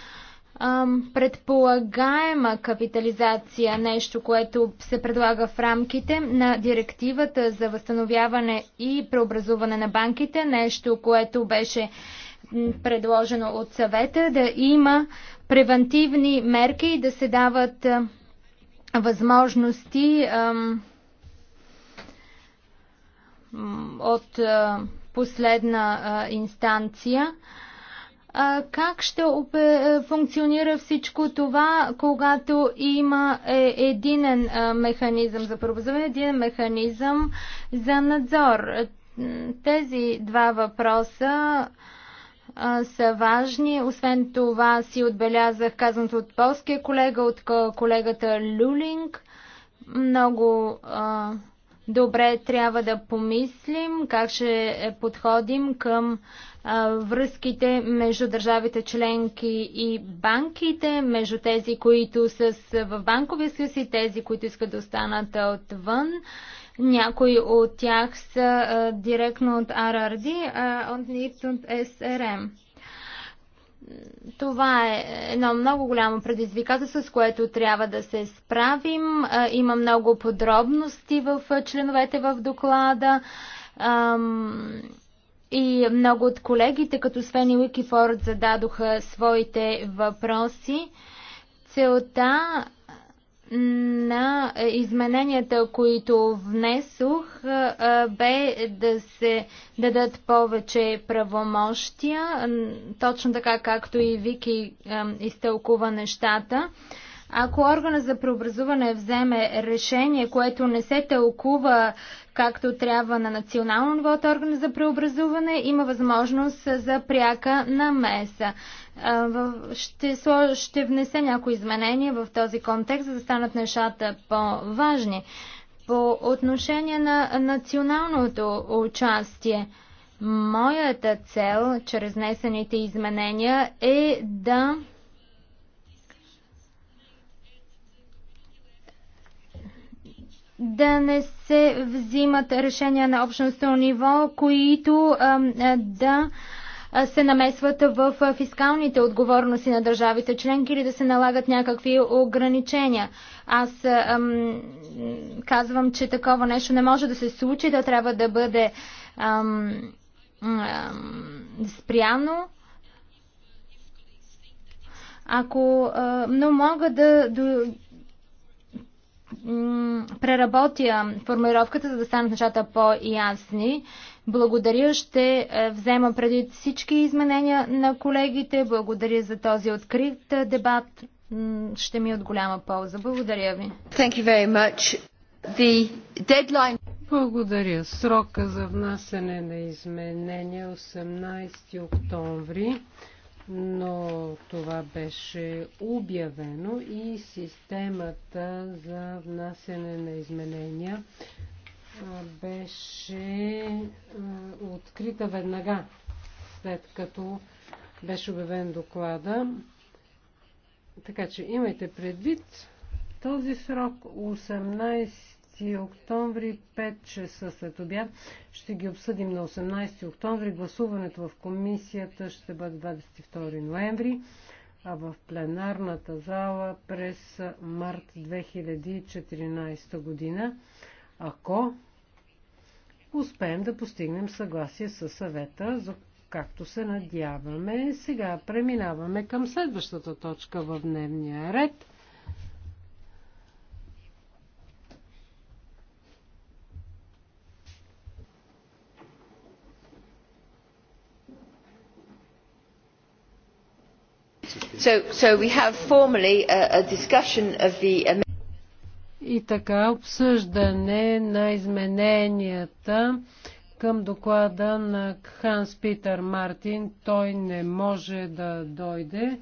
Предполагаема капитализация, нещо, което се предлага в рамките на директивата за възстановяване и преобразуване на банките, нещо, което беше предложено от съвета да има превентивни мерки и да се дават възможности от последна инстанция. Как ще функционира всичко това, когато има е, единен механизъм за правозаване, един механизъм за надзор? Тези два въпроса а, са важни. Освен това си отбелязах казаното от полския колега, от колегата Люлинг. Много а, добре трябва да помислим как ще подходим към а, връзките между държавите членки и банките, между тези, които са в банковия съюз и тези, които искат да останат отвън. Някои от тях са а, директно от RRD, а от NIPT от SRM. Това е едно много голямо предизвикателство, с което трябва да се справим. А, има много подробности в членовете в доклада. и много от колегите, като Свени Уикифорд, зададоха своите въпроси. Целта на е, измененията, които внесох, е, е, бе да се дадат повече правомощия, точно така както и Вики изтълкува нещата. Ако органа за преобразуване вземе решение, което не се тълкува както трябва на национално ниво от органа за преобразуване, има възможност за пряка намеса. Ще, ще внесе някои изменения в този контекст, за да станат нещата по-важни. По отношение на националното участие, моята цел чрез внесените изменения е да да не се взимат решения на общностно ниво, които а, да а, се намесват в фискалните отговорности на държавите членки или да се налагат някакви ограничения. Аз ам, казвам, че такова нещо не може да се случи, да трябва да бъде ам, ам, спряно. Ако, а, но мога да, да преработя формулировката, за да станат нещата по-ясни. Благодаря, ще е, взема преди всички изменения на колегите. Благодаря за този открит е, дебат. Ще ми е от голяма полза. Благодаря ви. Thank you very much. The deadline... Благодаря. Срока за внасене на изменения 18 е октомври, но това беше обявено и системата за внасене на изменения беше открита веднага, след като беше обявен доклада. Така че имайте предвид този срок 18 октомври 5 часа след обяд. Ще ги обсъдим на 18 октомври. Гласуването в комисията ще бъде 22 ноември, а в пленарната зала през март 2014 година ако успеем да постигнем съгласие с съвета, за както се надяваме. Сега преминаваме към следващата точка в дневния ред. So, so we have formally a, a discussion of the и така, обсъждане на измененията към доклада на Ханс Питър Мартин. Той не може да дойде,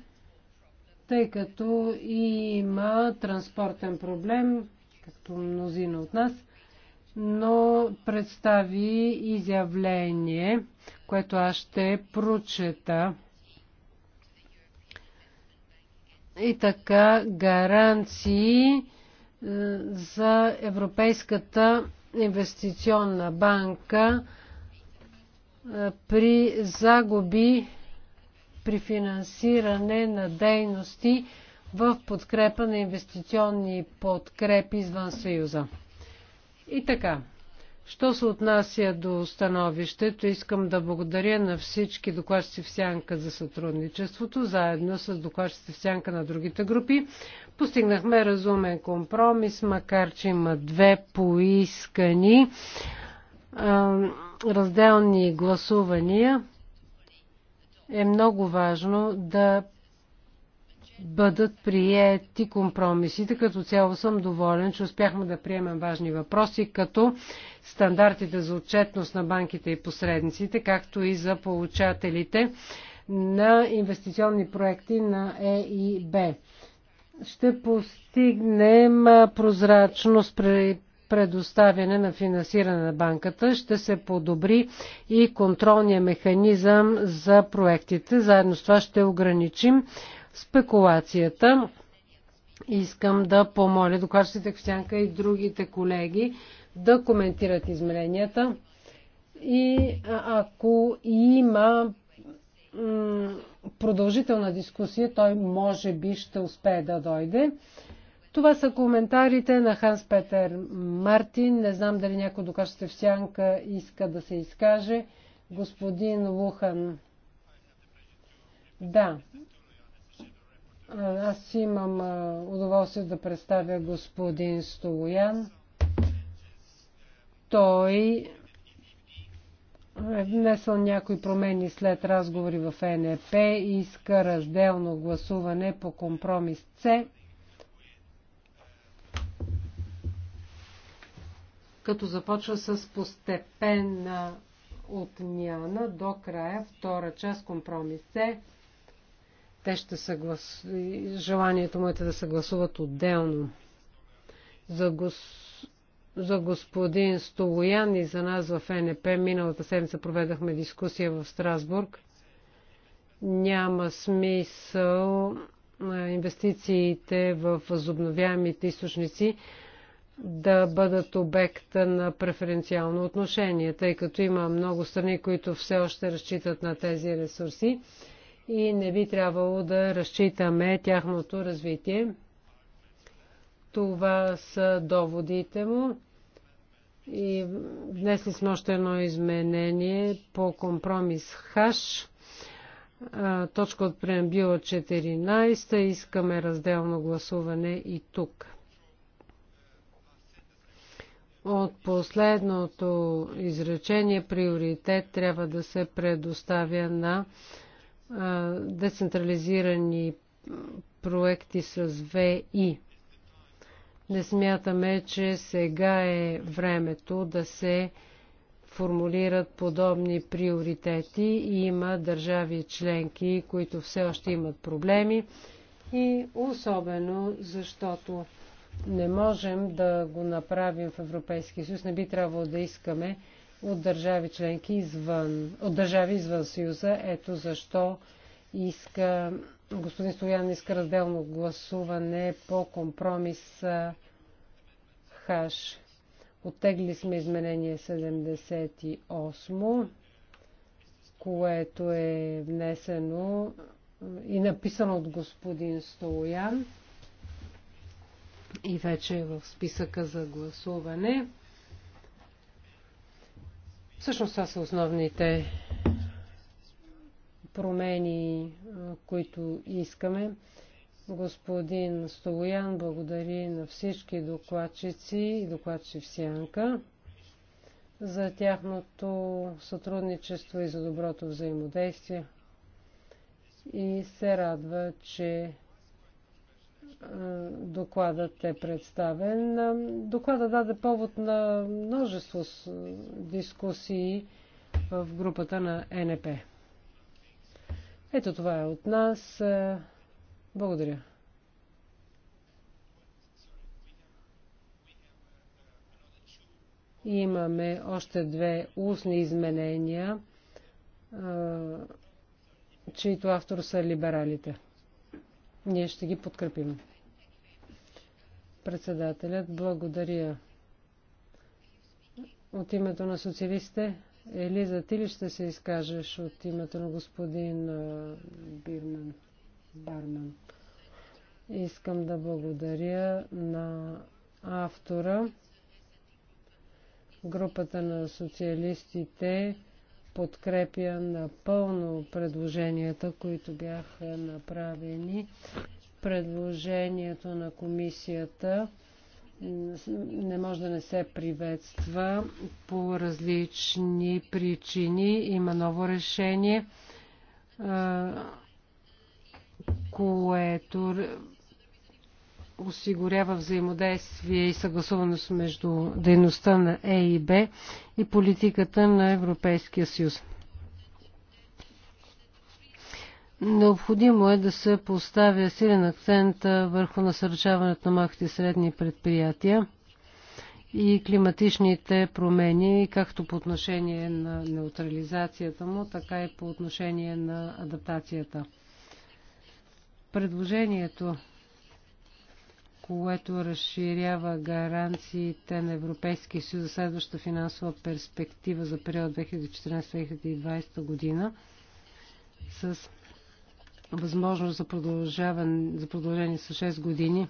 тъй като има транспортен проблем, както мнозина от нас, но представи изявление, което аз ще прочета. И така, гаранции за Европейската инвестиционна банка е, при загуби при финансиране на дейности в подкрепа на инвестиционни подкрепи извън Съюза. И така, Що се отнася до становището, искам да благодаря на всички докладчици в сянка за сътрудничеството, заедно с докладчици в сянка на другите групи. Постигнахме разумен компромис, макар че има две поискани а, разделни гласувания. Е много важно да бъдат приети компромисите. Като цяло съм доволен, че успяхме да приемем важни въпроси, като стандартите за отчетност на банките и посредниците, както и за получателите на инвестиционни проекти на ЕИБ. Ще постигнем прозрачност при предоставяне на финансиране на банката ще се подобри и контролния механизъм за проектите. Заедно с това ще ограничим спекулацията. Искам да помоля докладчите Костянка и другите колеги да коментират измеренията. И ако има продължителна дискусия, той може би ще успее да дойде. Това са коментарите на Ханс Петер Мартин. Не знам дали някой докажете в сянка иска да се изкаже. Господин Лухан. Да, аз имам удоволствие да представя господин Столоян. Той е внесъл някои промени след разговори в НЕП и иска разделно гласуване по компромис С. Като започва с постепенна отмяна до края втора част компромис С те ще съглас... желанието му е да се гласуват отделно. За, гос... за господин Столоян и за нас в НП миналата седмица проведахме дискусия в Страсбург. Няма смисъл инвестициите в възобновяемите източници да бъдат обекта на преференциално отношение, тъй като има много страни, които все още разчитат на тези ресурси и не би трябвало да разчитаме тяхното развитие. Това са доводите му. И внесли сме още едно изменение по компромис ХАШ. Точка от преамбила 14. Искаме разделно гласуване и тук. От последното изречение приоритет трябва да се предоставя на децентрализирани проекти с ВИ. Не смятаме, че сега е времето да се формулират подобни приоритети. Има държави членки, които все още имат проблеми и особено защото не можем да го направим в Европейския съюз. Не би трябвало да искаме от държави членки извън, от държави извън Съюза. Ето защо иска, господин Стоян иска разделно гласуване по компромис ХАШ. Оттегли сме изменение 78, което е внесено и написано от господин Стоян и вече е в списъка за гласуване. Всъщност това са основните промени, които искаме. Господин Столоян благодари на всички докладчици и докладчи в Сянка за тяхното сътрудничество и за доброто взаимодействие и се радва, че докладът е представен. Докладът даде повод на множество дискусии в групата на НП. Ето това е от нас. Благодаря. Имаме още две устни изменения, чието автор са либералите ние ще ги подкрепим. Председателят, благодаря. От името на социалистите, Елиза, ти ли ще се изкажеш от името на господин Бирман, Барман? Искам да благодаря на автора, групата на социалистите, подкрепя напълно предложенията, които бяха направени. Предложението на комисията не може да не се приветства по различни причини. Има ново решение, което осигурява взаимодействие и съгласуваност между дейността на Е и Б и политиката на Европейския съюз. Необходимо е да се поставя силен акцент върху насърчаването на малките и средни предприятия и климатичните промени, както по отношение на неутрализацията му, така и по отношение на адаптацията. Предложението което разширява гаранциите на Европейския съюз за следваща финансова перспектива за период 2014-2020 година с възможност за, продължаване, за продължение с 6 години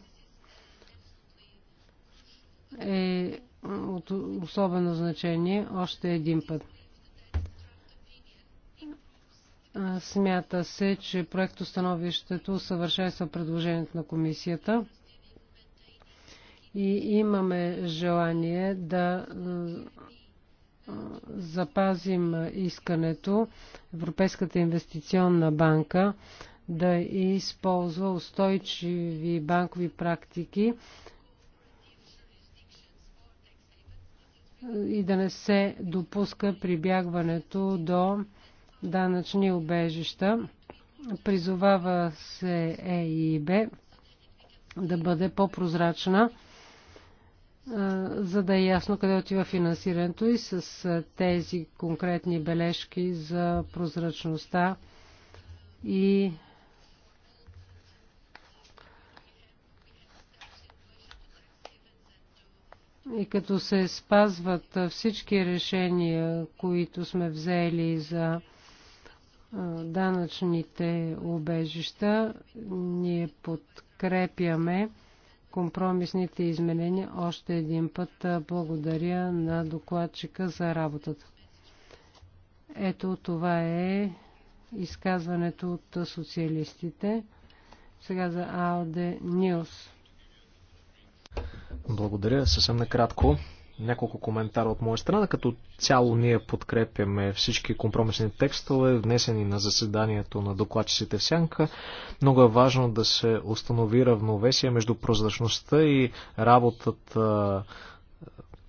е от особено значение още един път. Смята се, че проектостановището съвършенства предложението на комисията и имаме желание да запазим искането Европейската инвестиционна банка да използва устойчиви банкови практики и да не се допуска прибягването до данъчни обежища. Призовава се ЕИБ да бъде по-прозрачна за да е ясно къде отива финансирането и с тези конкретни бележки за прозрачността и и като се спазват всички решения, които сме взели за данъчните убежища, ние подкрепяме компромисните изменения. Още един път благодаря на докладчика за работата. Ето това е изказването от социалистите. Сега за АОД Нилс. Благодаря. Съвсем накратко няколко коментара от моя страна. Като цяло ние подкрепяме всички компромисни текстове, внесени на заседанието на докладчиците в Сянка. Много е важно да се установи равновесие между прозрачността и работата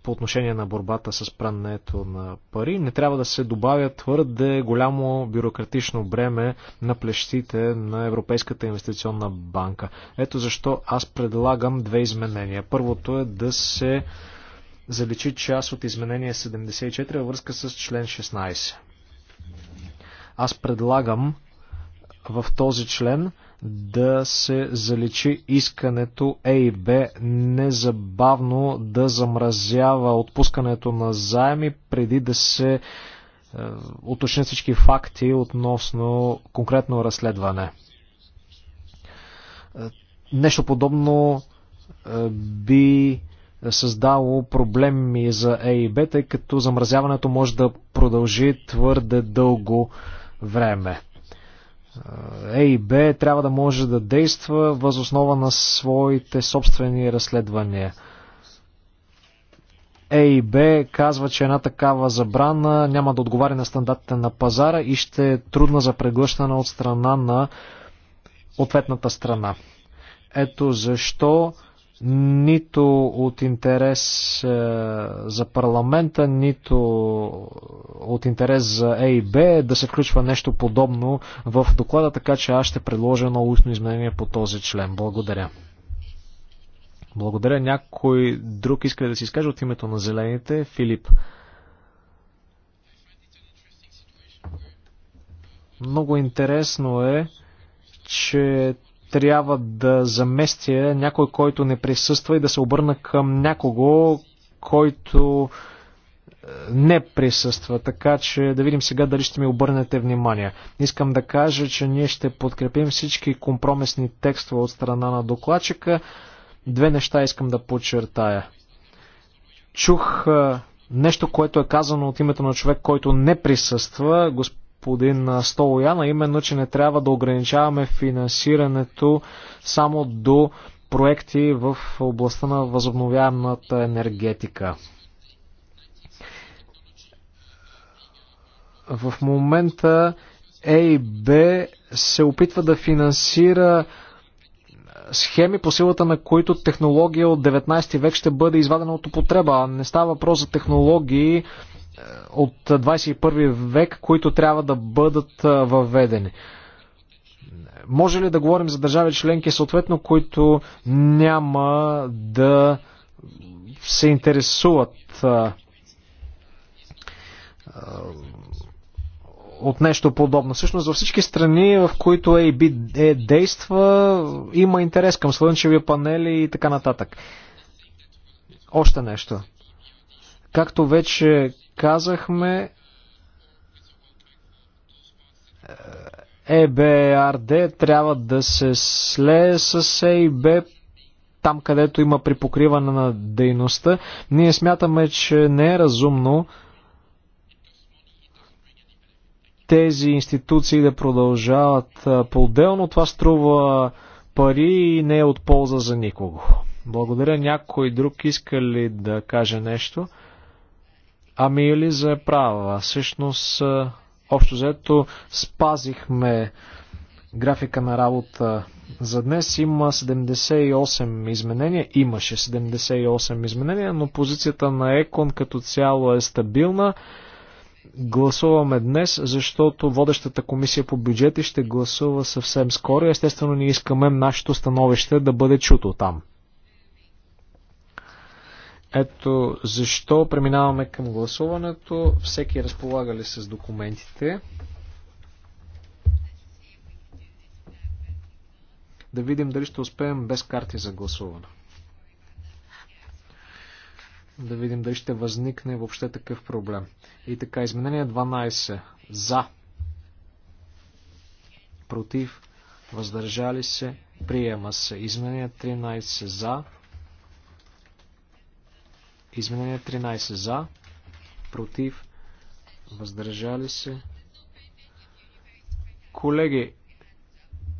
по отношение на борбата с прането на пари. Не трябва да се добавя твърде голямо бюрократично бреме на плещите на Европейската инвестиционна банка. Ето защо аз предлагам две изменения. Първото е да се заличи част от изменение 74 във връзка с член 16. Аз предлагам в този член да се заличи искането Е и Б незабавно да замразява отпускането на заеми преди да се е, уточнят всички факти относно конкретно разследване. Е, нещо подобно е, би е създало проблеми за ЕИБ, тъй като замразяването може да продължи твърде дълго време. ЕИБ трябва да може да действа възоснова на своите собствени разследвания. ЕИБ казва, че една такава забрана няма да отговаря на стандартите на пазара и ще е трудна за преглъщане от страна на ответната страна. Ето защо нито от интерес е, за парламента, нито от интерес за ЕИБ да се включва нещо подобно в доклада, така че аз ще предложа едно устно изменение по този член. Благодаря. Благодаря. Някой друг иска да си изкаже от името на зелените. Филип. Много интересно е, че трябва да заместя някой, който не присъства и да се обърна към някого, който е, не присъства, така че да видим сега дали ще ми обърнете внимание. Искам да кажа, че ние ще подкрепим всички компромисни текстове от страна на докладчика. Две неща искам да подчертая. Чух е, нещо, което е казано от името на човек, който не присъства, Госп господин Столояна, именно, че не трябва да ограничаваме финансирането само до проекти в областта на възобновяемата енергетика. В момента ЕИБ се опитва да финансира схеми, по силата на които технология от 19 век ще бъде извадена от употреба. Не става въпрос за технологии, от 21 век, които трябва да бъдат въведени. Може ли да говорим за държави членки, съответно, които няма да се интересуват от нещо подобно. Всъщност във всички страни, в които AB е действа, има интерес към слънчеви панели и така нататък. Още нещо. Както вече Казахме EBRD е, е е, трябва да се слее с ЕИБ там, където има припокриване на дейността. Ние смятаме, че не е разумно тези институции да продължават по-отделно. Това струва пари и не е от полза за никого. Благодаря. Някой друг иска ли да каже нещо? Ами или за права. Всъщност, общо взето, спазихме графика на работа за днес. Има 78 изменения. Имаше 78 изменения, но позицията на Екон като цяло е стабилна. Гласуваме днес, защото водещата комисия по бюджети ще гласува съвсем скоро. Естествено, ние искаме нашето становище да бъде чуто там. Ето защо преминаваме към гласуването. Всеки е разполага ли с документите? Да видим дали ще успеем без карти за гласуване. Да видим дали ще възникне въобще такъв проблем. И така, изменение 12. За. Против. Въздържали се. Приема се. Изменение 13. За Изменение 13 за, против, въздържали се. Колеги,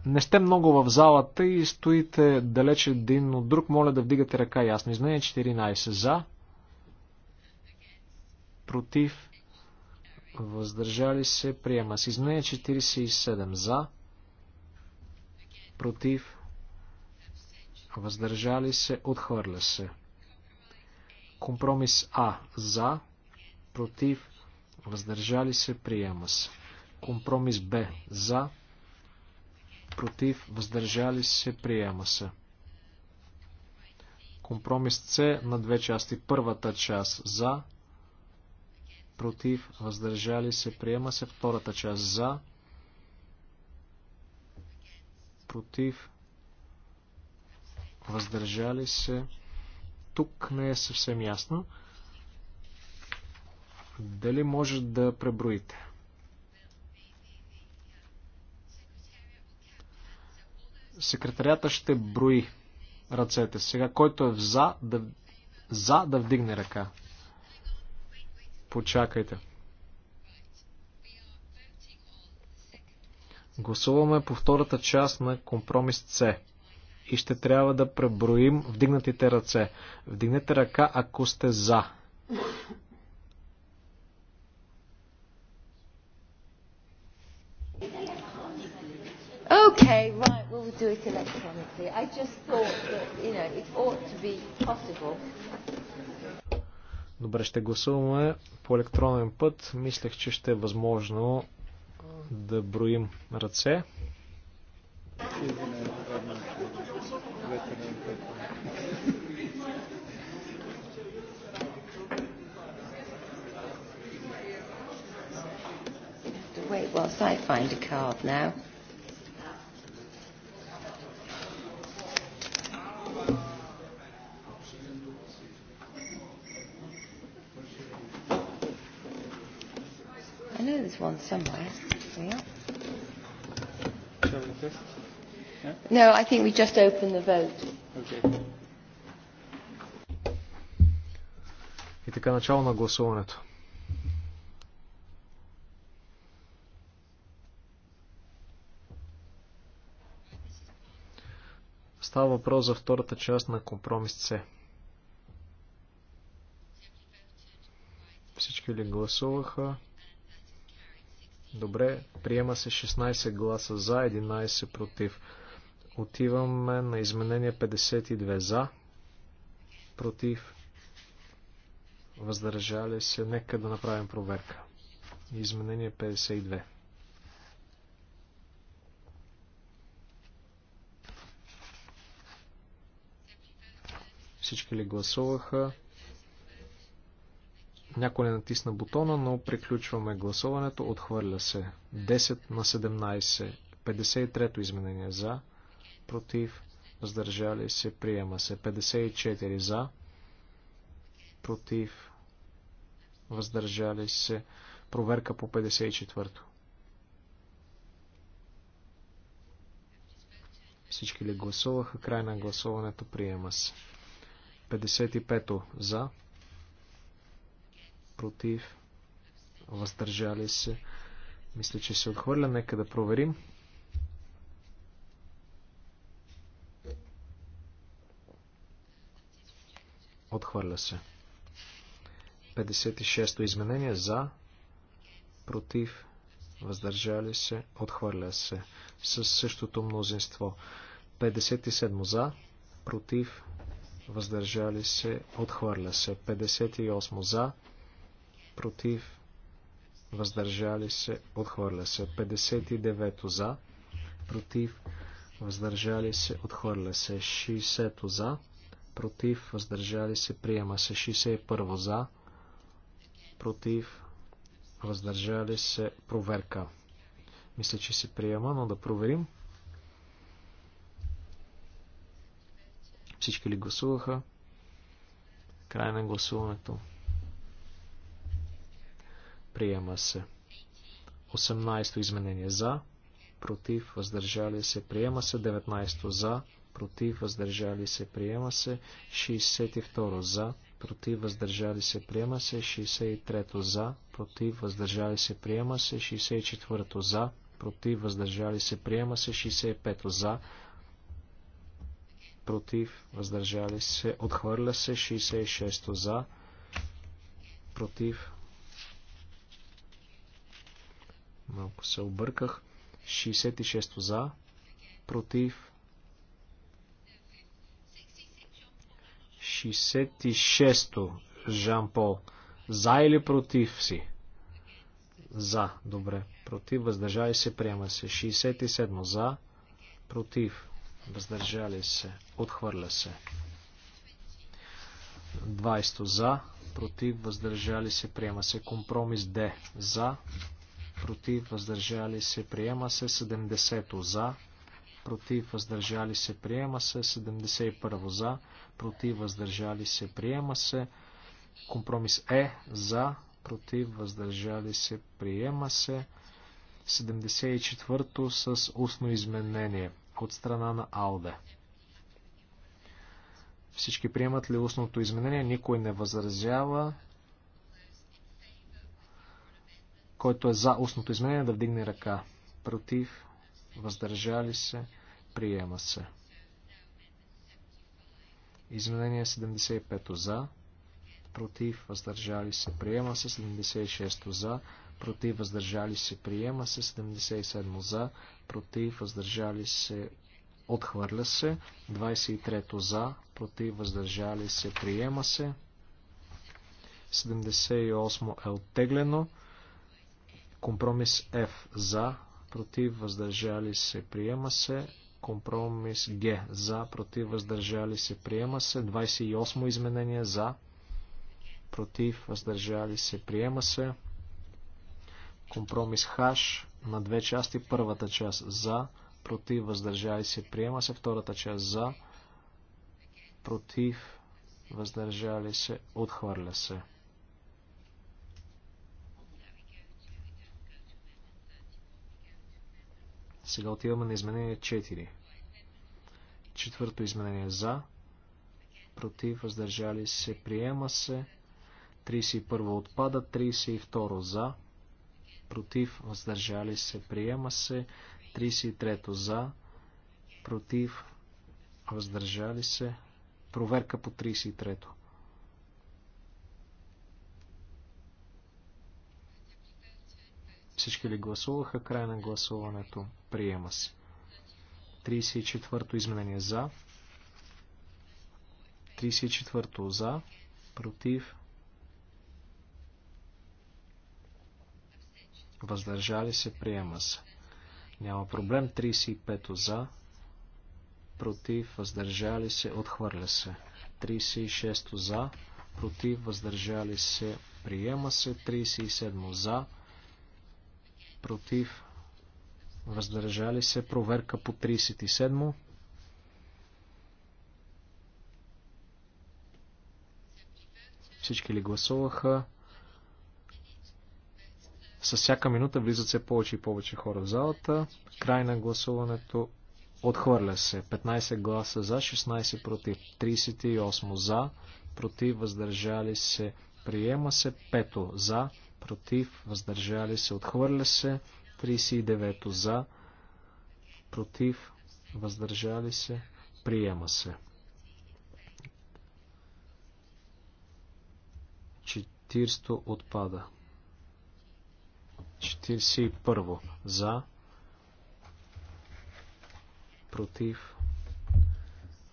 не сте много в залата и стоите далече един от друг, моля да вдигате ръка ясно. Изменение 14 за, против, въздържали се, приема се. Изменение 47 за, против, въздържали се, отхвърля се. Компромис А. За. Против. Въздържали се. Приема се. Компромис Б. За. Против. Въздържали се. Приема се. Компромис С на две части. Първата част. За. Против. Въздържали се. Приема се. Втората част. За. Против. Въздържали се тук не е съвсем ясно. Дали може да преброите? Секретарията ще брои ръцете. Сега, който е в за, да, за да вдигне ръка. Почакайте. Гласуваме по втората част на компромис С и ще трябва да преброим вдигнатите ръце. Вдигнете ръка, ако сте за. Okay, right, well, do it electronically. I just thought that, you know, it ought to be possible. Добре, ще гласуваме по електронен път. Мислех, че ще е възможно да броим ръце. whilst I find a card now. I know there's one somewhere. There we are. Shall we Yeah? No, I think we just open the vote. Okay. И така начало на гласуването. Става въпрос за втората част на компромис С. Всички ли гласуваха? Добре, приема се 16 гласа за, 11 против. Отиваме на изменение 52 за, против, въздържали се. Нека да направим проверка. Изменение 52. Всички ли гласуваха? Някой не натисна бутона, но приключваме гласуването. Отхвърля се. 10 на 17. 53-то изменение за. Против. Въздържали се. Приема се. 54 за. Против. Въздържали се. Проверка по 54-то. Всички ли гласуваха? Край на гласуването приема се. 55 за, против, въздържали се. Мисля, че се отхвърля. Нека да проверим. Отхвърля се. 56-то изменение за, против, въздържали се, отхвърля се. С същото мнозинство. 57 за, против, въздържали се, отхвърля се. 58 за, против, въздържали се, отхвърля се. 59 за, против, въздържали се, отхвърля се. 60 за, против, въздържали се, приема се. 61 за, против, въздържали се, проверка. Мисля, че се приема, но да проверим. Всички ли гласуваха? Край на гласуването. Приема се. 18-то изменение за, против, въздържали се, приема се. 19-то за, против, въздържали се, приема се. 62-то за, против, въздържали се, приема се. 63-то за, против, въздържали се, приема се. 64-то за, против, въздържали се, приема се. 65-то за, против, въздържали се, отхвърля се 66 за, против, малко се обърках, 66 за, против, 66-то, Жан Пол, за или против си? За, добре, против, въздържали се, приема се, 67 за, против, въздържали се, отхвърля се. 20 за, против, въздържали се, приема се. Компромис Д за, против, въздържали се, приема се. 70 за, против, въздържали се, приема се. 71 за, против, въздържали се, приема се. Компромис Е за, против, въздържали се, приема се. 74 с устно изменение от страна на АЛДЕ. Всички приемат ли устното изменение? Никой не възразява. Който е за устното изменение, да вдигне ръка. Против, въздържали се, приема се. Изменение 75 за, против, въздържали се, приема се 76 за, против въздържали се приема се, 77 за, против въздържали се отхвърля се, 23 за, против въздържали се приема се, 78 е оттеглено, компромис F за, против въздържали се приема се, компромис Г за, против въздържали се приема се, 28 изменение за, против въздържали се приема се, Компромис хаш на две части. Първата част за, против, въздържали се, приема се. Втората част за, против, въздържали се, отхвърля се. Сега отиваме на изменение 4. Четвърто изменение за, против, въздържали се, приема се. 31 отпада, 32 за, против, въздържали се, приема се. 33 за, против, въздържали се. Проверка по 33-то. Всички ли гласуваха? Край на гласуването. Приема се. 34-то изменение за. 34-то за. Против. въздържали се, приема се. Няма проблем, 35 за, против, въздържали се, отхвърля се. 36 за, против, въздържали се, приема се. 37 за, против, въздържали се, проверка по 37. Всички ли гласуваха? С всяка минута влизат все повече и повече хора в залата. Край на гласуването отхвърля се. 15 гласа за, 16 против, 38 за, против, въздържали се, приема се, 5 за, против, въздържали се, отхвърля се, 39 за, против, въздържали се, приема се. 40 отпада. 41 за, против,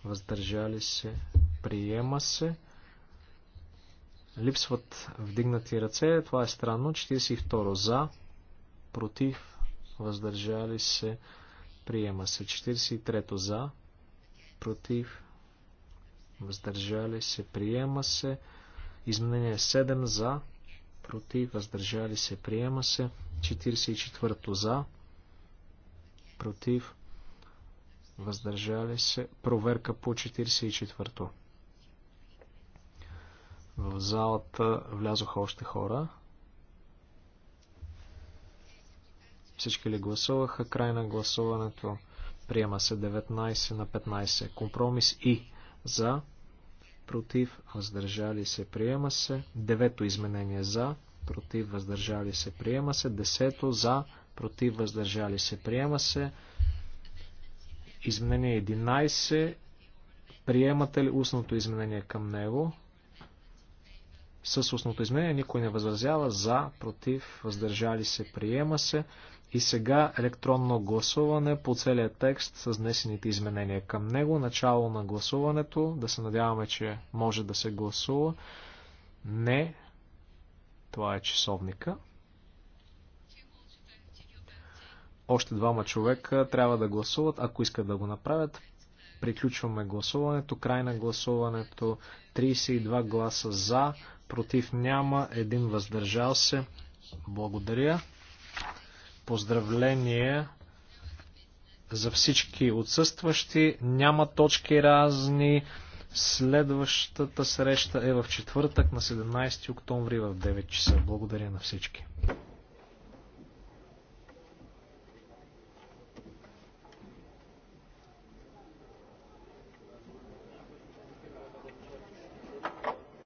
въздържали се, приема се. Липсват вдигнати ръце, това е странно. 42 за, против, въздържали се, приема се. 43 за, против, въздържали се, приема се. Изменение 7 за, против, въздържали се, приема се. 44 за, против, въздържали се, проверка по 44-то. В залата влязоха още хора. Всички ли гласуваха? Край на гласуването. Приема се 19 на 15. Компромис и за, против, въздържали се, приема се. Девето изменение за, против, въздържали се, приема се. Десето за, против, въздържали се, приема се. Изменение 11. Приемате ли устното изменение към него? С устното изменение никой не възразява. За, против, въздържали се, приема се. И сега електронно гласуване по целия текст с внесените изменения към него. Начало на гласуването. Да се надяваме, че може да се гласува. Не. Това е часовника. Още двама човека трябва да гласуват, ако искат да го направят. Приключваме гласуването. Край на гласуването. 32 гласа за, против няма, един въздържал се. Благодаря. Поздравления за всички отсъстващи. Няма точки разни. Следващата среща е в четвъртък на 17 октомври в 9 часа. Благодаря на всички.